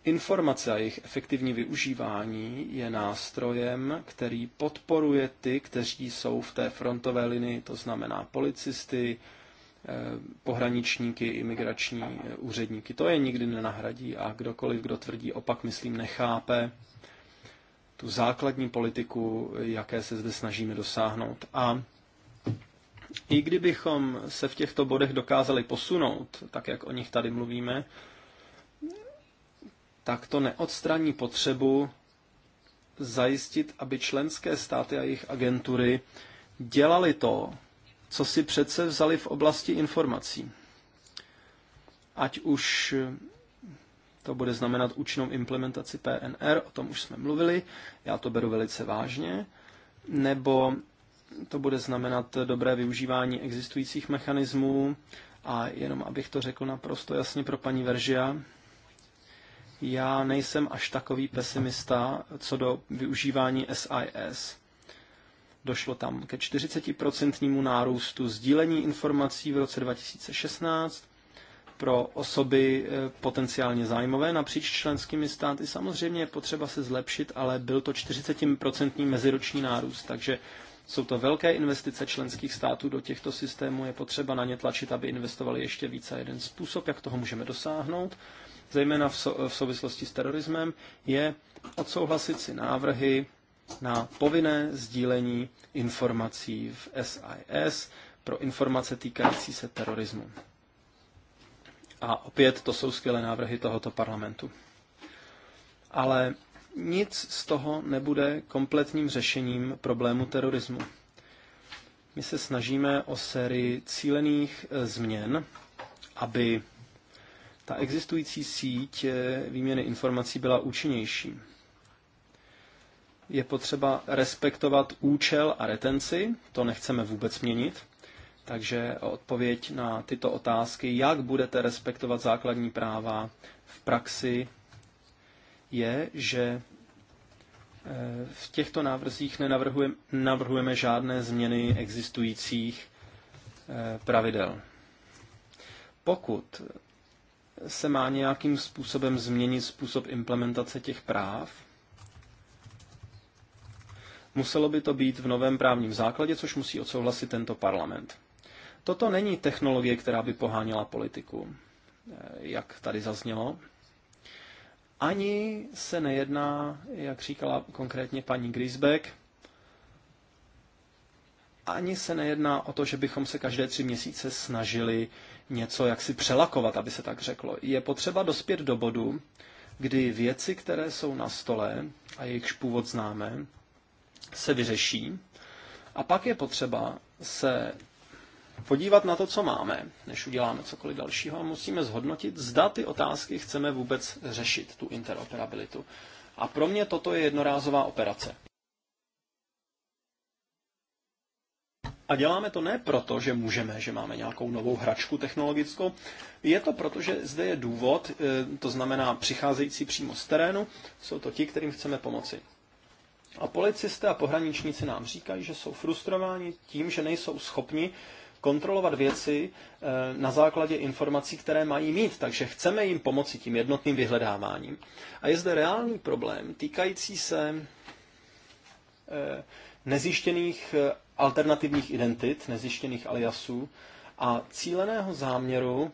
Informace a jejich efektivní využívání je nástrojem, který podporuje ty, kteří jsou v té frontové linii, to znamená policisty, Eh, pohraničníky, imigrační eh, úředníky. To je nikdy nenahradí a kdokoliv, kdo tvrdí opak, myslím, nechápe tu základní politiku, jaké se zde snažíme dosáhnout. A i kdybychom se v těchto bodech dokázali posunout, tak jak o nich tady mluvíme, tak to neodstraní potřebu zajistit, aby členské státy a jejich agentury dělali to, co si přece vzali v oblasti informací. Ať už to bude znamenat účinnou implementaci PNR, o tom už jsme mluvili, já to beru velice vážně, nebo to bude znamenat dobré využívání existujících mechanismů a jenom abych to řekl naprosto jasně pro paní Veržia, já nejsem až takový pesimista co do využívání SIS. Došlo tam ke 40% nárůstu sdílení informací v roce 2016 pro osoby e, potenciálně zájmové napříč členskými státy. Samozřejmě je potřeba se zlepšit, ale byl to 40% meziroční nárůst, takže jsou to velké investice členských států do těchto systémů, je potřeba na ně tlačit, aby investovali ještě více. Jeden způsob, jak toho můžeme dosáhnout, zejména v, souvislosti s terorismem, je odsouhlasit si návrhy na povinné sdílení informací v SIS pro informace týkající se terorismu. A opět to jsou skvělé návrhy tohoto parlamentu. Ale nic z toho nebude kompletním řešením problému terorismu. My se snažíme o sérii cílených e, změn, aby ta existující síť výměny informací byla účinnější je potřeba respektovat účel a retenci, to nechceme vůbec měnit. Takže odpověď na tyto otázky, jak budete respektovat základní práva v praxi, je, že e, v těchto návrzích nenavrhujeme navrhujeme žádné změny existujících e, pravidel. Pokud se má nějakým způsobem změnit způsob implementace těch práv, Muselo by to být v novém právním základě, což musí odsouhlasit tento parlament. Toto není technologie, která by poháněla politiku, eh, jak tady zaznělo. Ani se nejedná, jak říkala konkrétně paní Grisbeck, ani se nejedná o to, že bychom se každé tři měsíce snažili něco jaksi přelakovat, aby se tak řeklo. Je potřeba dospět do bodu, kdy věci, které jsou na stole a jejichž původ známe, se vyřeší. A pak je potřeba se podívat na to, co máme, než uděláme cokoliv dalšího a musíme zhodnotit, zda ty otázky chceme vůbec řešit, tu interoperabilitu. A pro mě toto je jednorázová operace. A děláme to ne proto, že můžeme, že máme nějakou novou hračku technologickou. Je to proto, že zde je důvod, e, to znamená přicházející přímo z terénu, jsou to ti, kterým chceme pomoci. A policisté a pohraničníci nám říkají, že jsou frustrováni tím, že nejsou schopni kontrolovat věci eh, na základě informací, které mají mít. Takže chceme jim pomoci tím jednotným vyhledáváním. A je zde reálný problém týkající se eh, nezjištěných eh, alternativních identit, nezjištěných aliasů a cíleného záměru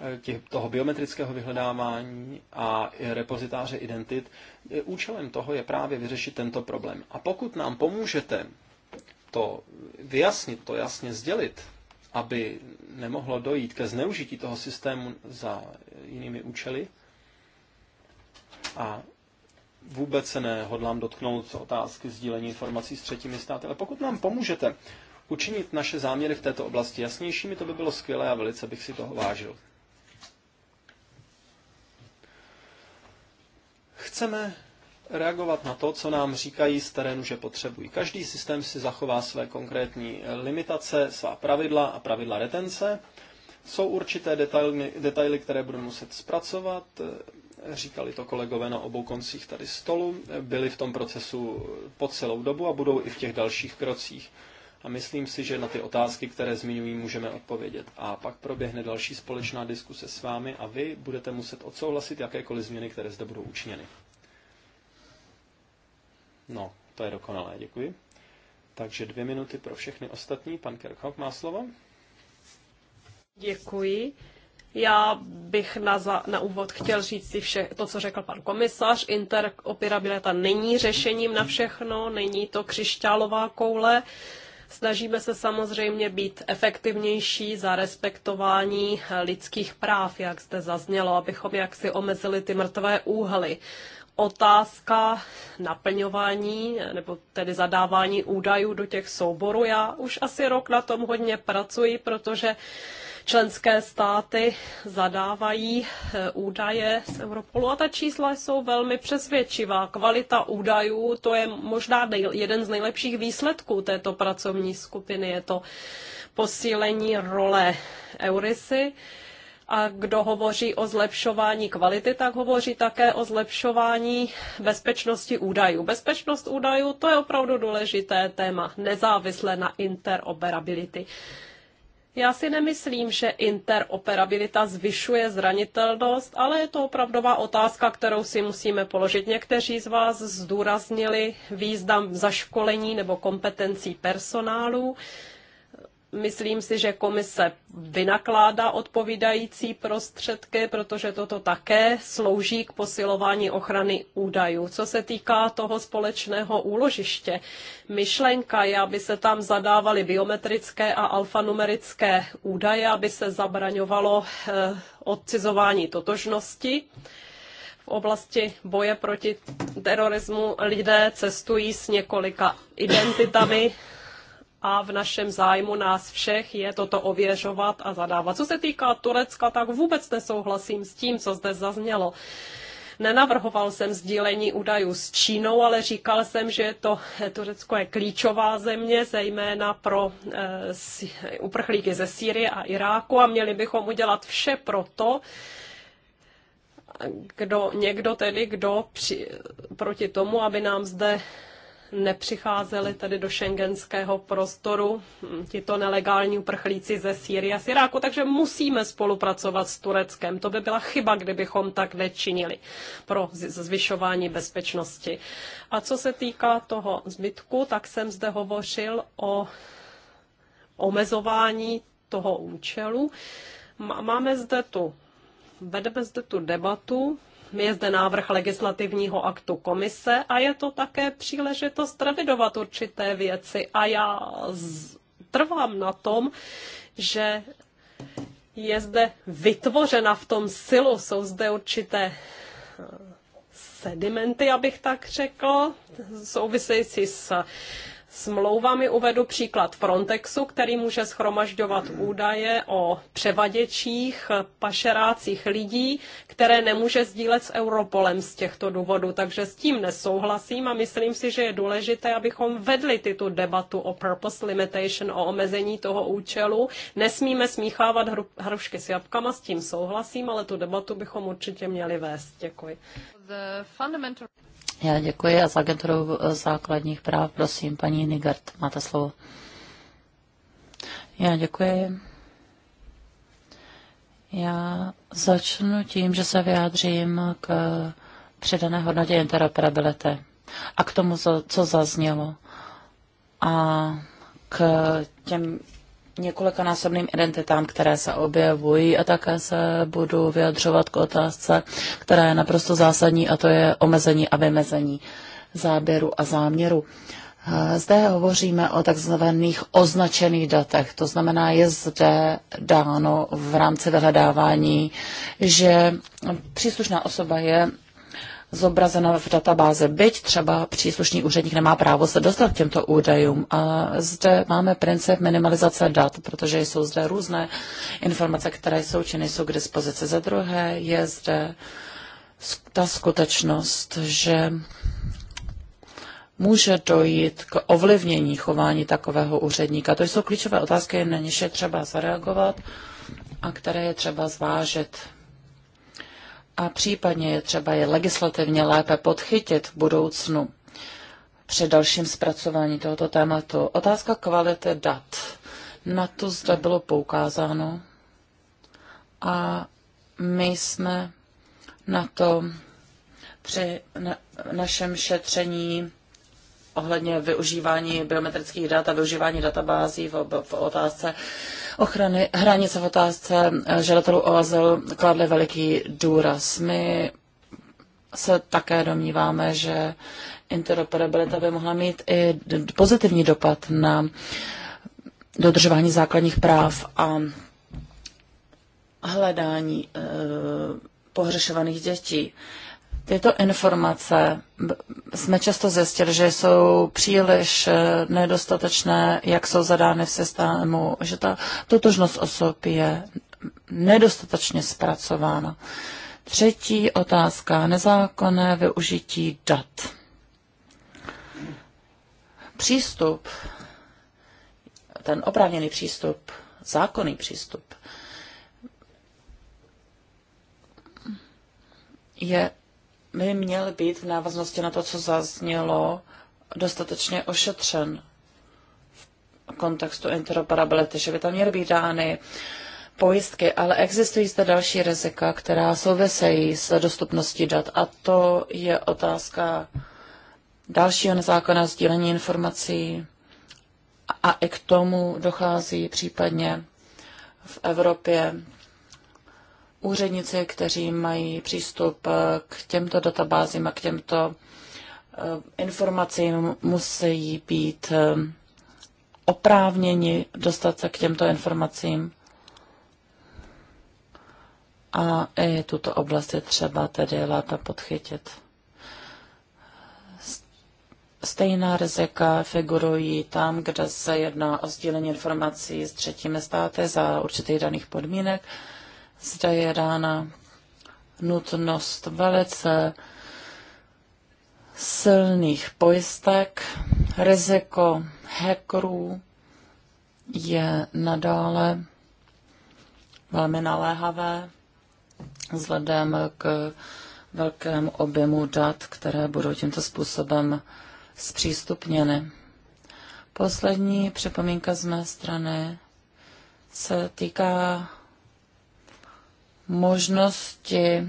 Eh, těch, toho biometrického vyhledávání a repozitáře identit, eh, účelem toho je právě vyřešit tento problém. A pokud nám pomůžete to vyjasnit, to jasně sdělit, aby nemohlo dojít ke zneužití toho systému za jinými účely, a vůbec se nehodlám dotknout otázky sdílení informací s třetími státy, ale pokud nám pomůžete učinit naše záměry v této oblasti jasnějšími, to by bylo skvělé a velice bych si toho vážil. Chceme reagovat na to, co nám říkají z terénu, že potřebují. Každý systém si zachová své konkrétní limitace, svá pravidla a pravidla retence. Jsou určité detaily, detaily které budeme muset zpracovat. Říkali to kolegové na obou koncích tady stolu. Byli v tom procesu po celou dobu a budou i v těch dalších krocích. A myslím si, že na ty otázky, které zmiňují, můžeme odpovědět. A pak proběhne další společná diskuse s vámi a vy budete muset odsouhlasit jakékoliv změny, které zde budou učiněny. No, to je dokonalé, děkuji. Takže dvě minuty pro všechny ostatní. Pan Kerkhoff má slovo. Děkuji. Já bych na, za, na úvod chtěl říct si vše, to, co řekl pan komisař. Interoperabilita není řešením na všechno, není to křišťálová koule. Snažíme se samozřejmě být efektivnější za respektování lidských práv, jak zde zaznělo, abychom jaksi omezili ty mrtvé úhly otázka naplňování nebo tedy zadávání údajů do těch souborů. Já už asi rok na tom hodně pracuji, protože členské státy zadávají eh, údaje z Europolu a ta čísla jsou velmi přesvědčivá. Kvalita údajů, to je možná jeden z nejlepších výsledků této pracovní skupiny. Je to posílení role Eurisy a kdo hovoří o zlepšování kvality, tak hovoří také o zlepšování bezpečnosti údajů. Bezpečnost údajů to je opravdu důležité téma, nezávisle na interoperability. Já si nemyslím, že interoperabilita zvyšuje zranitelnost, ale je to opravdová otázka, kterou si musíme položit. Někteří z vás zdůraznili význam zaškolení nebo kompetencí personálu. Myslím si, že komise vynakládá odpovídající prostředky, protože toto také slouží k posilování ochrany údajů. Co se týká toho společného úložiště, myšlenka je, aby se tam zadávaly biometrické a alfanumerické údaje, aby se zabraňovalo eh, odcizování totožnosti v oblasti boje proti terorismu lidé cestují s několika identitami a v našem zájmu nás všech je toto ověřovat a zadávat. Co se týká Turecka, tak vůbec nesouhlasím s tím, co zde zaznělo. Nenavrhoval jsem sdílení údajů s Čínou, ale říkal jsem, že to eh, Turecko je klíčová země, zejména pro e, uprchlíky ze Sýrie a Iráku a měli bychom udělat vše pro to, kdo, někdo tedy, kdo při, proti tomu, aby nám zde nepřicházeli tady do šengenského prostoru hm, tito nelegální uprchlíci ze Sýrie a Iráku, takže musíme spolupracovat s Tureckem. To by byla chyba, kdybychom tak nečinili pro zvyšování bezpečnosti. A co se týká toho zbytku, tak jsem zde hovořil o omezování toho účelu. Máme zde tu, vedeme zde tu debatu je zde návrh legislativního aktu komise a je to také příležitost revidovat určité věci. A já trvám na tom, že je zde vytvořena v tom silu, jsou zde určité eh, sedimenty, abych tak řekl, související s smlouvami. Uvedu příklad Frontexu, který může schromažďovat údaje o převaděčích, pašerácích lidí, které nemůže sdílet s Europolem z těchto důvodů. Takže s tím nesouhlasím a myslím si, že je důležité, abychom vedli tyto debatu o purpose limitation, o omezení toho účelu. Nesmíme smíchávat hru, hrušky s jabkama, s tím souhlasím, ale tu debatu bychom určitě měli vést. Děkuji. Já děkuji a za agenturu základních práv, prosím, paní Nigert, máte slovo. Já děkuji. Já začnu tím, že se vyjádřím k přidané hodnotě interoperability a k tomu, co zaznělo a k těm několikanásobným identitám, které se objevují a také se budu vyjadřovat k otázce, která je naprosto zásadní a to je omezení a vymezení záběru a záměru. Zde hovoříme o takzvaných označených datech, to znamená, je zde dáno v rámci vyhledávání, že příslušná osoba je zobrazena v databáze, byť třeba příslušný úředník nemá právo se dostat k těmto údajům. A zde máme princip minimalizace dat, protože jsou zde různé informace, které jsou či nejsou k dispozici. Za druhé je zde ta skutečnost, že může dojít k ovlivnění chování takového úředníka. To jsou klíčové otázky, na něž je třeba zareagovat a které je třeba zvážit a případně je třeba je legislativně lépe podchytit v budoucnu při dalším zpracování tohoto tématu. Otázka kvality dat. Na to zde bylo poukázáno a my jsme na to při na, našem šetření ohledně využívání biometrických dat a využívání databází v, v, v otázce ochrany hranic v otázce eh, žadatelů o azyl kladli veliký důraz. My se také domníváme, že interoperabilita by mohla mít i pozitivní dopad na dodržování základních práv a hledání e, pohřešovaných dětí. Tyto informace jsme často zjistili, že jsou příliš eh, nedostatečné, jak jsou zadány v systému, že ta totožnost osob je nedostatečně zpracována. Třetí otázka. Nezákonné využití dat. Přístup, ten oprávněný přístup, zákonný přístup, je by měl být v návaznosti na to, co zaznělo, dostatečně ošetřen v kontextu interoperability, že by tam měly být dány pojistky, ale existují zde další rizika, která souvisejí s dostupností dat a to je otázka dalšího nezákonného sdílení informací a i k tomu dochází případně v Evropě úředníci, kteří mají přístup eh, k těmto databázím a k těmto eh, informacím, musí být eh, oprávněni dostat se k těmto informacím. A i tuto oblast je třeba tedy léta podchytit. Stejná rizika figurují tam, kde se jedná o sdílení informací s třetími státy za určitých daných podmínek. Zde je dána nutnost velice silných pojistek, riziko hackerů je nadále velmi naléhavé vzhledem k velkém objemu dat, které budou tímto způsobem zpřístupněny. Poslední připomínka z mé strany se týká možnosti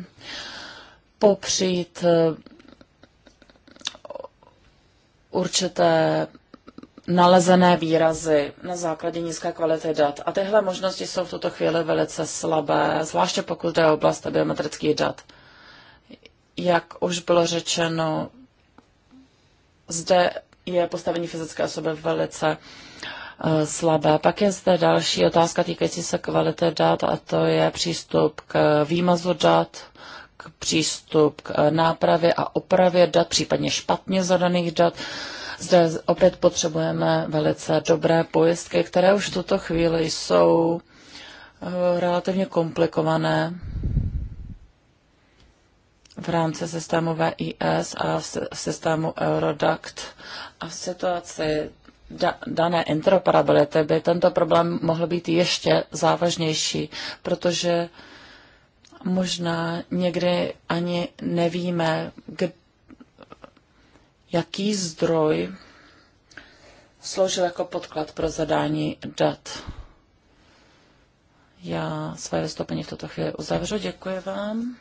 popřít eh, určité nalezené výrazy na základě nízké kvality dat. A tyhle možnosti jsou v tuto chvíli velice slabé, zvláště pokud jde o oblast biometrických dat. Jak už bylo řečeno, zde je postavení fyzické osoby velice Eh, slabé. Pak je zde další otázka týkající se kvality dat a to je přístup k výmazu dat, k přístup k eh, nápravě a opravě dat, případně špatně zadaných dat. Zde opět potřebujeme velice dobré pojistky, které už v tuto chvíli jsou eh, relativně komplikované v rámci systému VIS a systému Eurodact. A v situaci da, dané interoperability by tento problém mohl být ještě závažnější, protože možná někdy ani nevíme, jaký zdroj sloužil jako podklad pro zadání dat. Já své vystoupení v tuto chvíli uzavřu. Děkuji vám.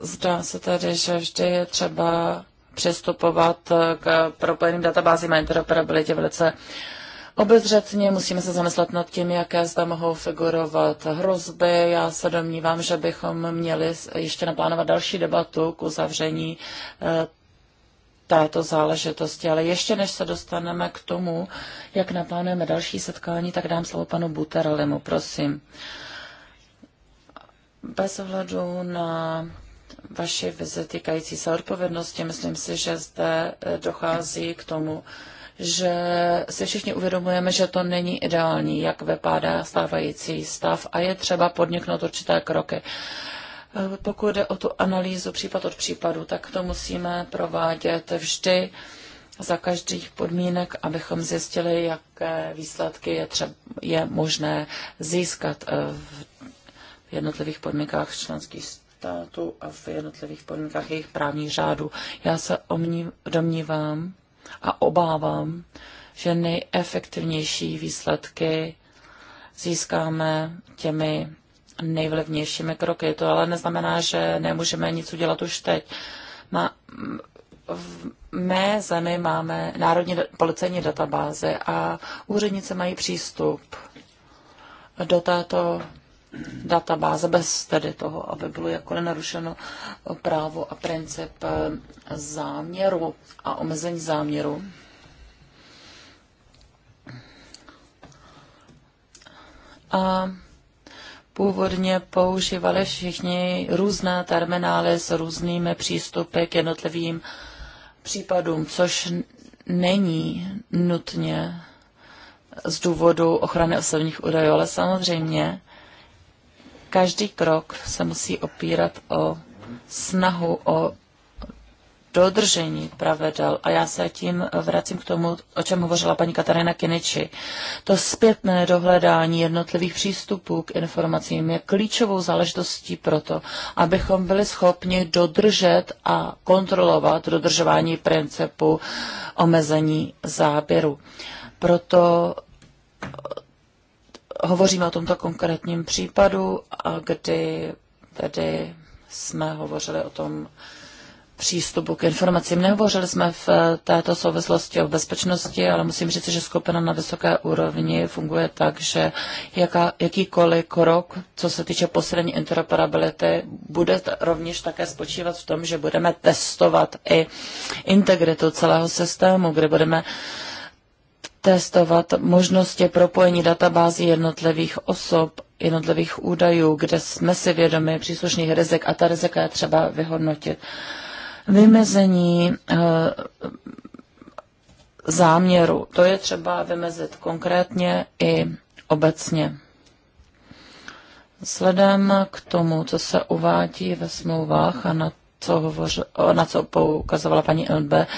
Zdá se tedy, že vždy je třeba přistupovat eh, k propojeným databázím a interoperabilitě velice Obezřetně musíme se zamyslet nad tím, jaké zde mohou figurovat hrozby. Já se domnívám, že bychom měli ještě naplánovat další debatu k uzavření eh, této záležitosti. Ale ještě než se dostaneme k tomu, jak naplánujeme další setkání, tak dám slovo panu Buterelimu, prosím. Bez ohledu na vaši vize týkající se odpovědnosti. Myslím si, že zde eh, dochází k tomu, že si všichni uvědomujeme, že to není ideální, jak vypadá stávající stav a je třeba podniknout určité kroky. Eh, pokud jde o tu analýzu případ od případu, tak to musíme provádět vždy za každých podmínek, abychom zjistili, jaké výsledky je, třeba, je možné získat eh, v jednotlivých podmínkách členských státu a v jednotlivých podmínkách jejich právních řádů. Já se domnívám a obávám, že nejefektivnější výsledky získáme těmi nejvlivnějšími kroky. To ale neznamená, že nemůžeme nic udělat už teď. Má, v mé zemi máme národní policejní databáze a úředníci mají přístup do této databáze bez tedy toho, aby bylo jakkoliv narušeno právo a princip eh, záměru a omezení záměru. A původně používali všichni různé terminály s různými přístupy k jednotlivým případům, což není nutně z důvodu ochrany osobních údajů, ale samozřejmě Každý krok se musí opírat o snahu o dodržení pravidel. A já se tím vracím k tomu, o čem hovořila paní Katarina Kiniči. To zpětné dohledání jednotlivých přístupů k informacím je klíčovou záležitostí proto, abychom byli schopni dodržet a kontrolovat dodržování principu omezení záběru. Proto Hovoříme o tomto konkrétním případu, kdy tedy jsme hovořili o tom přístupu k informacím. Nehovořili jsme v eh, této souvislosti o bezpečnosti, ale musím říct, že skupina na vysoké úrovni funguje tak, že jaká, jakýkoliv krok, co se týče posílení interoperability, bude rovněž také spočívat v tom, že budeme testovat i integritu celého systému, kde budeme uh, testovat možnosti propojení databází jednotlivých osob, jednotlivých údajů, kde jsme si vědomi příslušných rizik a ta rizika je třeba vyhodnotit. Vymezení eh, záměru, to je třeba vymezit konkrétně i obecně. Sledem k tomu, co se uvádí ve smlouvách a na co, hovoř, na co poukazovala paní LB, eh,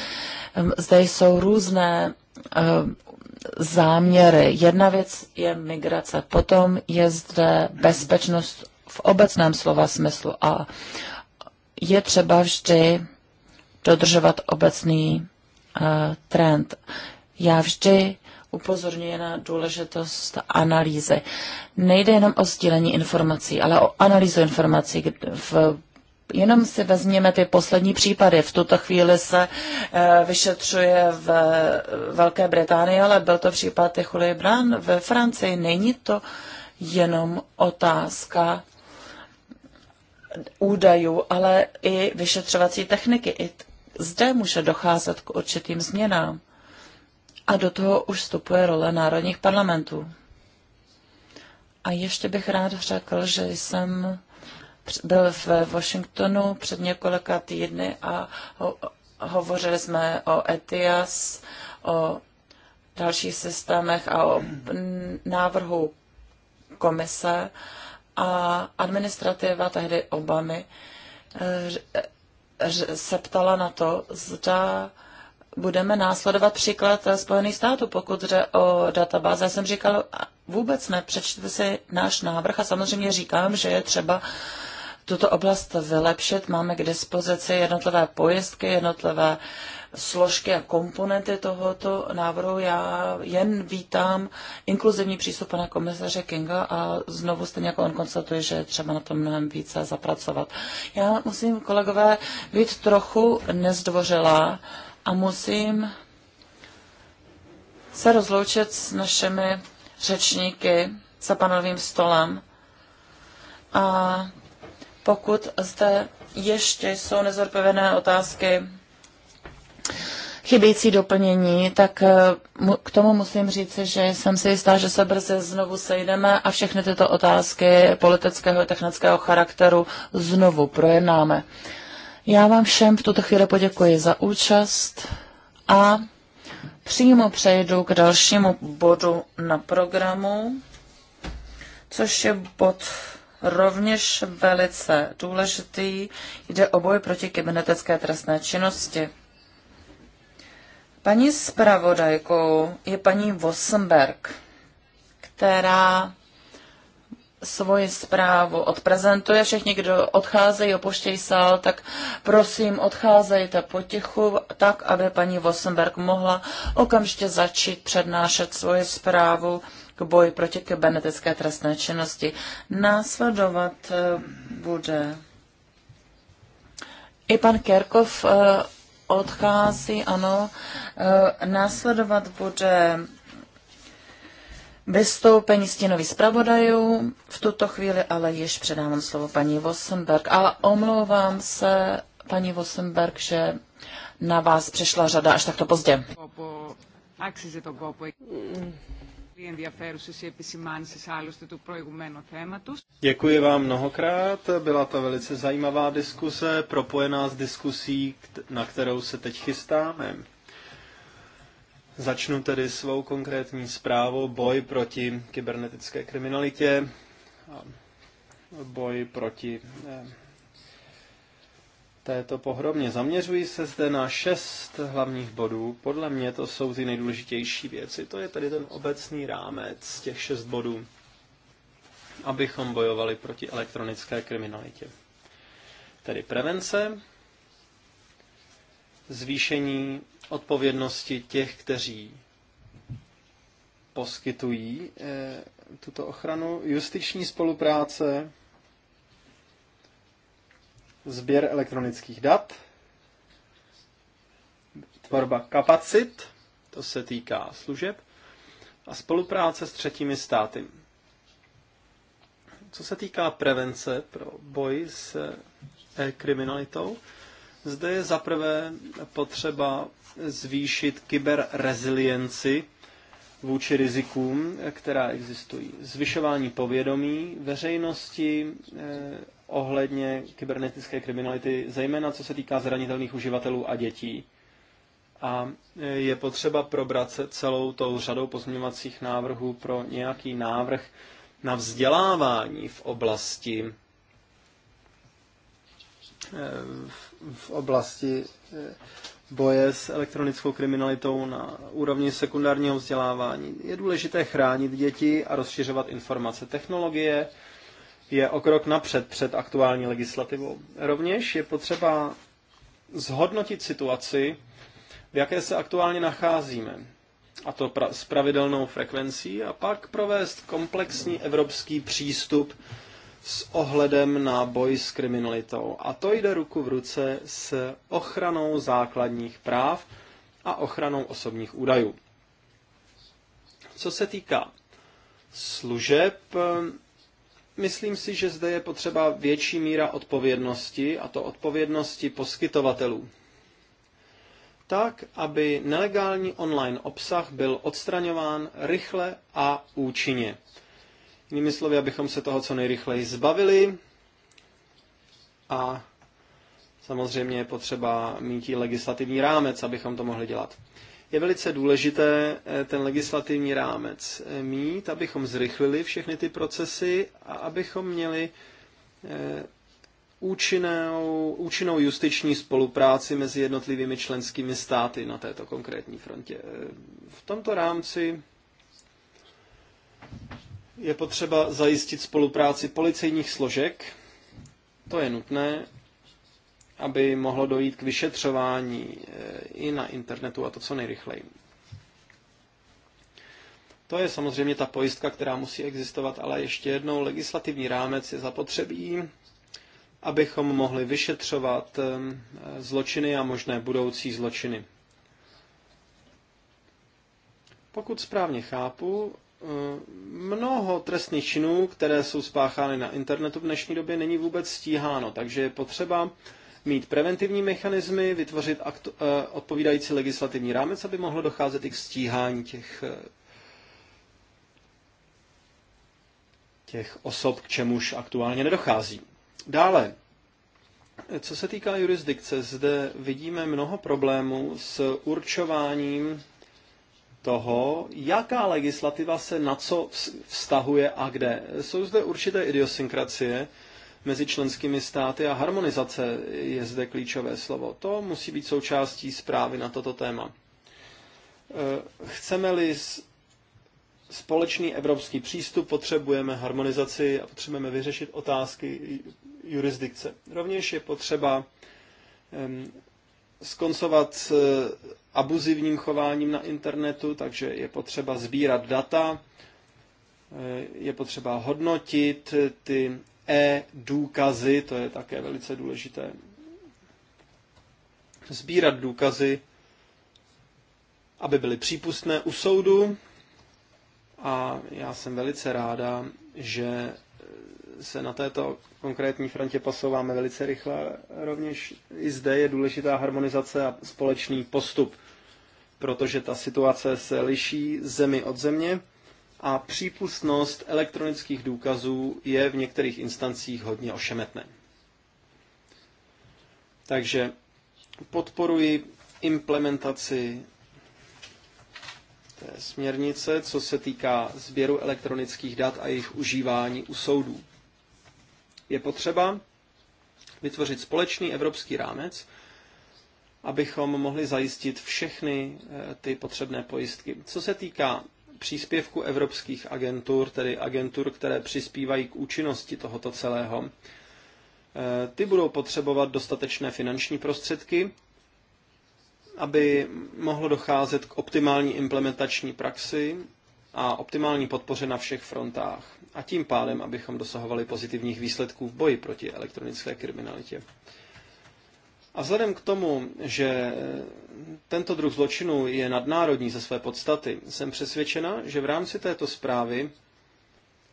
zde jsou různé eh, záměry. Jedna věc je migrace, potom je zde bezpečnost v obecném slova smyslu a je třeba vždy dodržovat obecný uh, trend. Já vždy upozorňuji na důležitost analýzy. Nejde jenom o sdílení informací, ale o analýzu informací v Jenom si vezměme ty poslední případy. V tuto chvíli se eh, vyšetřuje v eh, Velké Británii, ale byl to případ i Julie Brand ve Francii. Není to jenom otázka údajů, ale i vyšetřovací techniky. I zde může docházet k určitým změnám. A do toho už vstupuje role národních parlamentů. A ještě bych rád řekl, že jsem byl v Washingtonu před několika týdny a ho, hovořili jsme o ETIAS, o dalších systémech a o návrhu komise a administrativa tehdy Obamy eh, eh, se ptala na to, zda budeme následovat příklad Spojených států, pokud jde o databáze. Já jsem říkal, vůbec ne, přečtěte si náš návrh a samozřejmě říkám, že je třeba uh, tuto oblast vylepšit. Máme k dispozici jednotlivé pojistky, jednotlivé složky a komponenty tohoto návrhu. Já jen vítám inkluzivní přístup pana komisaře Kinga a znovu stejně jako on konstatuje, že je třeba na tom mnohem více zapracovat. Já musím, kolegové, být trochu nezdvořilá a musím se rozloučit s našimi řečníky za panovým stolem a pokud zde ještě jsou nezodpovědné otázky chybějící doplnění, tak eh, k tomu musím říct, že jsem si jistá, že se brzy znovu sejdeme a všechny tyto otázky politického a technického charakteru znovu projednáme. Já vám všem v tuto chvíli poděkuji za účast a přímo přejdu k dalšímu bodu na programu, což je bod rovněž velice důležitý. Jde o boj proti kybernetické trestné činnosti. Paní zpravodajkou je paní Vossenberg, která svoji zprávu odprezentuje. Všichni, kdo odcházejí, opuštějí sál, tak prosím, odcházejte potichu, tak, aby paní Vossenberg mohla okamžitě začít přednášet svoji zprávu k boji proti kybernetické trestné činnosti. Následovat eh, bude i pan Kerkov eh, odchází, ano. Eh, následovat bude vystoupení stínových zpravodajů. V tuto chvíli ale již předávám slovo paní Vosenberg. A omlouvám se, paní Vosenberg, že na vás přišla řada až takto pozdě. Hm. Děkuji vám mnohokrát, byla to velice zajímavá diskuse, propojená s diskusí, na kterou se teď chystáme. Začnu tedy svou konkrétní zprávou boj proti kybernetické kriminalitě, boj proti eh, této pohromě. Zaměřuji se zde na šest hlavních bodů. Podle mě to jsou ty nejdůležitější věci. To je tedy ten obecný rámec těch šest bodů, abychom bojovali proti elektronické kriminalitě. Tedy prevence, zvýšení odpovědnosti těch, kteří poskytují e, tuto ochranu, justiční spolupráce, sběr elektronických dat, tvorba kapacit, to se týká služeb, a spolupráce s třetími státy. Co se týká prevence pro boj s eh, kriminalitou, zde je zaprvé potřeba zvýšit kyberrezilienci vůči rizikům, která existují. Zvyšování povědomí veřejnosti eh, ohledně kybernetické kriminality, zejména co se týká zranitelných uživatelů a dětí. A e, je potřeba probrat se celou tou řadou pozměňovacích návrhů pro nějaký návrh na vzdělávání v oblasti e, v oblasti e, boje s elektronickou kriminalitou na úrovni sekundárního vzdělávání. Je důležité chránit děti a rozšiřovat informace technologie, je o krok napřed před aktuální legislativou. Rovněž je potřeba zhodnotit situaci, v jaké se aktuálně nacházíme, a to pra- s pravidelnou frekvencí, a pak provést komplexní evropský přístup s ohledem na boj s kriminalitou. A to jde ruku v ruce s ochranou základních práv a ochranou osobních údajů. Co se týká služeb, Myslím si, že zde je potřeba větší míra odpovědnosti, a to odpovědnosti poskytovatelů. Tak, aby nelegální online obsah byl odstraňován rychle a účinně. Jinými slovy, abychom se toho co nejrychleji zbavili a samozřejmě je potřeba mít i legislativní rámec, abychom to mohli dělat je velice důležité eh, ten legislativní rámec eh, mít, abychom zrychlili všechny ty procesy a abychom měli eh, účinnou, účinnou justiční spolupráci mezi jednotlivými členskými státy na této konkrétní frontě. V tomto rámci je potřeba zajistit spolupráci policejních složek, to je nutné, aby mohlo dojít k vyšetřování eh, i na internetu a to co nejrychleji. To je samozřejmě ta pojistka, která musí existovat, ale ještě jednou legislativní rámec je zapotřebí, abychom mohli vyšetřovat ehm, zločiny a možné budoucí zločiny. Pokud správně chápu, ehm, mnoho trestných činů, které jsou spáchány na internetu v dnešní době, není vůbec stíháno, takže je potřeba mít preventivní mechanismy, vytvořit aktu, eh, odpovídající legislativní rámec, aby mohlo docházet i k stíhání těch, eh, těch osob, k čemuž aktuálně nedochází. Dále, co se týká jurisdikce, zde vidíme mnoho problémů s určováním toho, jaká legislativa se na co vztahuje a kde. Jsou zde určité idiosynkracie, mezi členskými státy a harmonizace je zde klíčové slovo. To musí být součástí zprávy na toto téma. E, chceme-li společný evropský přístup, potřebujeme harmonizaci a potřebujeme vyřešit otázky jurisdikce. Rovněž je potřeba skoncovat s e, abuzivním chováním na internetu, takže je potřeba sbírat data, e, je potřeba hodnotit ty e-důkazy, to je také velice důležité. Sbírat důkazy, aby byly přípustné u soudu. A já jsem velice ráda, že se na této konkrétní frontě pasováme velice rychle. Rovněž i zde je důležitá harmonizace a společný postup, protože ta situace se liší zemi od země a přípustnost elektronických důkazů je v některých instancích hodně ošemetné. Takže podporuji implementaci té směrnice, co se týká sběru elektronických dat a jejich užívání u soudů. Je potřeba vytvořit společný evropský rámec, abychom mohli zajistit všechny eh, ty potřebné pojistky. Co se týká příspěvku evropských agentur, tedy agentur, které přispívají k účinnosti tohoto celého, e, ty budou potřebovat dostatečné finanční prostředky, aby mohlo docházet k optimální implementační praxi a optimální podpoře na všech frontách. A tím pádem, abychom dosahovali pozitivních výsledků v boji proti elektronické kriminalitě. A vzhledem k tomu, že tento druh zločinu je nadnárodní ze své podstaty, jsem přesvědčena, že v rámci této zprávy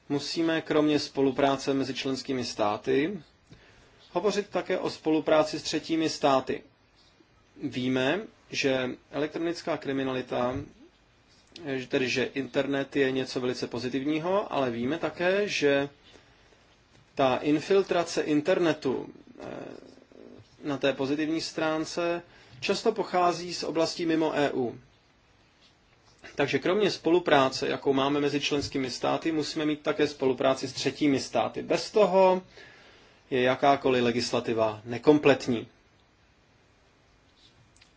musíme kromě spolupráce mezi členskými státy hovořit také o spolupráci s třetími státy. Víme, že elektronická kriminalita, tedy že internet je něco velice pozitivního, ale víme také, že ta infiltrace internetu na té pozitivní stránce, často pochází z oblastí mimo EU. Takže kromě spolupráce, jakou máme mezi členskými státy, musíme mít také spolupráci s třetími státy. Bez toho je jakákoliv legislativa nekompletní.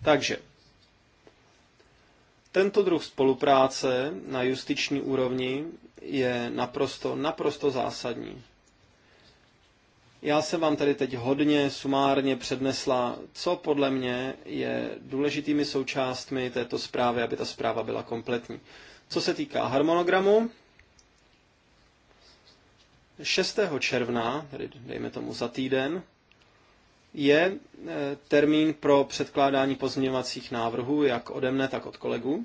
Takže tento druh spolupráce na justiční úrovni je naprosto, naprosto zásadní. Já jsem vám tady teď hodně sumárně přednesla, co podle mě je důležitými součástmi této zprávy, aby ta zpráva byla kompletní. Co se týká harmonogramu, 6. června, tedy dejme tomu za týden, je e, termín pro předkládání pozměňovacích návrhů, jak ode mne, tak od kolegů.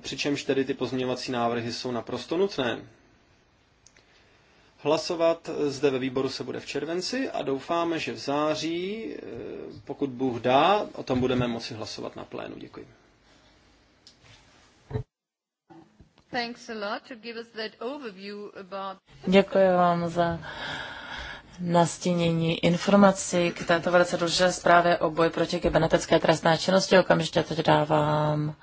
Přičemž tedy ty pozměňovací návrhy jsou naprosto nutné. Hlasovat zde ve výboru se bude v červenci a doufáme, že v září, eh, pokud Bůh dá, o tom budeme moci hlasovat na plénu. Děkuji. Děkuji vám za nastínění informací k této velice důležité zprávě o boji proti kybernetické trestné činnosti. Okamžitě teď dávám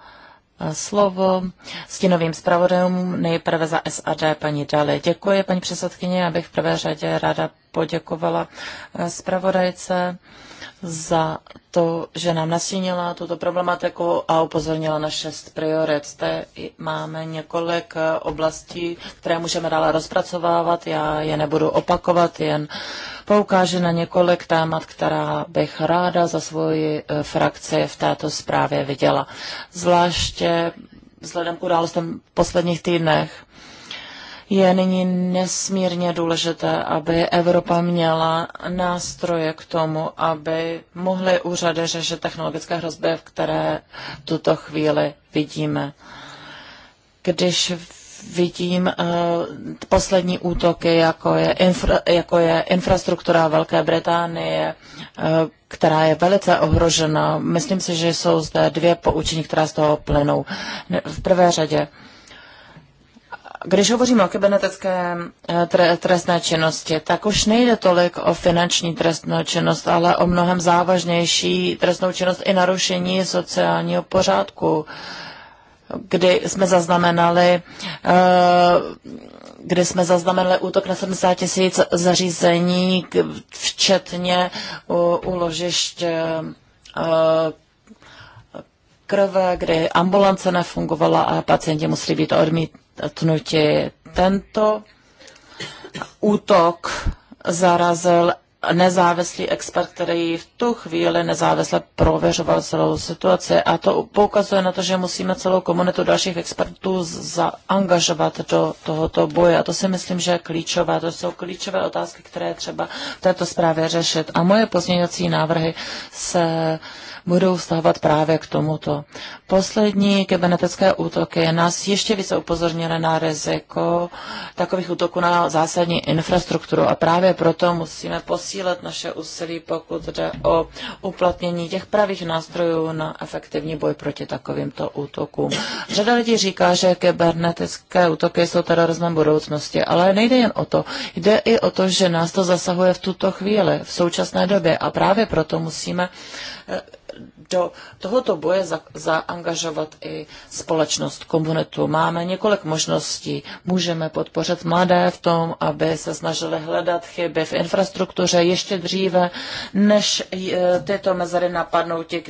slovo stínovým zpravodajům, nejprve za SAD paní Dali. Děkuji, paní předsedkyně, abych v prvé řadě ráda poděkovala eh, zpravodajce za to, že nám nasínila tuto problematiku a upozornila na šest priorit. Zde máme několik eh, oblastí, které můžeme dále rozpracovávat. Já je nebudu opakovat, jen poukážu na několik témat, která bych ráda za svoji eh, frakci v této zprávě viděla. Zvláště vzhledem k událostem v posledních týdnech je nyní nesmírně důležité, aby Evropa měla nástroje k tomu, aby mohly úřady řešit technologické hrozby, v které v tuto chvíli vidíme. Když vidím uh, poslední útoky, jako je, infra, jako je infrastruktura Velké Británie, uh, která je velice ohrožena. Myslím si, že jsou zde dvě poučení, která z toho plynou. V prvé řadě uh, když hovoříme o kybernetické eh, trestné činnosti, tak už nejde tolik o finanční trestnou činnost, ale o mnohem závažnější trestnou činnost i narušení sociálního pořádku, kdy jsme zaznamenali eh, kdy jsme zaznamenali útok na 70 tisíc zařízení, včetně uložišť eh, krve, kdy ambulance nefungovala a pacienti museli být odmít, tnutí. Tento útok zarazil nezávislý expert, který v tu chvíli nezávisle prověřoval celou situaci. A to poukazuje na to, že musíme celou komunitu dalších expertů zaangažovat do tohoto boje. A to si myslím, že je klíčové. To jsou klíčové otázky, které je třeba v této zprávě řešit. A moje pozměňovací návrhy se budou vztahovat právě k tomuto. Poslední kybernetické útoky nás ještě více upozornily na riziko takových útoků na zásadní infrastrukturu. A právě proto musíme posílit posílit naše úsilí, pokud jde o uplatnění těch pravých nástrojů na efektivní boj proti takovýmto útokům. Řada lidí říká, že kybernetické útoky jsou terorismem budoucnosti, ale nejde jen o to. Jde i o to, že nás to zasahuje v tuto chvíli, v současné době a právě proto musíme eh, do tohoto boje za, zaangažovat i společnost, komunitu. Máme několik možností. Můžeme podpořit mladé v tom, aby se snažili hledat chyby v infrastruktuře ještě dříve, než e, tyto mezery napadnou ti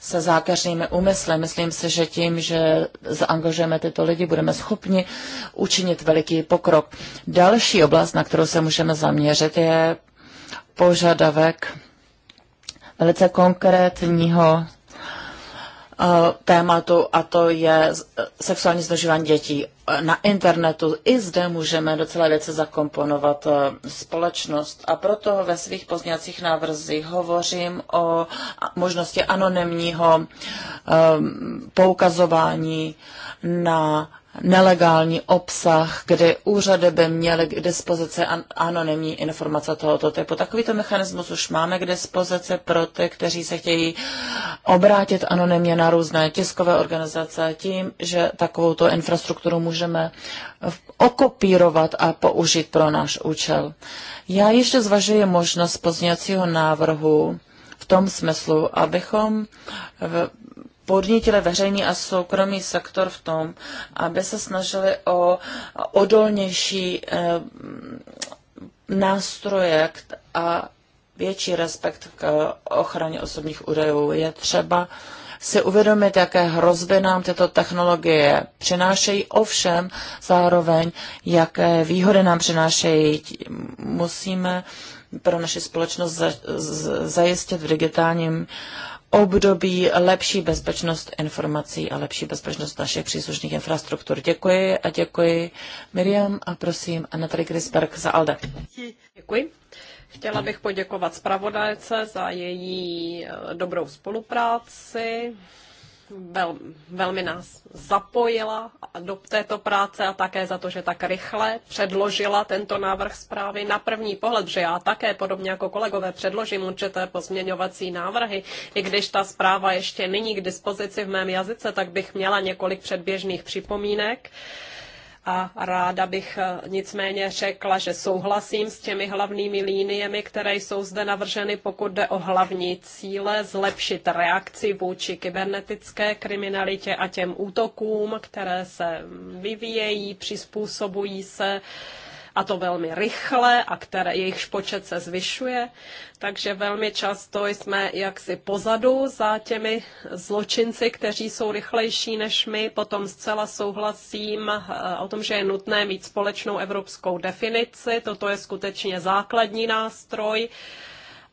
se zákařnými úmysly. Myslím si, že tím, že zaangažujeme tyto lidi, budeme schopni učinit veliký pokrok. Další oblast, na kterou se můžeme zaměřit, je požadavek velice konkrétního eh, tématu a to je sexuální zneužívání dětí na internetu. I zde můžeme do celé věci zakomponovat eh, společnost a proto ve svých pozněcích návrzích hovořím o možnosti anonymního eh, poukazování na nelegální obsah, kdy úřady by měly k dispozici anonymní informace tohoto typu. Takovýto mechanismus už máme k dispozici pro ty, kteří se chtějí obrátit anonymně na různé tiskové organizace tím, že takovouto infrastrukturu můžeme okopírovat a použít pro náš účel. Já ještě zvažuji možnost pozněcího návrhu v tom smyslu, abychom podnítili veřejný a soukromý sektor v tom, aby se snažili o odolnější eh, nástroje a větší respekt k ochraně osobních údajů. Je třeba si uvědomit, jaké hrozby nám tyto technologie přinášejí, ovšem zároveň, jaké výhody nám přinášejí. Musíme pro naši společnost zajistit v digitálním období lepší bezpečnost informací a lepší bezpečnost našich příslušných infrastruktur. Děkuji a děkuji Miriam a prosím a Natalie Grisberg za ALDE. Děkuji. Chtěla bych poděkovat zpravodajce za její eh, dobrou spolupráci vel, velmi nás zapojila do této práce a také za to, že tak rychle předložila tento návrh zprávy na první pohled, že já také, podobně jako kolegové, předložím určité pozměňovací návrhy. I když ta zpráva ještě není k dispozici v mém jazyce, tak bych měla několik předběžných připomínek. Uh, a ráda bych eh, nicméně řekla, že souhlasím s těmi hlavními líniemi, které jsou zde navrženy, pokud jde o hlavní cíle, zlepšit reakci vůči kybernetické kriminalitě a těm útokům, které se vyvíjejí, přizpůsobují se. Uh, a to velmi rychle a které, jejichž počet se zvyšuje, takže velmi často jsme jaksi pozadu za těmi zločinci, kteří jsou rychlejší než my. Potom zcela souhlasím eh, o tom, že je nutné mít společnou evropskou definici. Toto je skutečně základní nástroj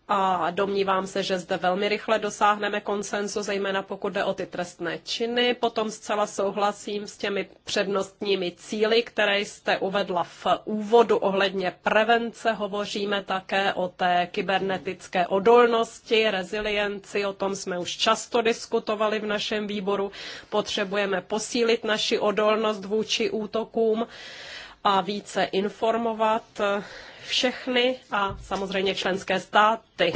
a domnívám se, že zde velmi rychle dosáhneme konsenzu, zejména pokud jde o ty trestné činy. Potom zcela souhlasím s těmi přednostními cíly, které jste uvedla v úvodu ohledně prevence. Hovoříme také o té kybernetické odolnosti, rezilienci, o tom jsme už často diskutovali v našem výboru. Potřebujeme posílit naši odolnost vůči útokům a více informovat všechny a samozřejmě členské státy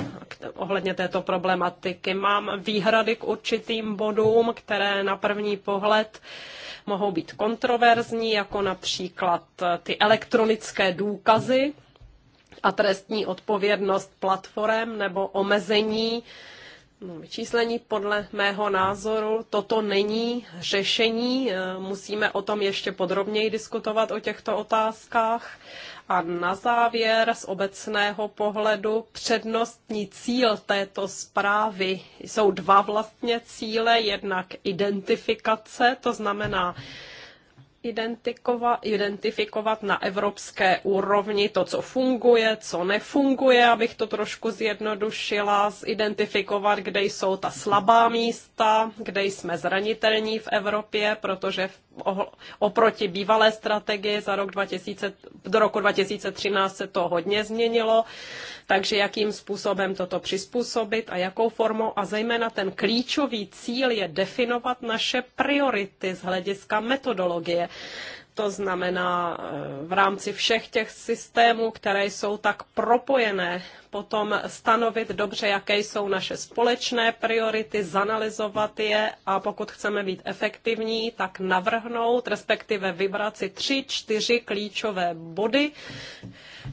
ohledně této problematiky. Mám výhrady k určitým bodům, které na první pohled mohou být kontroverzní, jako například ty elektronické důkazy a trestní odpovědnost platform nebo omezení uh, No, vyčíslení. Podle mého názoru toto není řešení. Eh, musíme o tom ještě podrobněji diskutovat o těchto otázkách. A na závěr z obecného pohledu přednostní cíl této zprávy jsou dva vlastně cíle. Jednak identifikace, to znamená identifikovat, na evropské úrovni to, co funguje, co nefunguje, abych to trošku zjednodušila, zidentifikovat, kde jsou ta slabá místa, kde jsme zranitelní v Evropě, protože v oproti bývalé strategii za rok 2000, do roku 2013 se to hodně změnilo, takže jakým způsobem toto přizpůsobit a jakou formou a zejména ten klíčový cíl je definovat naše priority z hlediska metodologie. To znamená eh, v rámci všech těch systémů, které jsou tak propojené, potom stanovit dobře, jaké jsou naše společné priority, zanalizovat je a pokud chceme být efektivní, tak navrhnout, respektive vybrat si tři, čtyři klíčové body,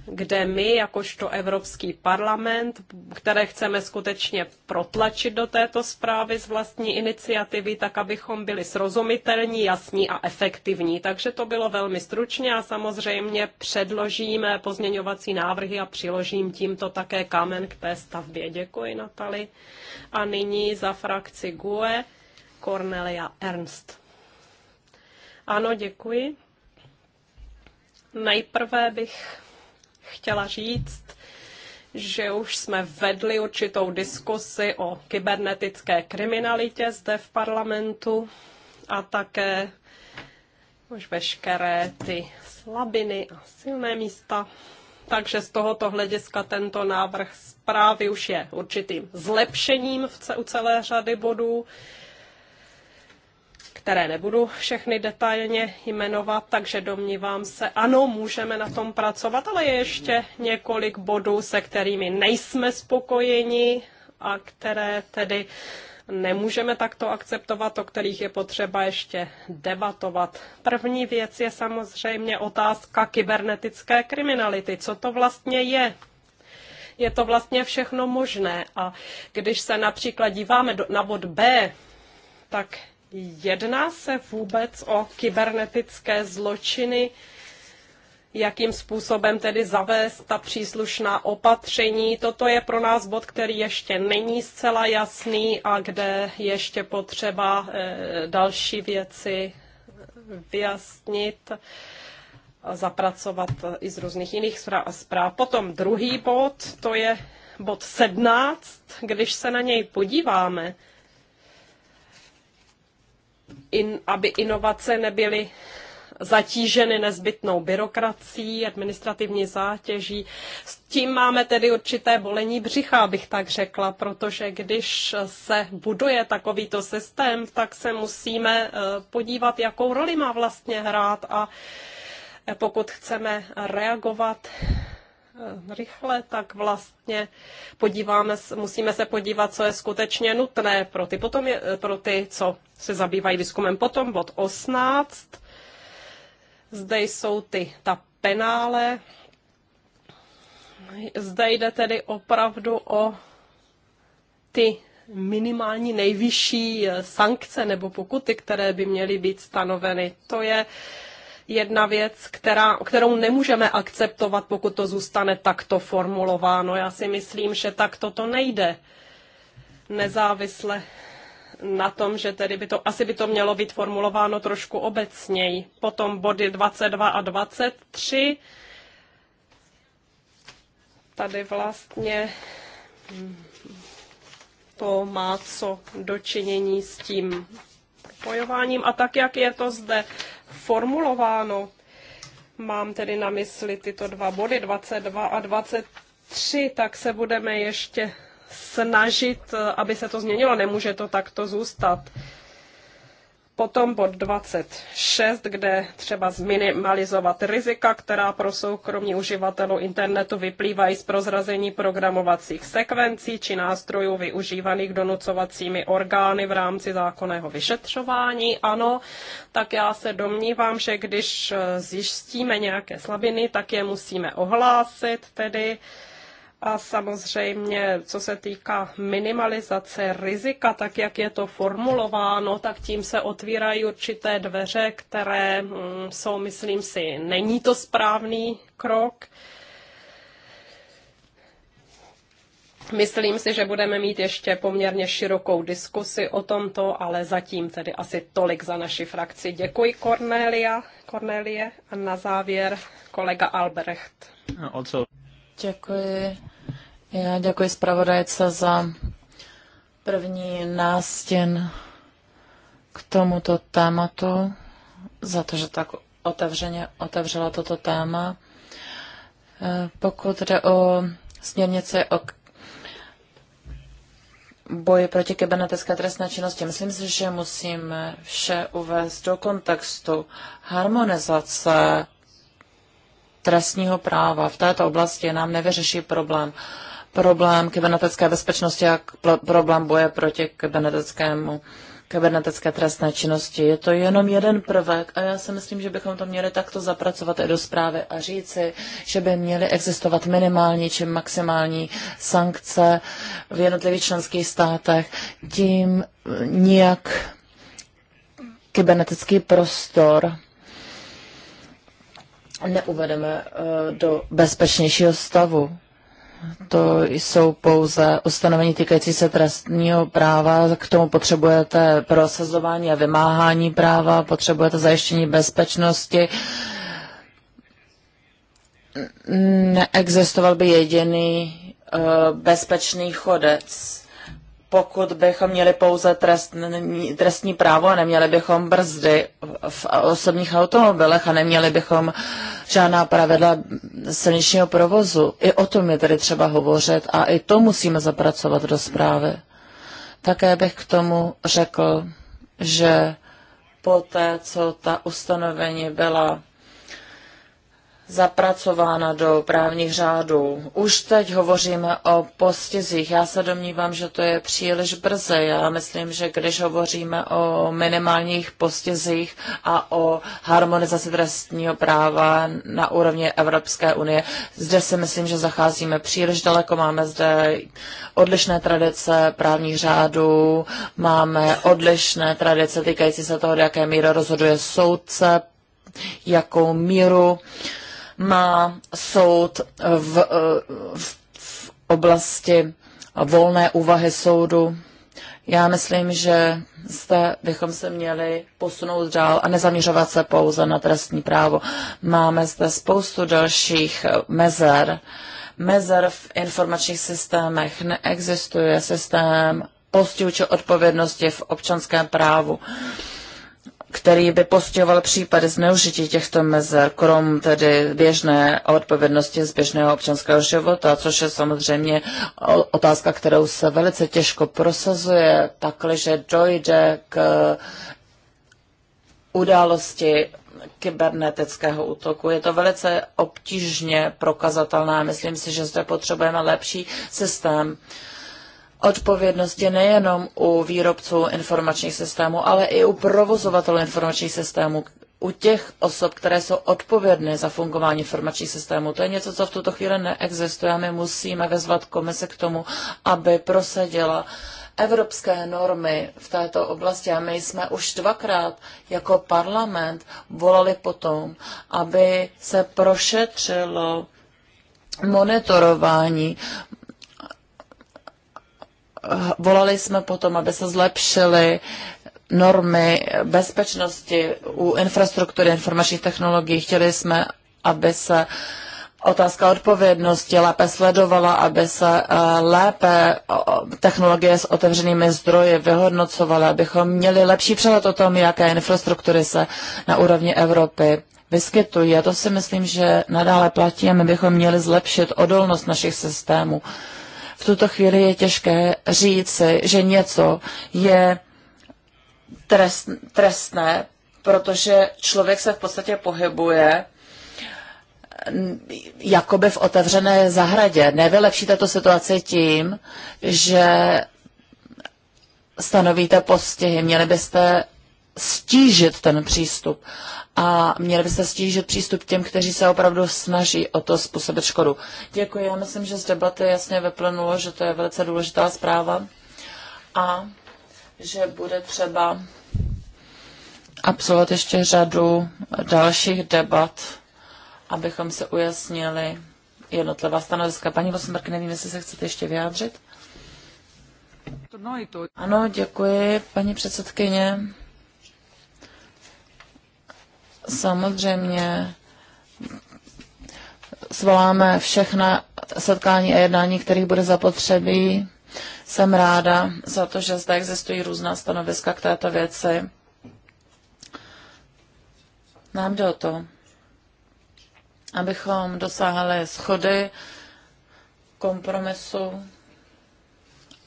kde my, jakožto Evropský parlament, které chceme skutečně protlačit do této zprávy z vlastní iniciativy, tak abychom byli srozumitelní, jasní a efektivní. Takže to bylo velmi stručně a samozřejmě předložíme pozměňovací návrhy a přiložím tímto tak také kámen k té stavbě. Děkuji, Natali. A nyní za frakci GUE Cornelia Ernst. Ano, děkuji. Nejprve bych chtěla říct, že už jsme vedli určitou diskusi o kybernetické kriminalitě zde v parlamentu a také už veškeré ty slabiny a silné místa takže z tohoto hlediska tento návrh zprávy už je určitým zlepšením u celé řady bodů které nebudu všechny detailně jmenovat, takže domnívám se, ano, můžeme na tom pracovat, ale je ještě několik bodů, se kterými nejsme spokojeni a které tedy nemůžeme takto akceptovat, o kterých je potřeba ještě debatovat. První věc je samozřejmě otázka kybernetické kriminality. Co to vlastně je? Je to vlastně všechno možné. A když se například díváme do, na bod B, tak jedná se vůbec o kybernetické zločiny, jakým způsobem tedy zavést ta příslušná opatření. Toto je pro nás bod, který ještě není zcela jasný a kde ještě potřeba eh, další věci vyjasnit a zapracovat i z různých jiných zpráv. Potom druhý bod, to je bod 17, když se na něj podíváme, in, aby inovace nebyly zatíženy nezbytnou byrokracií, administrativní zátěží. S tím máme tedy určité bolení břicha, abych tak řekla, protože když se buduje takovýto systém, tak se musíme eh, podívat, jakou roli má vlastně hrát a eh, pokud chceme reagovat eh, rychle, tak vlastně podíváme, musíme se podívat, co je skutečně nutné pro ty, potom je, pro ty co se zabývají výzkumem. Potom bod 18, zde jsou ty, ta penále. Zde jde tedy opravdu o ty minimální nejvyšší eh, sankce nebo pokuty, které by měly být stanoveny. To je jedna věc, která, kterou nemůžeme akceptovat, pokud to zůstane takto formulováno. Já si myslím, že takto to nejde. Nezávisle na tom, že tedy by to, asi by to mělo být formulováno trošku obecněji. Potom body 22 a 23. Tady vlastně hm, to má co dočinění s tím pojováním. A tak, jak je to zde formulováno, mám tedy na mysli tyto dva body 22 a 23, tak se budeme ještě snažit, eh, aby se to změnilo. Nemůže to takto zůstat. Potom bod 26, kde třeba zminimalizovat rizika, která pro soukromí uživatelů internetu vyplývají z prozrazení programovacích sekvencí či nástrojů využívaných donucovacími orgány v rámci zákonného vyšetřování. Ano, tak já se domnívám, že když eh, zjistíme nějaké slabiny, tak je musíme ohlásit tedy a samozřejmě, co se týká minimalizace rizika, tak jak je to formulováno, tak tím se otvírají určité dveře, které mm, jsou, myslím si, není to správný krok. Myslím si, že budeme mít ještě poměrně širokou diskusi o tomto, ale zatím tedy asi tolik za naši frakci. Děkuji Cornelia, Cornelie a na závěr kolega Albrecht. No, Děkuji. Já děkuji zpravodajce za první nástěn k tomuto tématu, za to, že tak otevřeně otevřela toto téma. E, pokud jde o směrnici o boji proti kybernetické trestné činnosti, myslím si, že musíme vše uvést do kontextu harmonizace trestního práva v této oblasti nám nevyřeší problém problém kybernetické bezpečnosti a problém boje proti kybernetickému kybernetické trestné činnosti. Je to jenom jeden prvek a já si myslím, že bychom to měli takto zapracovat i do zprávy a říci, že by měly existovat minimální či maximální sankce v jednotlivých členských státech. Tím nijak kybernetický prostor neuvedeme eh, do bezpečnějšího stavu. To jsou pouze ustanovení týkající se trestního práva. K tomu potřebujete prosazování a vymáhání práva, potřebujete zajištění bezpečnosti. Neexistoval by jediný eh, bezpečný chodec pokud bychom měli pouze trestní, trestní právo a neměli bychom brzdy v osobních automobilech a neměli bychom žádná pravidla silničního provozu. I o tom je tedy třeba hovořit a i to musíme zapracovat do zprávy. Také bych k tomu řekl, že poté, co ta ustanovení byla zapracována do právních řádů. Už teď hovoříme o postizích. Já se domnívám, že to je příliš brzy. Já myslím, že když hovoříme o minimálních postizích a o harmonizaci trestního práva na úrovni Evropské unie, zde si myslím, že zacházíme příliš daleko. Máme zde odlišné tradice právních řádů, máme odlišné tradice týkající se toho, do jaké míry rozhoduje soudce, jakou míru uh, má soud v, eh, v, v oblasti volné úvahy soudu. Já myslím, že zde bychom se měli posunout dál a nezaměřovat se pouze na trestní právo. Máme zde spoustu dalších eh, mezer. Mezer v informačních systémech neexistuje systém postihuče odpovědnosti v občanském právu. Uh, který by postihoval případy zneužití těchto mezer, krom tedy běžné odpovědnosti z běžného občanského života, což je samozřejmě otázka, kterou se velice těžko prosazuje, takhle, dojde k události kybernetického útoku. Je to velice obtížně prokazatelné. Myslím si, že zde potřebujeme lepší systém uh, odpovědnosti nejenom u výrobců informačních systémů, ale i u provozovatelů informačních systémů, u těch osob, které jsou odpovědné za fungování informačních systémů. To je něco, co v tuto chvíli neexistuje a my musíme vezvat komise k tomu, aby prosadila evropské normy v této oblasti a my jsme už dvakrát jako parlament volali potom, aby se prošetřilo monitorování volali jsme potom, aby se zlepšily normy bezpečnosti u infrastruktury informačních technologií. Chtěli jsme, aby se otázka odpovědnosti lépe sledovala, aby se eh, lépe technologie s otevřenými zdroji vyhodnocovaly, abychom měli lepší přehled o tom, jaké infrastruktury se na úrovni Evropy vyskytují. A to si myslím, že nadále platí a my bychom měli zlepšit odolnost našich systémů. V tuto chvíli je těžké říci, že něco je trest, trestné, protože člověk se v podstatě pohybuje mm, jakoby v otevřené zahradě. Nevylepšíte tu situaci tím, že stanovíte postihy. Měli byste stížit ten přístup a měli byste stížit přístup těm, kteří se opravdu snaží o to způsobit škodu. Děkuji, já myslím, že z debaty jasně vyplynulo, že to je velice důležitá zpráva a že bude třeba absolvovat ještě řadu dalších debat, abychom se ujasnili jednotlivá stanoviska. Paní Vosmrk, nevím, jestli se chcete ještě vyjádřit. No ano, děkuji, paní předsedkyně. Samozřejmě zvoláme všechna setkání a jednání, kterých bude zapotřebí. Jsem ráda za to, že zde existují různá stanoviska k této věci. Nám jde o to, abychom dosáhli schody, kompromisu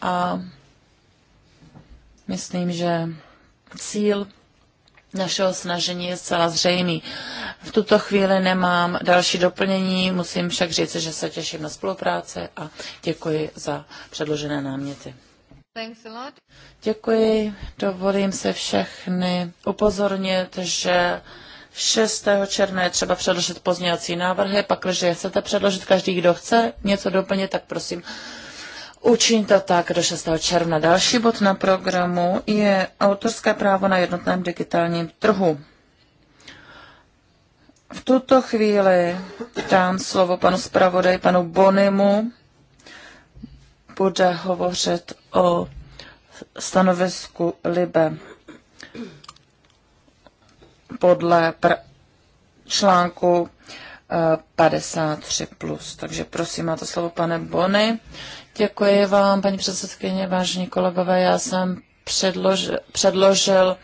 a myslím, že cíl našeho snažení je zcela zřejmý. V tuto chvíli nemám další doplnění, musím však říct, že se těším na spolupráci a děkuji za předložené náměty. Děkuji, dovolím se všechny upozornit, že 6. června je třeba předložit pozněvací návrhy, pak, když chcete předložit každý, kdo chce něco doplnit, tak prosím Učiň to tak do 6. června. Další bod na programu je autorské právo na jednotném digitálním trhu. V tuto chvíli dám slovo panu zpravodaj, panu Bonimu. Bude hovořit o stanovisku Libe podle článku eh, 53+. Plus. Takže prosím, máte slovo, pane Bony. Děkuji vám, paní předsedkyně, vážení kolegové. Já jsem předložil, předložil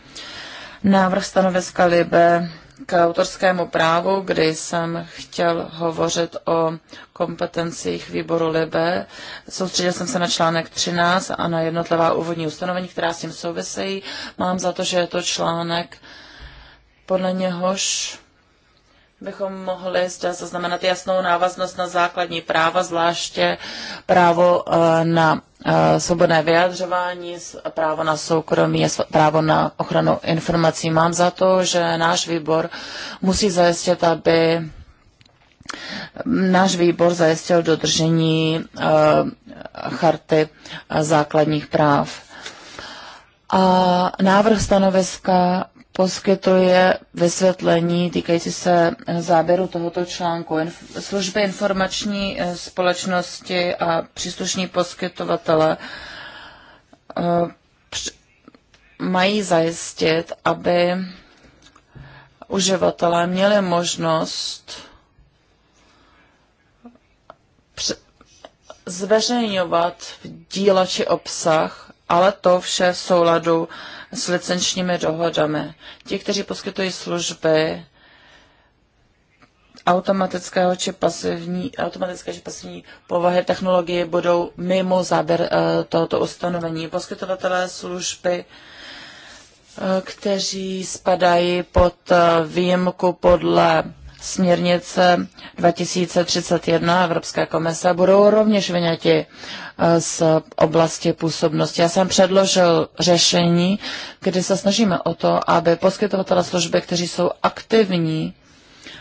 návrh stanoviska Libe k autorskému právu, kdy jsem chtěl hovořit o kompetencích výboru Libe. Soustředil jsem se na článek 13 a na jednotlivá úvodní ustanovení, která s tím souvisejí. Mám za to, že je to článek, podle něhož bychom mohli zde zaznamenat jasnou návaznost na základní práva, zvláště právo eh, na eh, svobodné vyjadřování, právo na soukromí, právo na ochranu informací. Mám za to, že náš výbor musí zajistit, aby náš výbor zajistil dodržení eh, charty základních práv. A návrh stanoviska poskytuje vysvětlení týkající se záběru tohoto článku. Inf- služby informační eh, společnosti a příslušní poskytovatele eh, mají zajistit, aby uživatelé měli možnost zveřejňovat díla či obsah, ale to vše v souladu uh, s licenčními dohodami. Ti, kteří poskytují služby automatického či pasivní, automatické či pasivní povahy technologie budou mimo záběr uh, tohoto ustanovení. Poskytovatelé služby eh, kteří spadají pod eh, výjimku podle směrnice 2031 Evropské komise budou rovněž vyňati eh, z oblasti působnosti. Já jsem předložil řešení, kdy se snažíme o to, aby poskytovatele služby, kteří jsou aktivní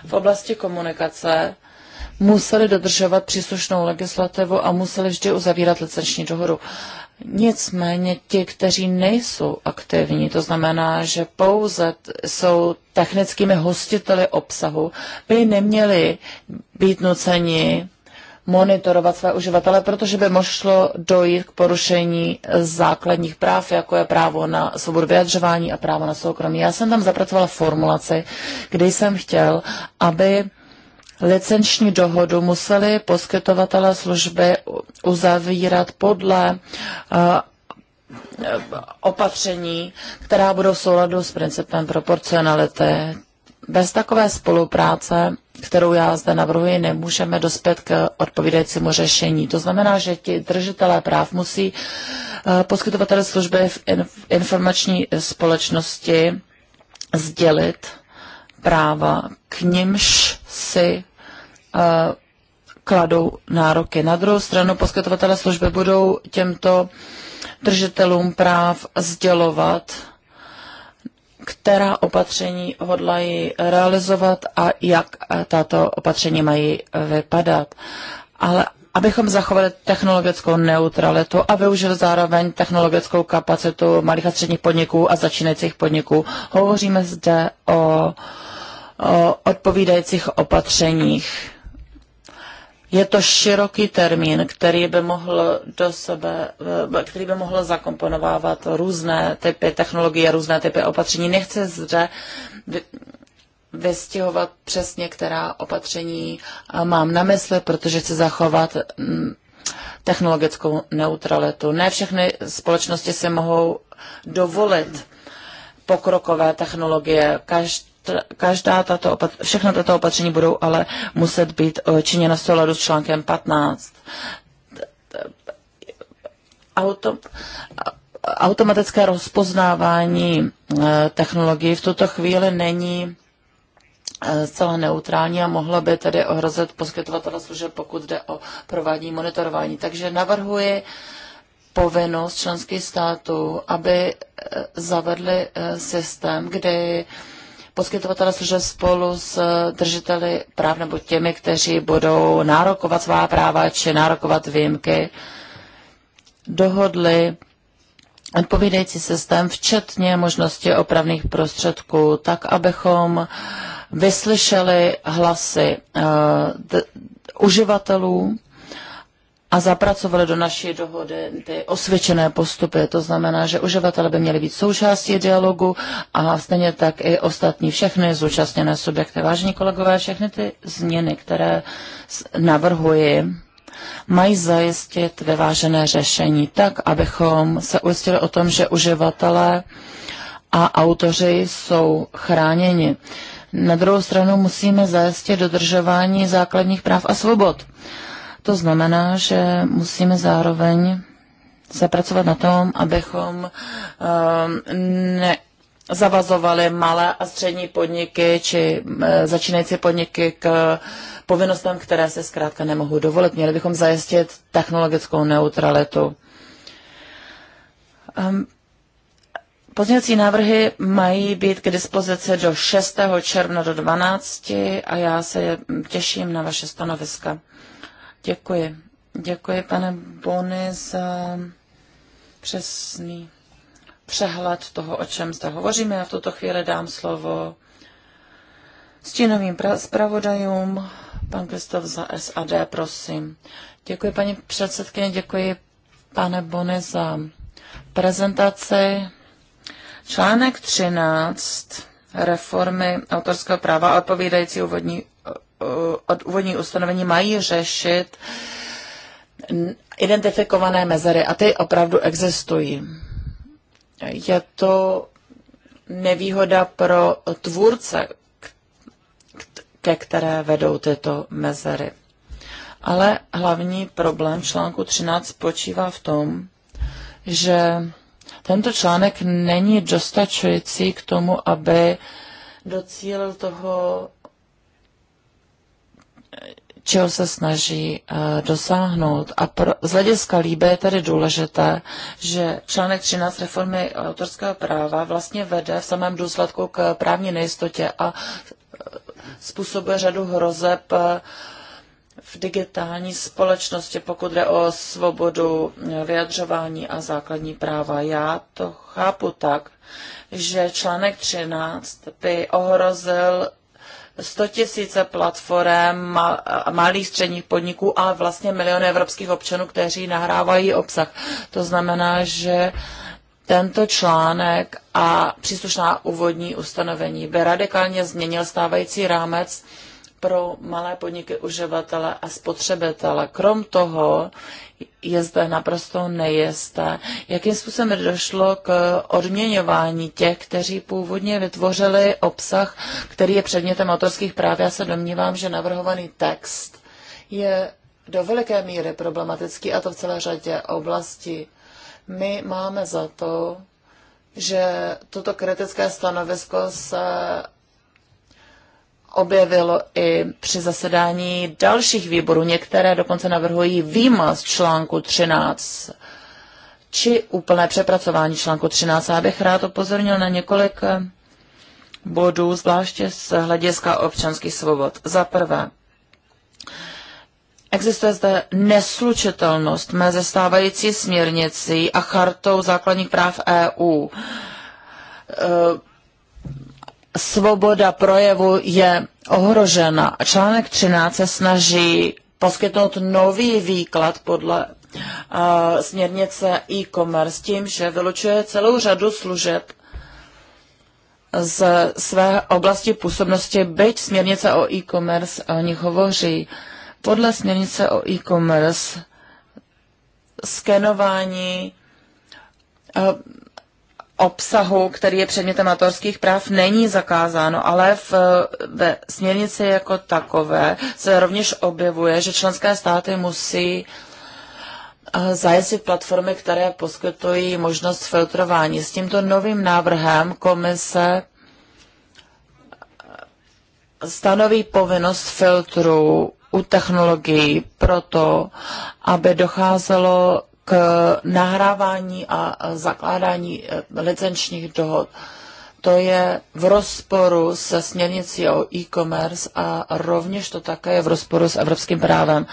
v oblasti komunikace, museli dodržovat příslušnou legislativu a museli vždy uzavírat licenční dohodu. Nicméně ti, kteří nejsou aktivní, to znamená, že pouze jsou technickými hostiteli obsahu, by neměli být nuceni monitorovat své uživatele, protože by mohlo dojít k porušení základních práv, jako je právo na svobodu vyjadřování a právo na soukromí. Já jsem tam zapracovala formulaci, kdy jsem chtěl, aby licenční dohodu museli poskytovatele služby uzavírat podle eh, opatření, která budou v souladu s principem proporcionality. Bez takové spolupráce, kterou já zde navrhuji, nemůžeme dospět k odpovídajícímu řešení. To znamená, že ti držitelé práv musí eh, poskytovatele služby v informační společnosti sdělit práva, k nimž si eh, kladou nároky. Na druhou stranu poskytovatele služby budou těmto držitelům práv sdělovat, která opatření hodlají realizovat a jak eh, tato opatření mají eh, vypadat. Ale abychom zachovali technologickou neutralitu a využili zároveň technologickou kapacitu malých a středních podniků a začínajících podniků, hovoříme zde o uh, odpovídajících opatřeních. Je to široký termín, který by mohl do sebe, eh, který by mohl zakomponovávat různé typy technologie, různé typy opatření. Nechci zde vystihovat přesně, která opatření eh, mám na mysli, protože chci zachovat mm, technologickou neutralitu. Ne všechny společnosti se mohou dovolit pokrokové technologie. Každý každá tato opat- všechna tato opatření budou ale muset být eh, činěna souladu s článkem 15. Auto, automatické rozpoznávání eh, technologií v tuto chvíli není eh, zcela neutrální a mohlo by tedy ohrozit poskytovatele služeb, pokud jde o provádění monitorování. Takže navrhuji povinnost členských států, aby zavedli systém, kdy poskytovatele služeb spolu s eh, držiteli práv nebo těmi, kteří budou nárokovat svá práva či nárokovat výjimky, dohodli odpovídající systém, včetně možnosti opravných prostředků, tak, abychom vyslyšeli hlasy uh, d- uživatelů a zapracovali do naší dohody ty osvědčené postupy. To znamená, že uživatelé by měli být součástí dialogu a stejně tak i ostatní všechny zúčastněné subjekty. Vážení kolegové, všechny ty změny, které navrhuji, mají zajistit vyvážené řešení tak, abychom se ujistili o tom, že uživatelé a autoři jsou chráněni. Na druhou stranu musíme zajistit dodržování základních práv a svobod. To znamená, že musíme zároveň zapracovat na tom, abychom ehm, ne, zavazovali malé a střední podniky či e, začínající podniky k povinnostem, které se zkrátka nemohou dovolit. Měli bychom zajistit technologickou neutralitu. Um, návrhy mají být k dispozici do 6. června do 12. a já se těším na vaše stanoviska. Děkuji. Děkuji, pane Bony, za přesný přehled toho, o čem zde hovoříme. Já v tuto chvíli dám slovo stínovým zpravodajům. Pan Kristof za SAD, prosím. Děkuji, paní předsedkyně, děkuji, pane Bony, za prezentaci. Článek 13 reformy autorského práva odpovídající úvodní Eh, od úvodní ustanovení mají řešit identifikované mezery a ty opravdu existují. Je to nevýhoda pro tvůrce, ke které vedou tyto mezery. Ale hlavní problém článku 13 spočívá v tom, že tento článek není dostačující k tomu, aby docílil toho čeho se snaží uh, dosáhnout. A pro, z hlediska líbe je tedy důležité, že článek 13 reformy autorského práva vlastně vede v samém důsledku k právní nejistotě a eh, způsobuje řadu hrozeb eh, v digitální společnosti, pokud jde o svobodu vyjadřování a základní práva. Já to chápu tak, že článek 13 by ohrozil 100 tisíce platform, malých středních podniků a vlastně miliony evropských občanů, kteří nahrávají obsah. To znamená, že tento článek a příslušná úvodní ustanovení by radikálně změnil stávající rámec pro malé podniky uživatele a spotřebitele. Krom toho je zde naprosto nejisté, jakým způsobem došlo k odměňování těch, kteří původně vytvořili obsah, který je předmětem autorských práv. Já se domnívám, že navrhovaný text je do veliké míry problematický a to v celé řadě oblastí. My máme za to, že toto kritické stanovisko se objevil i při zasedání dalších výborů. Některé dokonce navrhují výmaz článku 13 či úplné přepracování článku 13. Já bych rád upozornil na několik eh, bodů, zvláště z hlediska občanských svobod. Za prvé, Existuje zde neslučitelnost mezi stávající směrnicí a chartou základních práv EU. E svoboda projevu je ohrožena. Článek 13 se snaží poskytnout nový výklad podle uh, směrnice e-commerce tím, že vylučuje celou řadu služeb z své oblasti působnosti, byť směrnice o e-commerce o nich hovoří. Podle směrnice o e-commerce skenování uh, obsahu, který je předmětem autorských práv, není zakázáno, ale v, ve směrnici jako takové se rovněž objevuje, že členské státy musí eh, zajistit platformy, které poskytují možnost filtrování. S tímto novým návrhem komise eh, stanoví povinnost filtru u technologií proto, aby docházelo k nahrávání a zakládání eh, licenčních dohod. To je v rozporu se směrnicí o e-commerce a rovněž to také je v rozporu s evropským právem.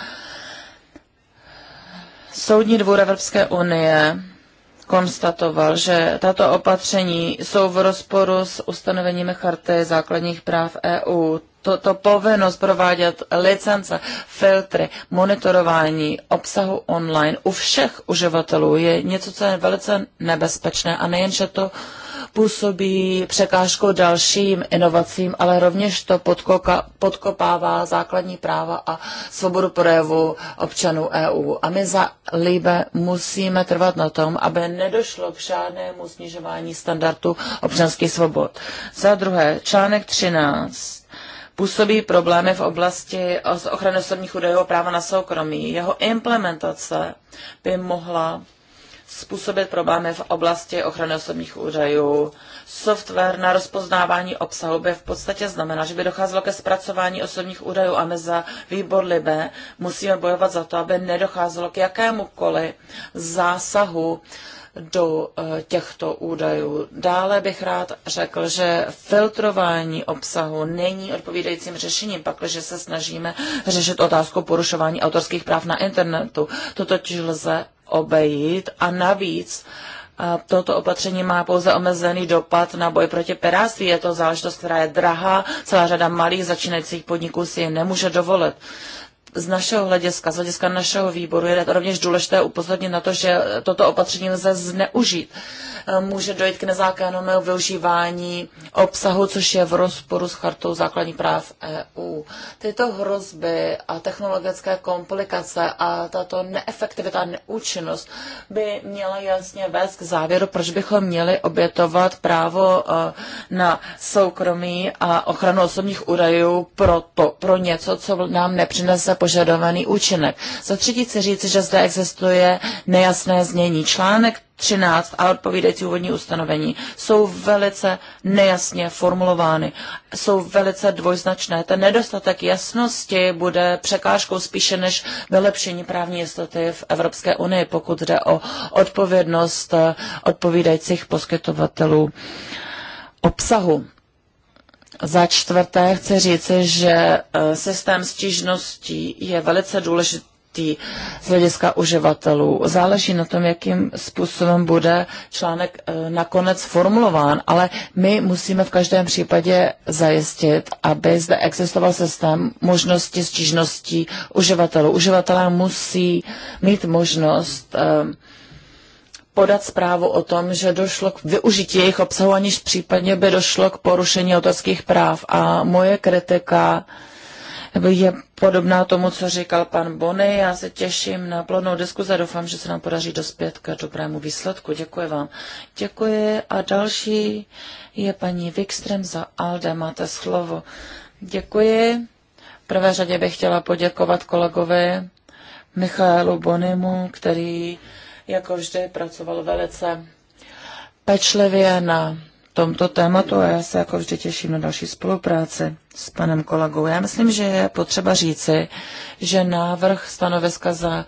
Soudní dvůr Evropské unie konstatoval, že tato opatření jsou v rozporu s ustanoveními charty základních práv EU. Toto povinnost provádět licence, filtry, monitorování obsahu online u všech uživatelů je něco, co je velice nebezpečné a nejenže to působí překážkou dalším inovacím, ale rovněž to podkoka, podkopává základní práva a svobodu projevu občanů EU. A my za líbe musíme trvat na tom, aby nedošlo k žádnému snižování standardu občanských svobod. Za druhé, článek 13 působí problémy v oblasti ochrany osobních údajů a práva na soukromí. Jeho implementace by mohla způsobit problémy v oblasti ochrany osobních údajů. Software na rozpoznávání obsahu by v podstatě znamená, že by docházelo ke zpracování osobních údajů a my za výbor Libe musíme bojovat za to, aby nedocházelo k jakémukoliv zásahu do eh, těchto údajů. Dále bych rád řekl, že filtrování obsahu není odpovídajícím řešením, pakliže se snažíme řešit otázku porušování autorských práv na internetu. To totiž lze obejít a navíc eh, Toto opatření má pouze omezený dopad na boj proti piráctví. Je to záležitost, která je drahá. Celá řada malých začínajících podniků si je nemůže dovolit z našeho hlediska, z hlediska našeho výboru je rovněž důležité upozornit na to, že toto opatření lze zneužít. Eh, může dojít k nezákonnému využívání obsahu, což je v rozporu s chartou základních práv EU. Tyto hrozby a technologické komplikace a tato neefektivita a neúčinnost by měla jasně vést k závěru, proč bychom měli obětovat právo eh, na soukromí a ochranu osobních údajů pro, to, pro něco, co nám nepřinese požadovaný účinek. Za třetí chci říct, že zde existuje nejasné znění. Článek 13 a odpovídající úvodní ustanovení jsou velice nejasně formulovány, jsou velice dvojznačné. Ten nedostatek jasnosti bude překážkou spíše než vylepšení právní jistoty v Evropské unii, pokud jde o odpovědnost eh, odpovídajících poskytovatelů obsahu. Za čtvrté chci říci, že eh, systém stížností je velice důležitý důležitý z hlediska uživatelů. Záleží na tom, jakým způsobem bude článek eh, nakonec formulován, ale my musíme v každém případě zajistit, aby zde existoval systém možnosti stížností uživatelů. Uživatelé musí mít možnost eh, podat zprávu o tom, že došlo k využití jejich obsahu, aniž případně by došlo k porušení autorských práv. A moje kritika je podobná tomu, co říkal pan Bony. Já se těším na plodnou diskuzi a doufám, že se nám podaří dospět k dobrému výsledku. Děkuji vám. Děkuji a další je paní Wikström za ALDE. Máte slovo. Děkuji. V prvé řadě bych chtěla poděkovat kolegovi Michaelu Bonimu, který jako vždy pracoval velice pečlivě na tomto tématu a já se jako vždy těším na další spolupráci s panem kolegou. Já myslím, že je potřeba říci, že návrh stanoviska za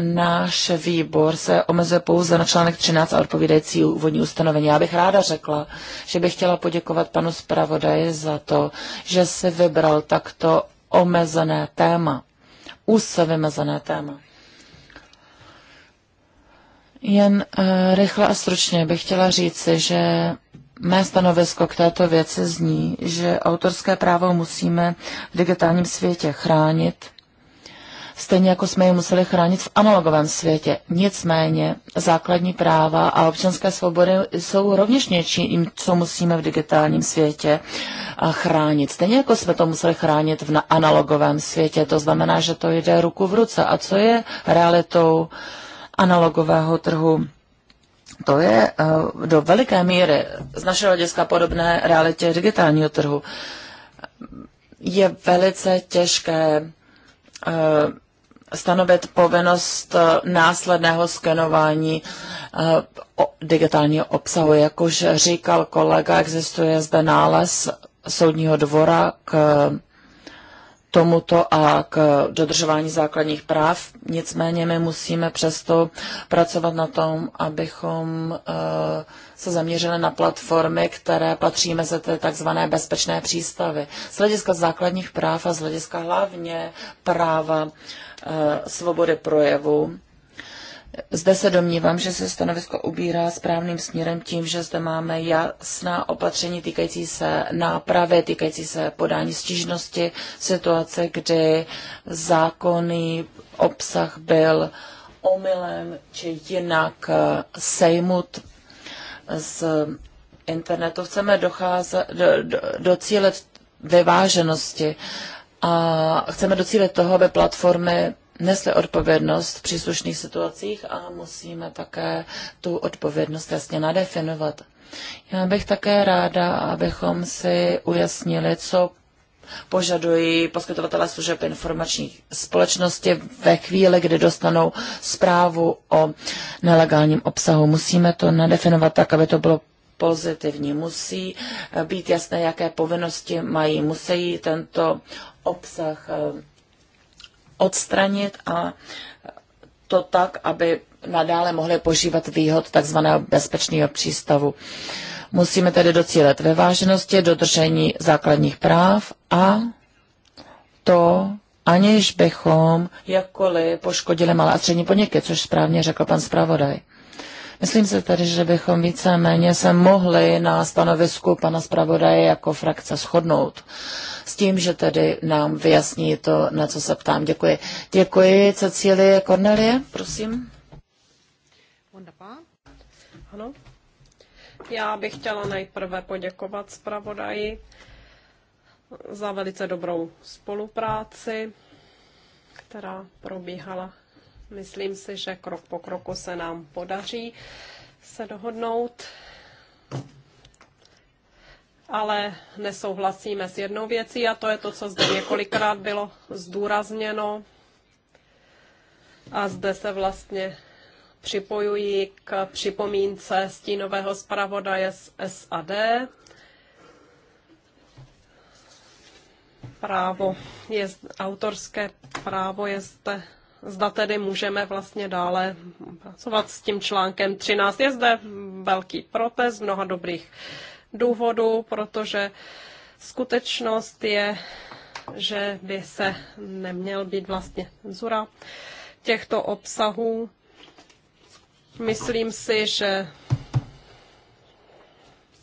náš výbor se omezuje pouze na článek 13 a odpovídající úvodní ustanovení. Já bych ráda řekla, že bych chtěla poděkovat panu zpravodaji za to, že si vybral takto omezené téma, úzce vymezené téma. Jen uh, rychle a stručně bych chtěla říci, že Mé stanovisko k této věci zní, že autorské právo musíme v digitálním světě chránit, stejně jako jsme je museli chránit v analogovém světě. Nicméně základní práva a občanské svobody jsou rovněž něčím, co musíme v digitálním světě chránit. Stejně jako jsme to museli chránit v analogovém světě. To znamená, že to jde ruku v ruce. A co je realitou analogového trhu? To je eh, do veliké míry z našeho hlediska podobné realitě digitálního trhu. Je velice těžké eh, stanovit povinnost eh, následného skenování digitálního obsahu. Jak už říkal kolega, existuje zde nález soudního dvora k tomuto a k dodržování základních práv. Nicméně my musíme přesto pracovat na tom, abychom eh, se zaměřili na platformy, které patří mezi ty takzvané bezpečné přístavy. Z hlediska základních práv a z hlediska hlavně práva eh, svobody projevu zde se domnívám, že se stanovisko ubírá správným směrem tím, že zde máme jasná opatření týkající se nápravy, týkající se podání stížnosti situace, kdy zákonný obsah byl omylem či jinak eh, sejmut z internetu. Chceme docházet, do, do, docílet vyváženosti a chceme docílit toho, aby platformy nesli odpovědnost v příslušných situacích a musíme také tu odpovědnost jasně nadefinovat. Já bych také ráda, abychom si ujasnili, co požadují poskytovatele služeb informačních společnosti ve chvíli, kdy dostanou zprávu o nelegálním obsahu. Musíme to nadefinovat tak, aby to bylo pozitivní. Musí eh, být jasné, jaké povinnosti mají. Musí tento obsah eh, odstranit a to tak, aby nadále mohli požívat výhod tzv. bezpečného přístavu. Musíme tedy docílet vyváženosti, dodržení základních práv a to, aniž bychom jakkoliv poškodili malé a střední podniky, což správně řekl pan zpravodaj. Myslím si tedy, že bychom víceméně se mohli na stanovisku pana zpravodaje jako frakce shodnout. S tím, že tedy nám vyjasní to, na co se ptám. Děkuji. Děkuji, Cecílie Cornelie, prosím. Ano. Já bych chtěla nejprve poděkovat zpravodaji za velice dobrou spolupráci, která probíhala Myslím si, že krok po kroku se nám podaří se dohodnout ale nesouhlasíme s jednou věcí a to je to, co zde několikrát bylo zdůrazněno. A zde se vlastně připojují k připomínce stínového zpravodaje z SAD. Právo je, autorské právo je zde zda tedy můžeme vlastně dále pracovat s tím článkem 13. Je zde velký protest mnoha dobrých důvodů, protože skutečnost je, že by se neměl být vlastně cenzura těchto obsahů. Myslím si, že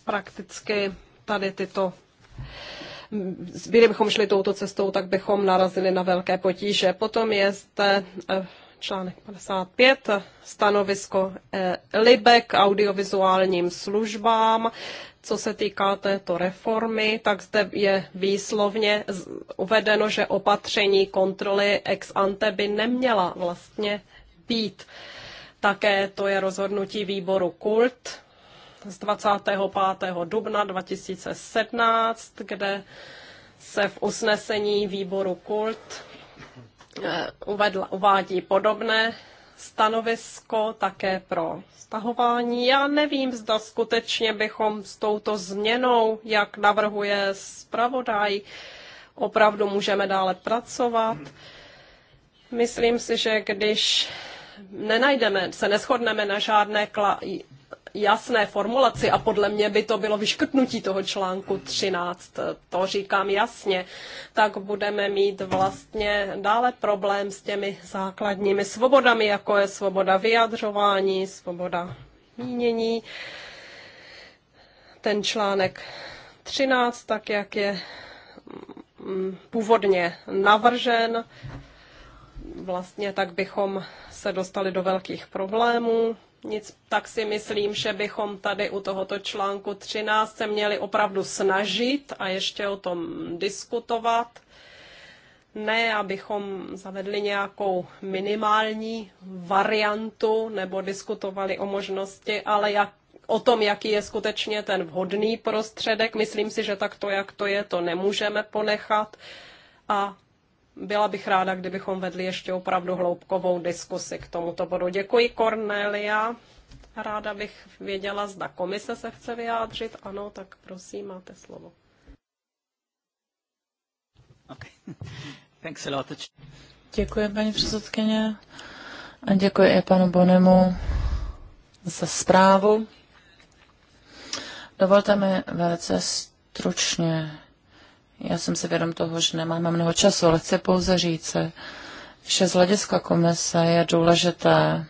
prakticky tady tyto kdybychom šli touto cestou, tak bychom narazili na velké potíže. Potom je zde eh, článek 55, stanovisko eh, Libek audiovizuálním službám. Co se týká této reformy, tak zde je výslovně uvedeno, že opatření kontroly ex ante by neměla vlastně být. Také to je rozhodnutí výboru KULT z 25. dubna 2017, kde se v usnesení výboru KULT eh, uvedla, uvádí podobné stanovisko také pro stahování. Já nevím, zda skutečně bychom s touto změnou, jak navrhuje zpravodaj, opravdu můžeme dále pracovat. Myslím si, že když nenajdeme, se neschodneme na žádné jasné formulaci a podle mě by to bylo vyškrtnutí toho článku 13, to říkám jasně, tak budeme mít vlastně dále problém s těmi základními svobodami, jako je svoboda vyjadřování, svoboda mínění. Ten článek 13, tak jak je mm, původně navržen, vlastně tak bychom se dostali do velkých problémů nic, tak si myslím, že bychom tady u tohoto článku 13 se měli opravdu snažit a ještě o tom diskutovat. Ne, abychom zavedli nějakou minimální variantu nebo diskutovali o možnosti, ale jak, o tom, jaký je skutečně ten vhodný prostředek. Myslím si, že takto, jak to je, to nemůžeme ponechat. A byla bych ráda, kdybychom vedli ještě opravdu hloubkovou diskusi k tomuto bodu. Děkuji, Cornelia. Ráda bych věděla, zda komise se chce vyjádřit. Ano, tak prosím, máte slovo. Děkuji, paní předsedkyně. A děkuji i panu Bonemu za zprávu. Dovolte mi velice stručně já jsem se vědom toho, že nemáme mnoho času, ale chci pouze říct, že z hlediska komise je důležité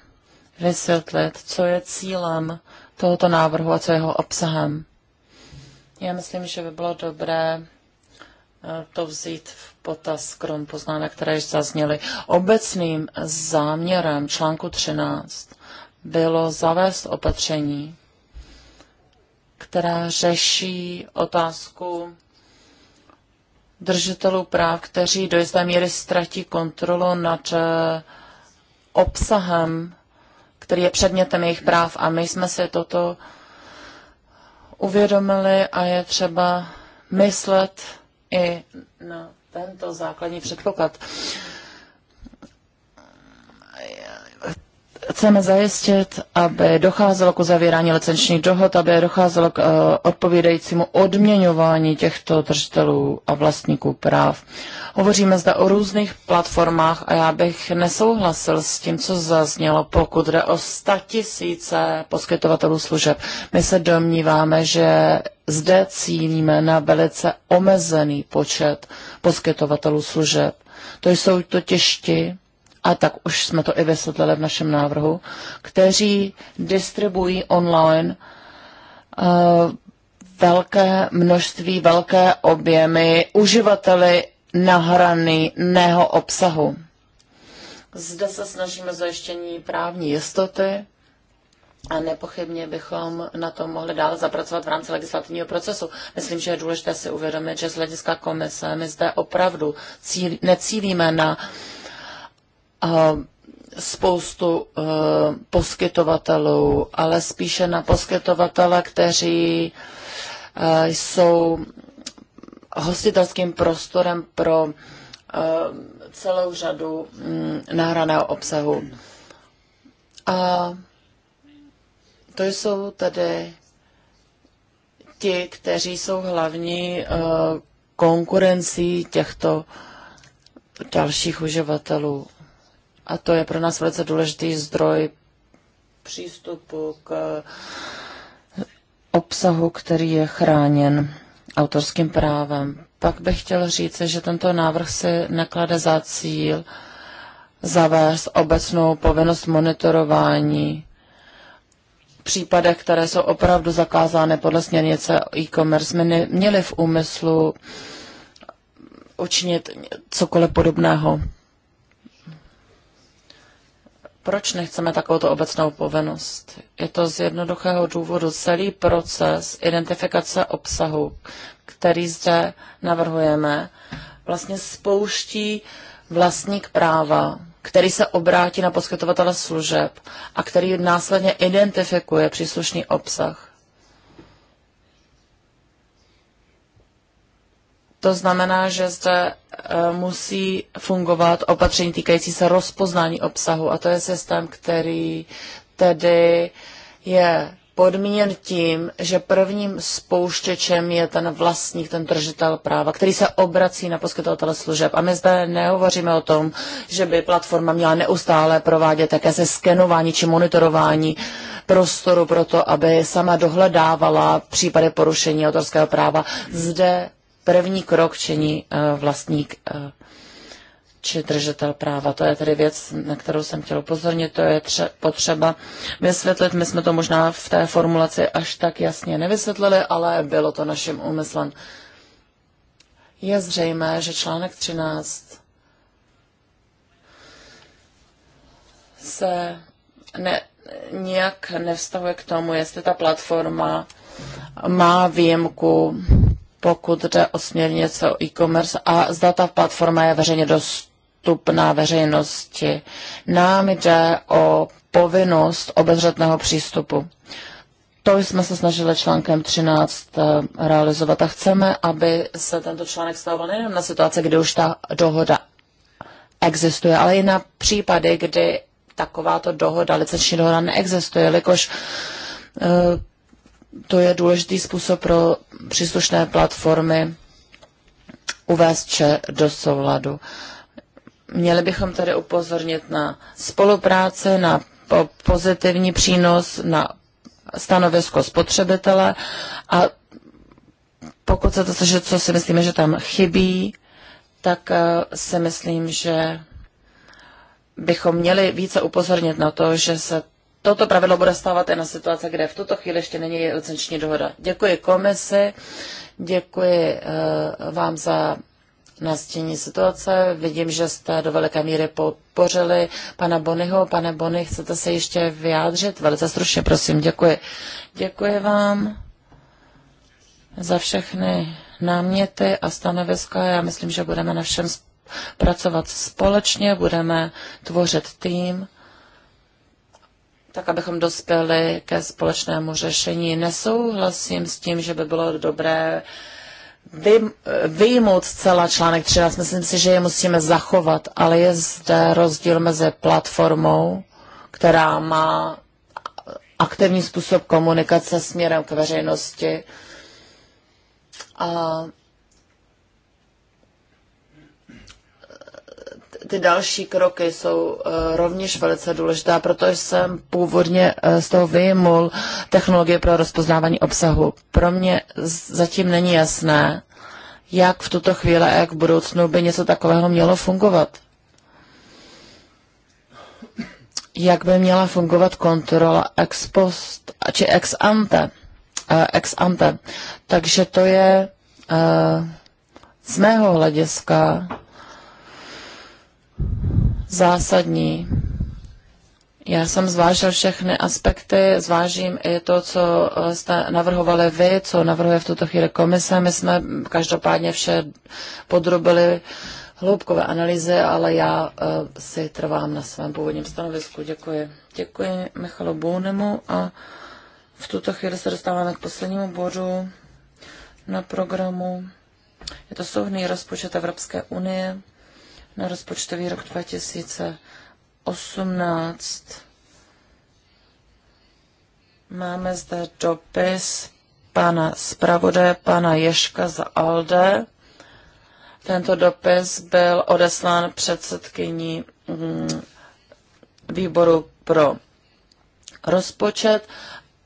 vysvětlit, co je cílem tohoto návrhu a co je jeho obsahem. Já myslím, že by bylo dobré eh, to vzít v potaz krom poznámek, které již zazněly. Obecným záměrem článku 13 bylo zavést opatření, která řeší otázku držitelů práv, kteří do jisté míry ztratí kontrolu nad eh, obsahem, který je předmětem jejich práv. A my jsme si toto uvědomili a je třeba myslet i na tento základní předpoklad. chceme zajistit, aby docházelo k uzavírání licenčních dohod, aby docházelo k eh, odpovídajícímu odměňování těchto držitelů a vlastníků práv. Hovoříme zde o různých platformách a já bych nesouhlasil s tím, co zaznělo, pokud jde o tisíce poskytovatelů služeb. My se domníváme, že zde cílíme na velice omezený počet poskytovatelů služeb. To jsou totiž ti, a tak už jsme to i vysvětlili v našem návrhu, kteří distribuují online uh, velké množství, velké objemy uživateli nahraného obsahu. Zde se snažíme zajištění právní jistoty a nepochybně bychom na to mohli dále zapracovat v rámci legislativního procesu. Myslím, že je důležité si uvědomit, že z hlediska komise my zde opravdu cíl, necílíme na uh, a spoustu e, poskytovatelů, ale spíše na poskytovatele, kteří e, jsou hostitelským prostorem pro e, celou řadu mm, náhraného obsahu. A to jsou tedy ti, kteří jsou hlavní konkurencí těchto dalších uživatelů. A to je pro nás velice důležitý zdroj přístupu k obsahu, který je chráněn autorským právem. Pak bych chtěl říct, že tento návrh si naklade za cíl zavést obecnou povinnost monitorování případech, které jsou opravdu zakázány podle směrnice e-commerce. My měli v úmyslu učinit cokoliv podobného. Proč nechceme takovou obecnou povinnost? Je to z jednoduchého důvodu celý proces identifikace obsahu, který zde navrhujeme, vlastně spouští vlastník práva, který se obrátí na poskytovatele služeb a který následně identifikuje příslušný obsah. To znamená, že zde e, musí fungovat opatření týkající se rozpoznání obsahu a to je systém, který tedy je podmíněn tím, že prvním spouštěčem je ten vlastník, ten držitel práva, který se obrací na poskytovatele služeb. A my zde nehovoříme o tom, že by platforma měla neustále provádět jakési skenování či monitorování prostoru pro to, aby sama dohledávala případy porušení autorského práva. Zde první krok činí eh, vlastník eh, či držitel práva. To je tedy věc, na kterou jsem chtěl upozornit, to je tře- potřeba vysvětlit. My jsme to možná v té formulaci až tak jasně nevysvětlili, ale bylo to naším úmyslem. Je zřejmé, že článek 13 se ne, nijak nevztahuje k tomu, jestli ta platforma má výjimku pokud jde o směrnice o e-commerce a zda ta platforma je veřejně dostupná veřejnosti. Nám jde o povinnost obezřetného přístupu. To jsme se snažili článkem 13 eh, realizovat a chceme, aby se tento článek stával nejen na situace, kdy už ta dohoda existuje, ale i na případy, kdy takováto dohoda, licenční dohoda neexistuje, jelikož eh, to je důležitý způsob pro příslušné platformy uvést vše do souladu. Měli bychom tady upozornit na spolupráci, na po pozitivní přínos, na stanovisko spotřebitele a pokud se to slyšet, co si myslíme, že tam chybí, tak eh, si myslím, že bychom měli více upozornit na to, že se toto pravidlo bude stávat i na situace, kde v tuto chvíli ještě není licenční dohoda. Děkuji komisi, děkuji eh, vám za nastění situace. Vidím, že jste do veliké míry podpořili pana Bonyho. Pane Bony, chcete se ještě vyjádřit? Velice stručně, prosím, děkuji. Děkuji vám za všechny náměty a stanoviska. Já myslím, že budeme na všem pracovat společně, budeme tvořit tým tak abychom dospěli ke společnému řešení. Nesouhlasím s tím, že by bylo dobré vyjmout celá článek 13. Myslím si, že je musíme zachovat, ale je zde rozdíl mezi platformou, která má aktivní způsob komunikace směrem k veřejnosti a ty další kroky jsou eh, rovněž velice důležité, protože jsem původně eh, z toho vyjmul technologie pro rozpoznávání obsahu. Pro mě zatím není jasné, jak v tuto chvíli a jak v budoucnu by něco takového mělo fungovat. Jak by měla fungovat kontrola ex post či ex ante. Eh, ex ante. Takže to je z mého hlediska zásadní. Já jsem zvážil všechny aspekty, zvážím i to, co eh, jste navrhovali vy, co navrhuje v tuto chvíli komise. My jsme každopádně vše podrobili hloubkové analýzy, ale já eh, si trvám na svém původním stanovisku. Děkuji. Děkuji Michalu Bounemu a v tuto chvíli se dostáváme k poslednímu bodu na programu. Je to souhný rozpočet Evropské unie na rozpočtový rok 2018. Máme zde dopis pana zpravodaje, pana Ješka za ALDE. Tento dopis byl odeslán předsedkyní mm, výboru pro rozpočet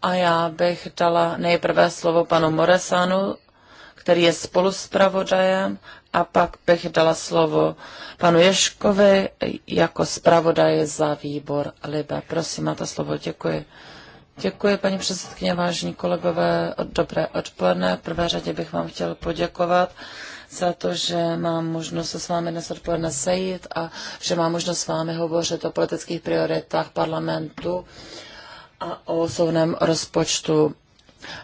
a já bych dala nejprve slovo panu Moresanu, který je spolu s pravodajem a pak bych dala slovo panu Ješkovi jako zpravodaji za výbor Libe. Prosím, máte slovo, děkuji. Děkuji, paní předsedkyně, vážení kolegové, od dobré odpoledne. V prvé řadě bych vám chtěl poděkovat za to, že mám možnost se s vámi dnes odpoledne sejít a že mám možnost s vámi hovořit o politických prioritách parlamentu a o soudném rozpočtu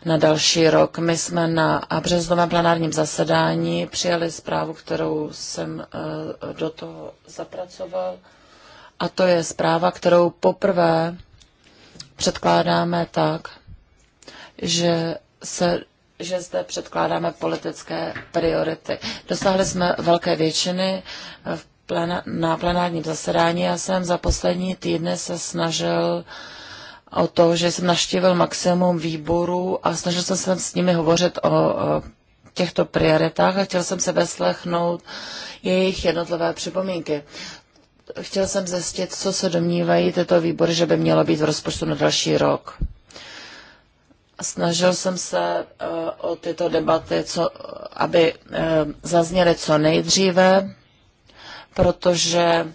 na další rok. My jsme na březnovém plenárním zasedání přijali zprávu, kterou jsem eh, do toho zapracoval. A to je zpráva, kterou poprvé předkládáme tak, že se že zde předkládáme politické priority. Dosáhli jsme velké většiny eh, v plena, na plenárním zasedání. Já jsem za poslední týdny se snažil uh, o to, že jsem naštívil maximum výborů a snažil jsem se s nimi hovořit o, o těchto prioritách a chtěl jsem se veslechnout jejich jednotlivé připomínky. Chtěl jsem zjistit, co se domnívají tyto výbory, že by mělo být v rozpočtu na další rok. Snažil jsem se uh, o tyto debaty, co, aby uh, zazněly co nejdříve, protože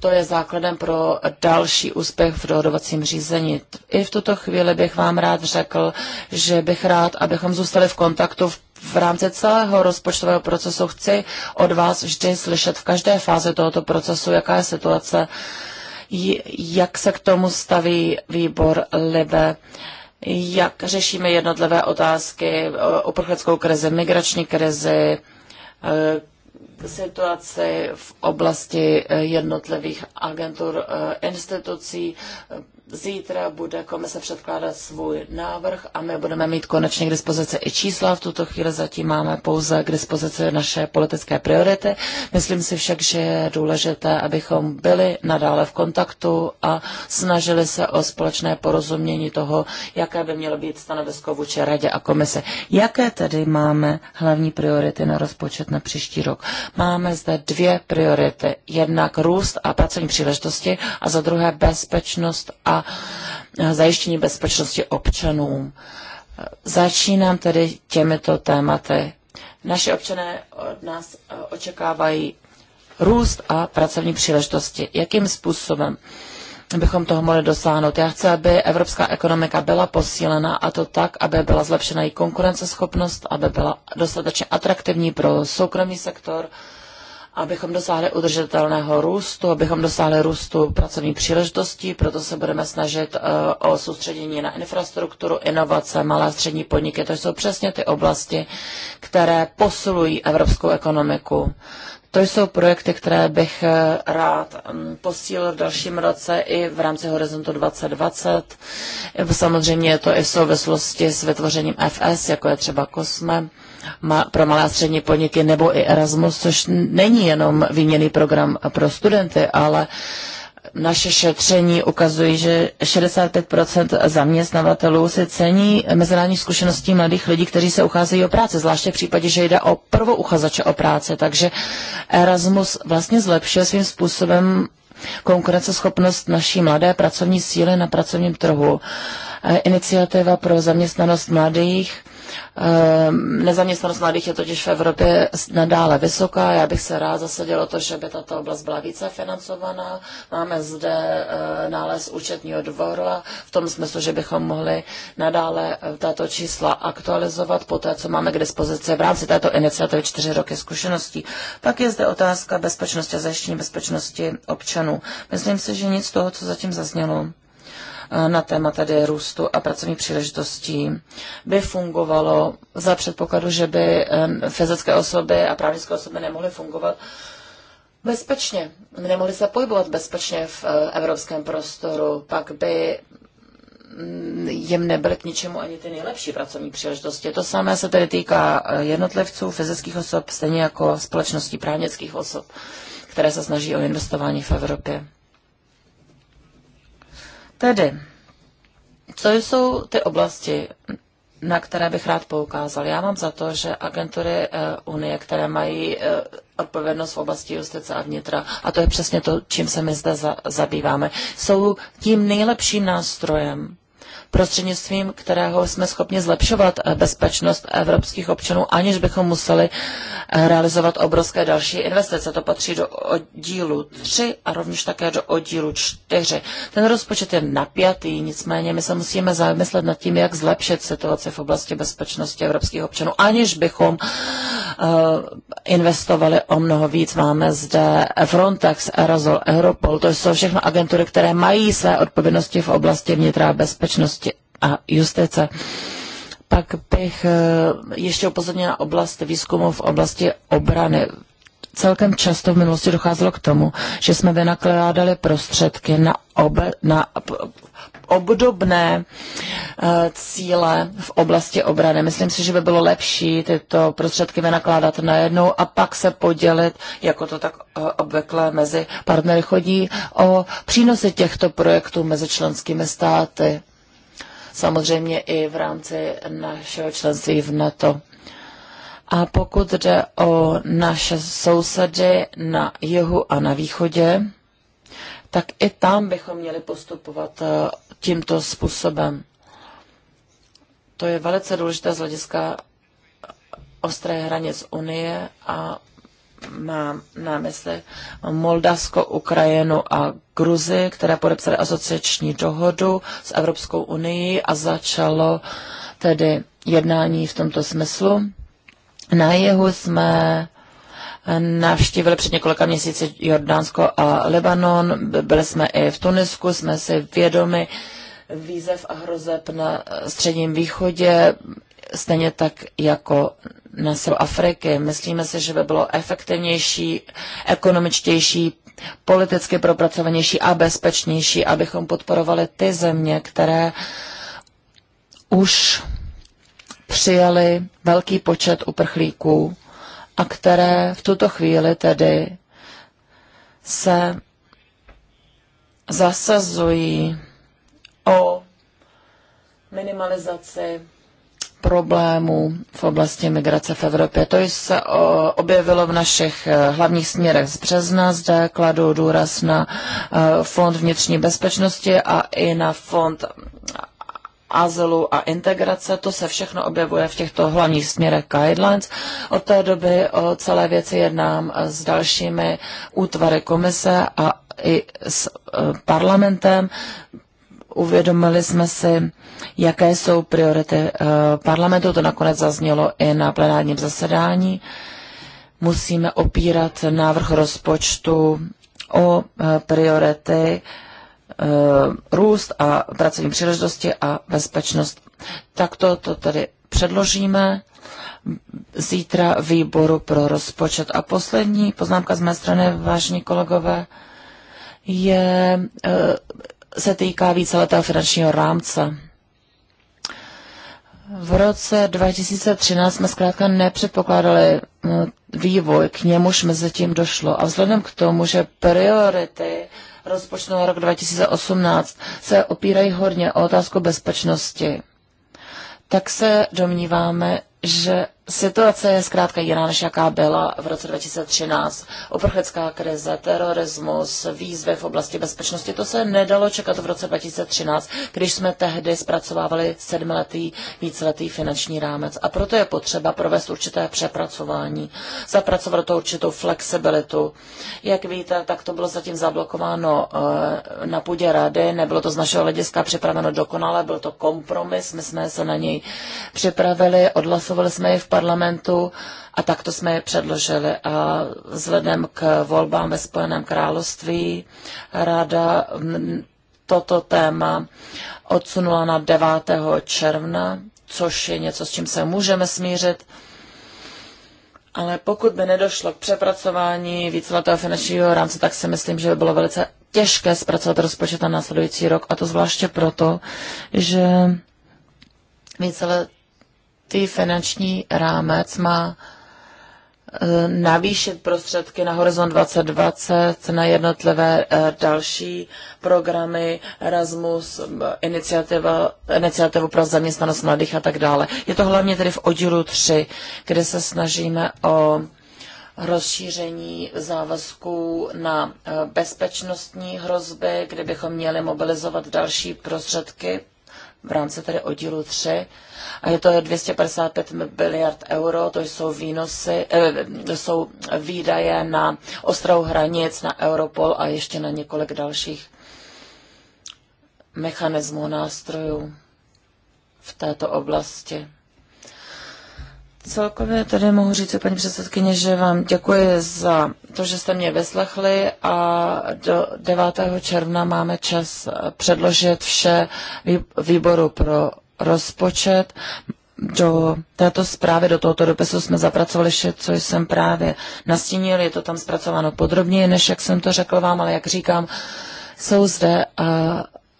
to je základem pro další úspěch v dohodovacím řízení. I v tuto chvíli bych vám rád řekl, že bych rád, abychom zůstali v kontaktu v v rámci celého rozpočtového procesu chci od vás vždy slyšet v každé fázi tohoto procesu, jaká je situace, jak se k tomu staví výbor LIBE, jak řešíme jednotlivé otázky, uprchlickou krizi, migrační krizi, situaci v oblasti eh, jednotlivých agentur eh, institucí. Zítra bude komise předkládat svůj návrh a my budeme mít konečně k dispozici i čísla. V tuto chvíli zatím máme pouze k dispozici naše politické priority. Myslím si však, že je důležité, abychom byli nadále v kontaktu a snažili se o společné porozumění toho, jaké by mělo být stanovisko vůči radě a komise. Jaké tedy máme hlavní priority na rozpočet na příští rok? Máme zde dvě priority. Jednak růst a pracovní příležitosti a za druhé bezpečnost a zajištění bezpečnosti občanům. Začínám tedy těmito tématy. Naši občané od nás e, očekávají růst a pracovní příležitosti. Jakým způsobem? bychom toho mohli dosáhnout. Já chci, aby evropská ekonomika byla posílena a to tak, aby byla zlepšena její konkurenceschopnost, aby byla dostatečně atraktivní pro soukromý sektor, abychom dosáhli udržitelného růstu, abychom dosáhli růstu pracovní příležitostí, proto se budeme snažit eh, o soustředění na infrastrukturu, inovace, malé a střední podniky. To jsou přesně ty oblasti, které posilují evropskou ekonomiku. To jsou projekty, které bych eh, rád mm, posílil v dalším roce i v rámci Horizontu 2020. Samozřejmě je to i v souvislosti s vytvořením FS, jako je třeba Kosme pro malé a střední podniky nebo i Erasmus, což není jenom výměný program pro studenty, ale uh, naše šetření ukazují, že 65% zaměstnavatelů si cení mezinárodní zkušeností mladých lidí, kteří se ucházejí o práce. zvláště v případě, že jde o prvou uchazeče o práci. Takže Erasmus vlastně zlepšuje svým způsobem konkurenceschopnost naší mladé pracovní síly na pracovním trhu. E, iniciativa pro zaměstnanost mladých Ehm, nezaměstnanost mladých je totiž v Evropě nadále vysoká. Já bych se rád zasadil o to, že by tato oblast byla více financovaná. Máme zde eh, nález účetního dvora v tom smyslu, že bychom mohli nadále eh, tato čísla aktualizovat po té, co máme k dispozici v rámci této iniciativy čtyři roky zkušeností. Pak je zde otázka bezpečnosti a zajištění bezpečnosti občanů. Myslím si, že nic z toho, co zatím zaznělo, Eh, na téma tedy růstu a pracovních příležitostí by fungovalo za předpokladu, že by fyzické osoby a právnické osoby nemohly fungovat bezpečně, nemohly se pohybovat bezpečně v eh, evropském prostoru, pak by mm, jim nebyly k ničemu ani ty nejlepší pracovní příležitosti. To samé se tedy týká eh, jednotlivců, fyzických osob, stejně jako společností právnických osob, které se snaží o investování v Evropě. Tedy, co jsou ty oblasti, na které bych rád poukázal. Já mám za to, že agentury eh, Unie, které mají eh, odpovědnost v oblasti justice a vnitra, a to je přesně to, čím se my zde za, zabýváme, jsou tím nejlepším nástrojem prostřednictvím kterého jsme schopni zlepšovat eh, bezpečnost evropských občanů, aniž bychom museli eh, realizovat obrovské další investice. To patří do oddílu 3 a rovněž také do oddílu 4. Ten rozpočet je napjatý, nicméně my se musíme zamyslet nad tím, jak zlepšit situaci v oblasti bezpečnosti evropských občanů, aniž bychom eh, investovali o mnoho víc. Máme zde Frontex, Erasol, Europol, to jsou všechno agentury, které mají své odpovědnosti v oblasti vnitra a bezpečnosti a justice. Pak bych eh, ještě upozornila oblast výzkumu v oblasti obrany. Celkem často v minulosti docházelo k tomu, že jsme vynakládali prostředky na, ob, na obdobné eh, cíle v oblasti obrany. Myslím si, že by bylo lepší tyto prostředky vynakládat najednou a pak se podělit, jako to tak eh, obvykle mezi partnery chodí, o přínosy těchto projektů mezi členskými státy samozřejmě i v rámci našeho členství v NATO. A pokud jde o naše sousedy na jihu a na východě, tak i tam bychom měli postupovat eh, tímto způsobem. To je velice důležité z hlediska ostré hranic Unie a mám na mysli Moldavsko, Ukrajinu a Gruzi, které podepsaly asociační dohodu s Evropskou unii a začalo tedy jednání v tomto smyslu. Na jihu jsme Navštívili před několika měsíci Jordánsko a Libanon, byli jsme i v Tunisku, jsme si vědomi výzev a hrozeb na Středním východě stejně tak jako na sil Afriky. Myslíme si, že by bylo efektivnější, ekonomičtější, politicky propracovanější a bezpečnější, abychom podporovali ty země, které už přijali velký počet uprchlíků a které v tuto chvíli tedy se zasazují o minimalizaci problémů v oblasti migrace v Evropě. To se objevilo v našich eh, hlavních směrech z března, zde kladu důraz na eh, Fond vnitřní bezpečnosti a i na Fond azylu a integrace, to se všechno objevuje v těchto hlavních směrech guidelines. Od té doby o celé věci jednám eh, s dalšími útvary komise a i s parlamentem. Uvědomili jsme si jaké jsou priority eh, parlamentu. To nakonec zaznělo i na plenárním zasedání. Musíme opírat návrh rozpočtu o eh, priority eh, růst a pracovní příležitosti a bezpečnost. to, to tady předložíme zítra výboru pro rozpočet. A poslední poznámka z mé strany, vážní kolegové, je, se týká víceletého finančního rámce v roce 2013 jsme zkrátka nepředpokládali eh, vývoj, k němuž mezi tím došlo. A vzhledem k tomu, že priority rozpočtu na rok 2018 se opírají hodně o otázku bezpečnosti, tak se domníváme, že Situace je zkrátka jiná, než jaká byla v roce 2013. Uprchlická krize, terorismus, výzvy v oblasti bezpečnosti, to se nedalo čekat v roce 2013, když jsme tehdy zpracovávali sedmiletý, víceletý finanční rámec. A proto je potřeba provést určité přepracování, zapracovat to určitou flexibilitu. Jak víte, tak to bylo zatím zablokováno eh, na půdě rady, nebylo to z našeho hlediska připraveno dokonale, byl to kompromis, my jsme se na něj připravili, odhlasovali jsme je v parlamentu a takto jsme je předložili. A vzhledem k volbám ve Spojeném království rada toto téma odsunula na 9. června, což je něco, s čím se můžeme smířit. Ale pokud by nedošlo k přepracování víceletého finančního rámce, tak si myslím, že by bylo velice těžké zpracovat rozpočet na následující rok, a to zvláště proto, že víceletý ty finanční rámec má eh, navýšit prostředky na Horizon 2020, na jednotlivé eh, další programy, Erasmus, eh, iniciativa, iniciativu pro zaměstnanost mladých a tak dále. Je to hlavně tedy v oddílu 3, kde se snažíme o rozšíření závazků na bezpečnostní hrozby, kde bychom měli mobilizovat další prostředky v rámci tedy oddílu 3. A je to 255 miliard euro, to jsou výnosy, to eh, jsou výdaje na ostrou hranic, na Europol a ještě na několik dalších mechanismů, nástrojů v této oblasti. Celkově tady mohu říct, paní předsedkyně, že vám děkuji za to, že jste mě vyslechli a do 9. června máme čas předložit vše výboru pro rozpočet. Do této zprávy, do tohoto dopisu jsme zapracovali vše, co jsem právě nastínil. Je to tam zpracováno podrobněji, než jak jsem to řekl vám, ale jak říkám, jsou zde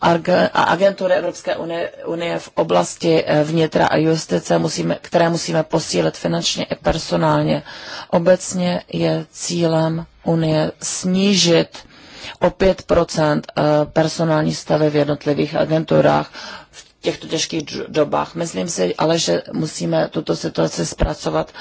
a agentury Evropské unie, unie v oblasti eh, vnitra a justice, musíme, které musíme posílit finančně i personálně. Obecně je cílem unie snížit o 5 eh, personální stavy v jednotlivých agenturách těchto těžkých dobách. Myslím si ale, že musíme tuto situaci zpracovat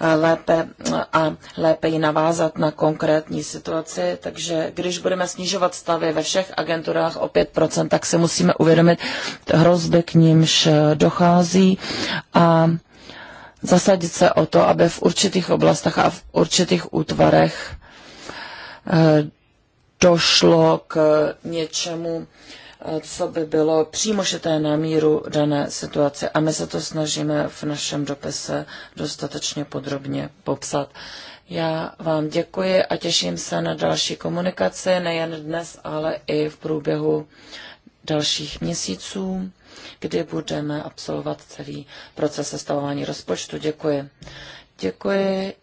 eh, lépe eh, a lépe ji navázat na konkrétní situaci. Takže když budeme snižovat stavy ve všech agenturách o 5%, tak se musíme uvědomit hrozby, k nímž eh, dochází a zasadit se o to, aby v určitých oblastech a v určitých útvarech došlo k něčemu, Eh, co by bylo přímo šité na míru dané situace. A my se to snažíme v našem dopise dostatečně podrobně popsat. Já vám děkuji a těším se na další komunikaci, nejen dnes, ale i v průběhu dalších měsíců, kdy budeme absolvovat celý proces sestavování rozpočtu. Děkuji. Děkuji.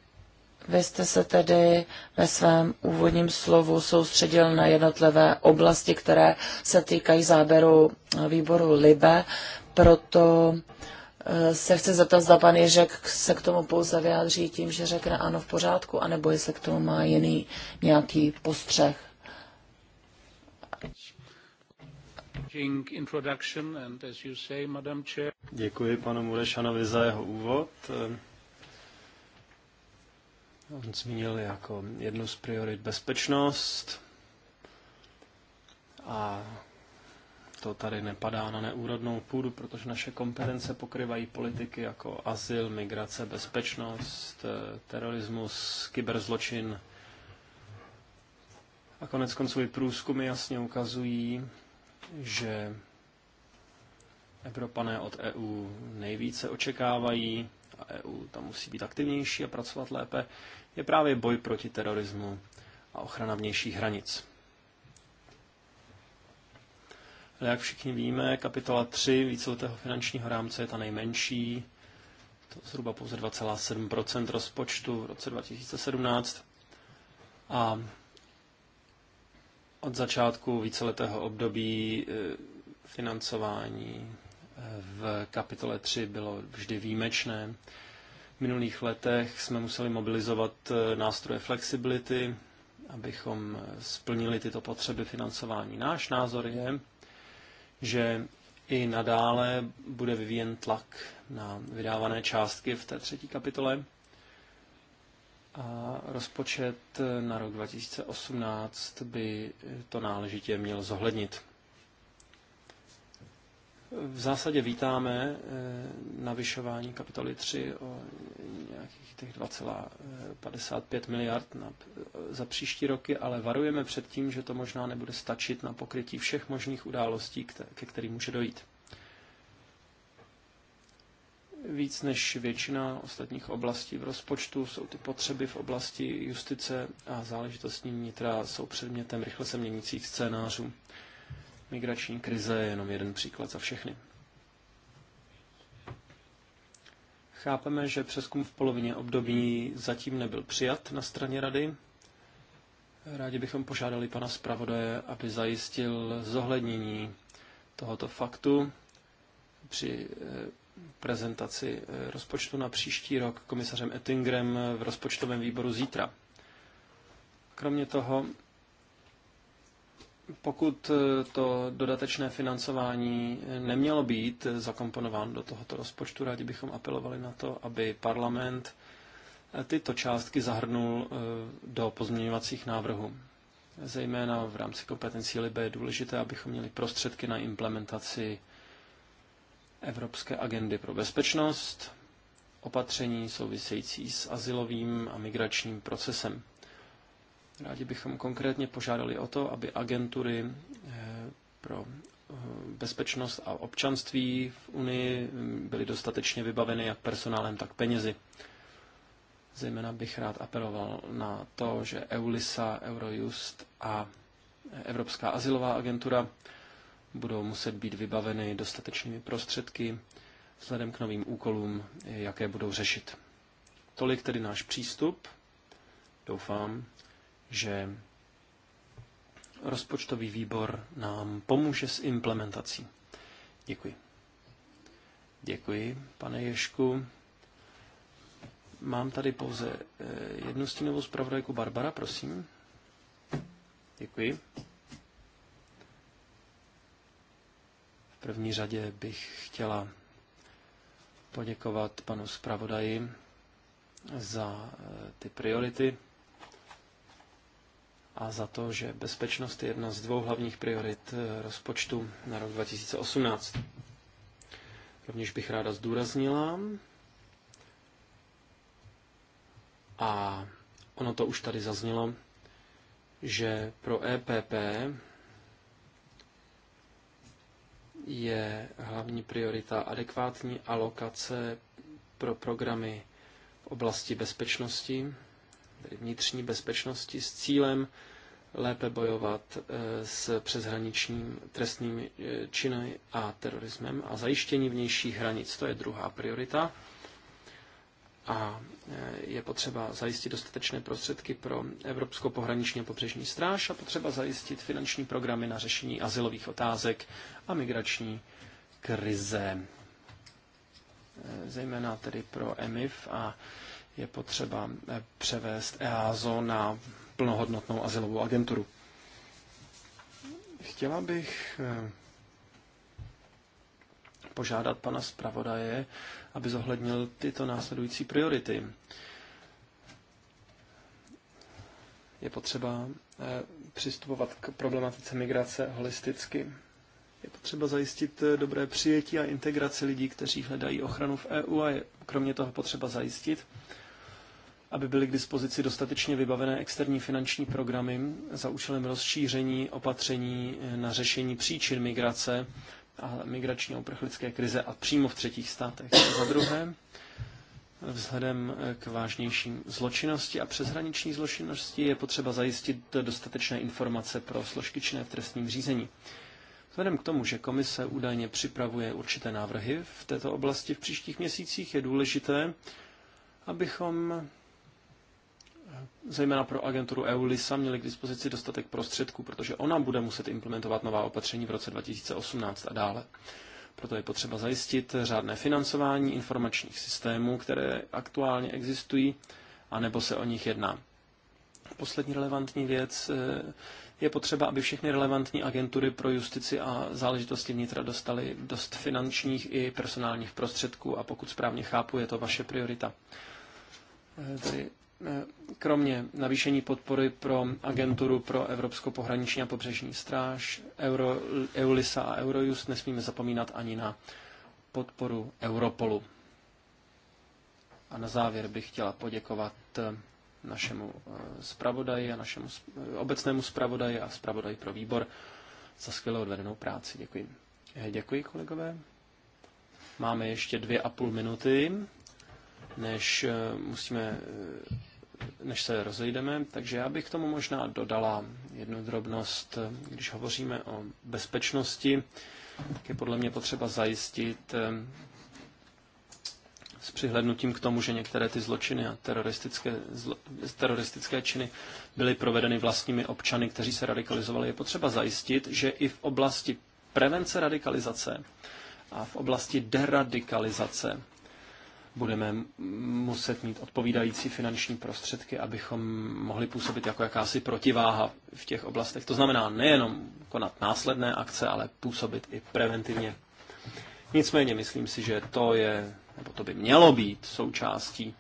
Vy jste se tedy ve svém úvodním slovu soustředil na jednotlivé oblasti, které se týkají záběru výboru LIBE, proto eh, se chci zeptat, zda pan Ježek se k tomu pouze vyjádří tím, že řekne ano v pořádku, anebo jestli k tomu má jiný nějaký postřeh. Děkuji panu Murešanovi za jeho úvod. On zmínil jako jednu z priorit bezpečnost a to tady nepadá na neúrodnou půdu, protože naše kompetence pokrývají politiky jako azyl, migrace, bezpečnost, eh, terorismus, kyberzločin. A konec konců i průzkumy jasně ukazují, že Evropané od EU nejvíce očekávají a EU tam musí být aktivnější a pracovat lépe je právě boj proti terorismu a ochrana vnějších hranic. Ale jak všichni víme, kapitola 3 víceletého finančního rámce je ta nejmenší, to je zhruba pouze 2,7 rozpočtu v roce 2017. A od začátku víceletého období eh, financování eh, v kapitole 3 bylo vždy výjimečné v minulých letech jsme museli mobilizovat eh, nástroje flexibility, abychom eh, splnili tyto potřeby financování. Náš názor je, že i nadále bude vyvíjen tlak na vydávané částky v té třetí kapitole. A rozpočet eh, na rok 2018 by to náležitě měl zohlednit. V zásadě vítáme eh, navyšování kapitoly 3 o nějakých těch 2,55 miliard na, za příští roky, ale varujeme před tím, že to možná nebude stačit na pokrytí všech možných událostí, ke kterým může dojít. Víc než většina ostatních oblastí v rozpočtu jsou ty potřeby v oblasti justice a záležitostní vnitra jsou předmětem rychle se měnících scénářů. Migrační krize je jenom jeden příklad za všechny. Chápeme, že přeskum v polovině období zatím nebyl přijat na straně rady. Rádi bychom požádali pana zpravodaje, aby zajistil zohlednění tohoto faktu při eh, prezentaci eh, rozpočtu na příští rok komisařem Ettingrem v rozpočtovém výboru zítra. Kromě toho pokud eh, to dodatečné financování eh, nemělo být eh, zakomponováno do tohoto rozpočtu, rádi bychom apelovali na to, aby parlament tyto částky zahrnul do pozměňovacích návrhů. Zejména v rámci kompetencí LIBE je důležité, abychom měli prostředky na implementaci Evropské agendy pro bezpečnost, opatření související s asilovým a migračním procesem. Rádi bychom konkrétně požádali o to, aby agentury eh, pro eh, bezpečnost a občanství v Unii mm, byly dostatečně vybaveny jak personálem, tak penězi. Zejména bych rád apeloval na to, že EULISA, Eurojust a Evropská asilová agentura budou muset být vybaveny dostatečnými prostředky vzhledem k novým úkolům, jaké budou řešit. Tolik tedy náš přístup. Doufám, že rozpočtový výbor nám pomůže s implementací. Děkuji. Děkuji, pane Ješku. Mám tady pouze eh, jednu stínovou zpravodajku Barbara, prosím. Děkuji. V první řadě bych chtěla poděkovat panu zpravodaji za eh, ty priority a za to, že bezpečnost je jedna z dvou hlavních priorit eh, rozpočtu na rok 2018. Rovněž bych ráda zdůraznila, a ono to už tady zaznělo, že pro EPP je hlavní priorita adekvátní alokace pro programy v oblasti bezpečnosti tedy vnitřní bezpečnosti s cílem lépe bojovat eh, s přeshraničním trestným eh, činem a terorismem a zajištění vnějších hranic. To je druhá priorita. A eh, je potřeba zajistit dostatečné prostředky pro Evropskou pohraniční a pobřežní stráž a potřeba zajistit finanční programy na řešení asilových otázek a migrační krize. Zejména tedy pro EMIF a je potřeba eh, převést EASO na plnohodnotnou asilovou agenturu. Chtěla bych eh, požádat pana zpravodaje, aby zohlednil tyto následující priority. Je potřeba eh, přistupovat k problematice migrace holisticky. Je potřeba zajistit dobré přijetí a integraci lidí, kteří hledají ochranu v EU a je kromě toho potřeba zajistit, aby byly k dispozici dostatečně vybavené externí finanční programy za účelem rozšíření opatření eh, na řešení příčin migrace a migrační a uprchlické krize a přímo v třetích státech. Za druhé, Vzhledem eh, k vážnějším zločinnosti a přeshraniční zločinnosti je potřeba zajistit dostatečné informace pro složky činné v trestním řízení. Vzhledem k tomu, že komise údajně připravuje určité návrhy v této oblasti v příštích měsících, je důležité, abychom zejména pro agenturu EULISA, měli k dispozici dostatek prostředků, protože ona bude muset implementovat nová opatření v roce 2018 a dále. Proto je potřeba zajistit řádné financování informačních systémů, které aktuálně existují, anebo se o nich jedná. Poslední relevantní věc eh, je potřeba, aby všechny relevantní agentury pro justici a záležitosti vnitra dostaly dost finančních i personálních prostředků a pokud správně chápu, je to vaše priorita. Eh, tedy Kromě navýšení podpory pro agenturu pro Evropskou pohraniční a pobřežní stráž, Euro, EULISA a Eurojust nesmíme zapomínat ani na podporu Europolu. A na závěr bych chtěla poděkovat eh, našemu eh, zpravodaji a našemu eh, obecnému zpravodaji a zpravodaji pro výbor za skvěle odvedenou práci. Děkuji. Děkuji, kolegové. Máme ještě dvě a půl minuty než eh, musíme eh, než se rozejdeme, takže já bych k tomu možná dodala jednu drobnost. Když hovoříme o bezpečnosti, tak je podle mě potřeba zajistit eh, s přihlednutím k tomu, že některé ty zločiny a teroristické, zlo, teroristické činy byly provedeny vlastními občany, kteří se radikalizovali, je potřeba zajistit, že i v oblasti prevence radikalizace a v oblasti deradikalizace budeme muset mít odpovídající finanční prostředky, abychom mohli působit jako jakási protiváha v těch oblastech. To znamená nejenom konat následné akce, ale působit i preventivně. Nicméně myslím si, že to je, nebo to by mělo být součástí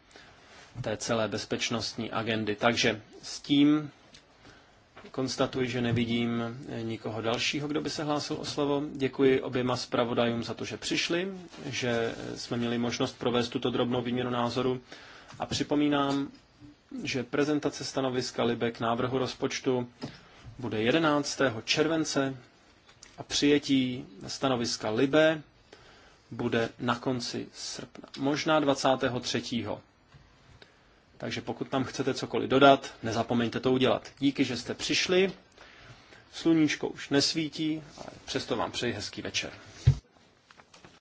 té celé bezpečnostní agendy. Takže s tím Konstatuji, že nevidím eh, nikoho dalšího, kdo by se hlásil o slovo. Děkuji oběma zpravodajům za to, že přišli, že eh, jsme měli možnost provést tuto drobnou výměnu názoru. A připomínám, že prezentace stanoviska Libe k návrhu rozpočtu bude 11. července a přijetí stanoviska Libe bude na konci srpna, možná 23. Takže pokud tam chcete cokoliv dodat, nezapomeňte to udělat. Díky, že jste přišli. Sluníčko už nesvítí, ale přesto vám přeji hezký večer.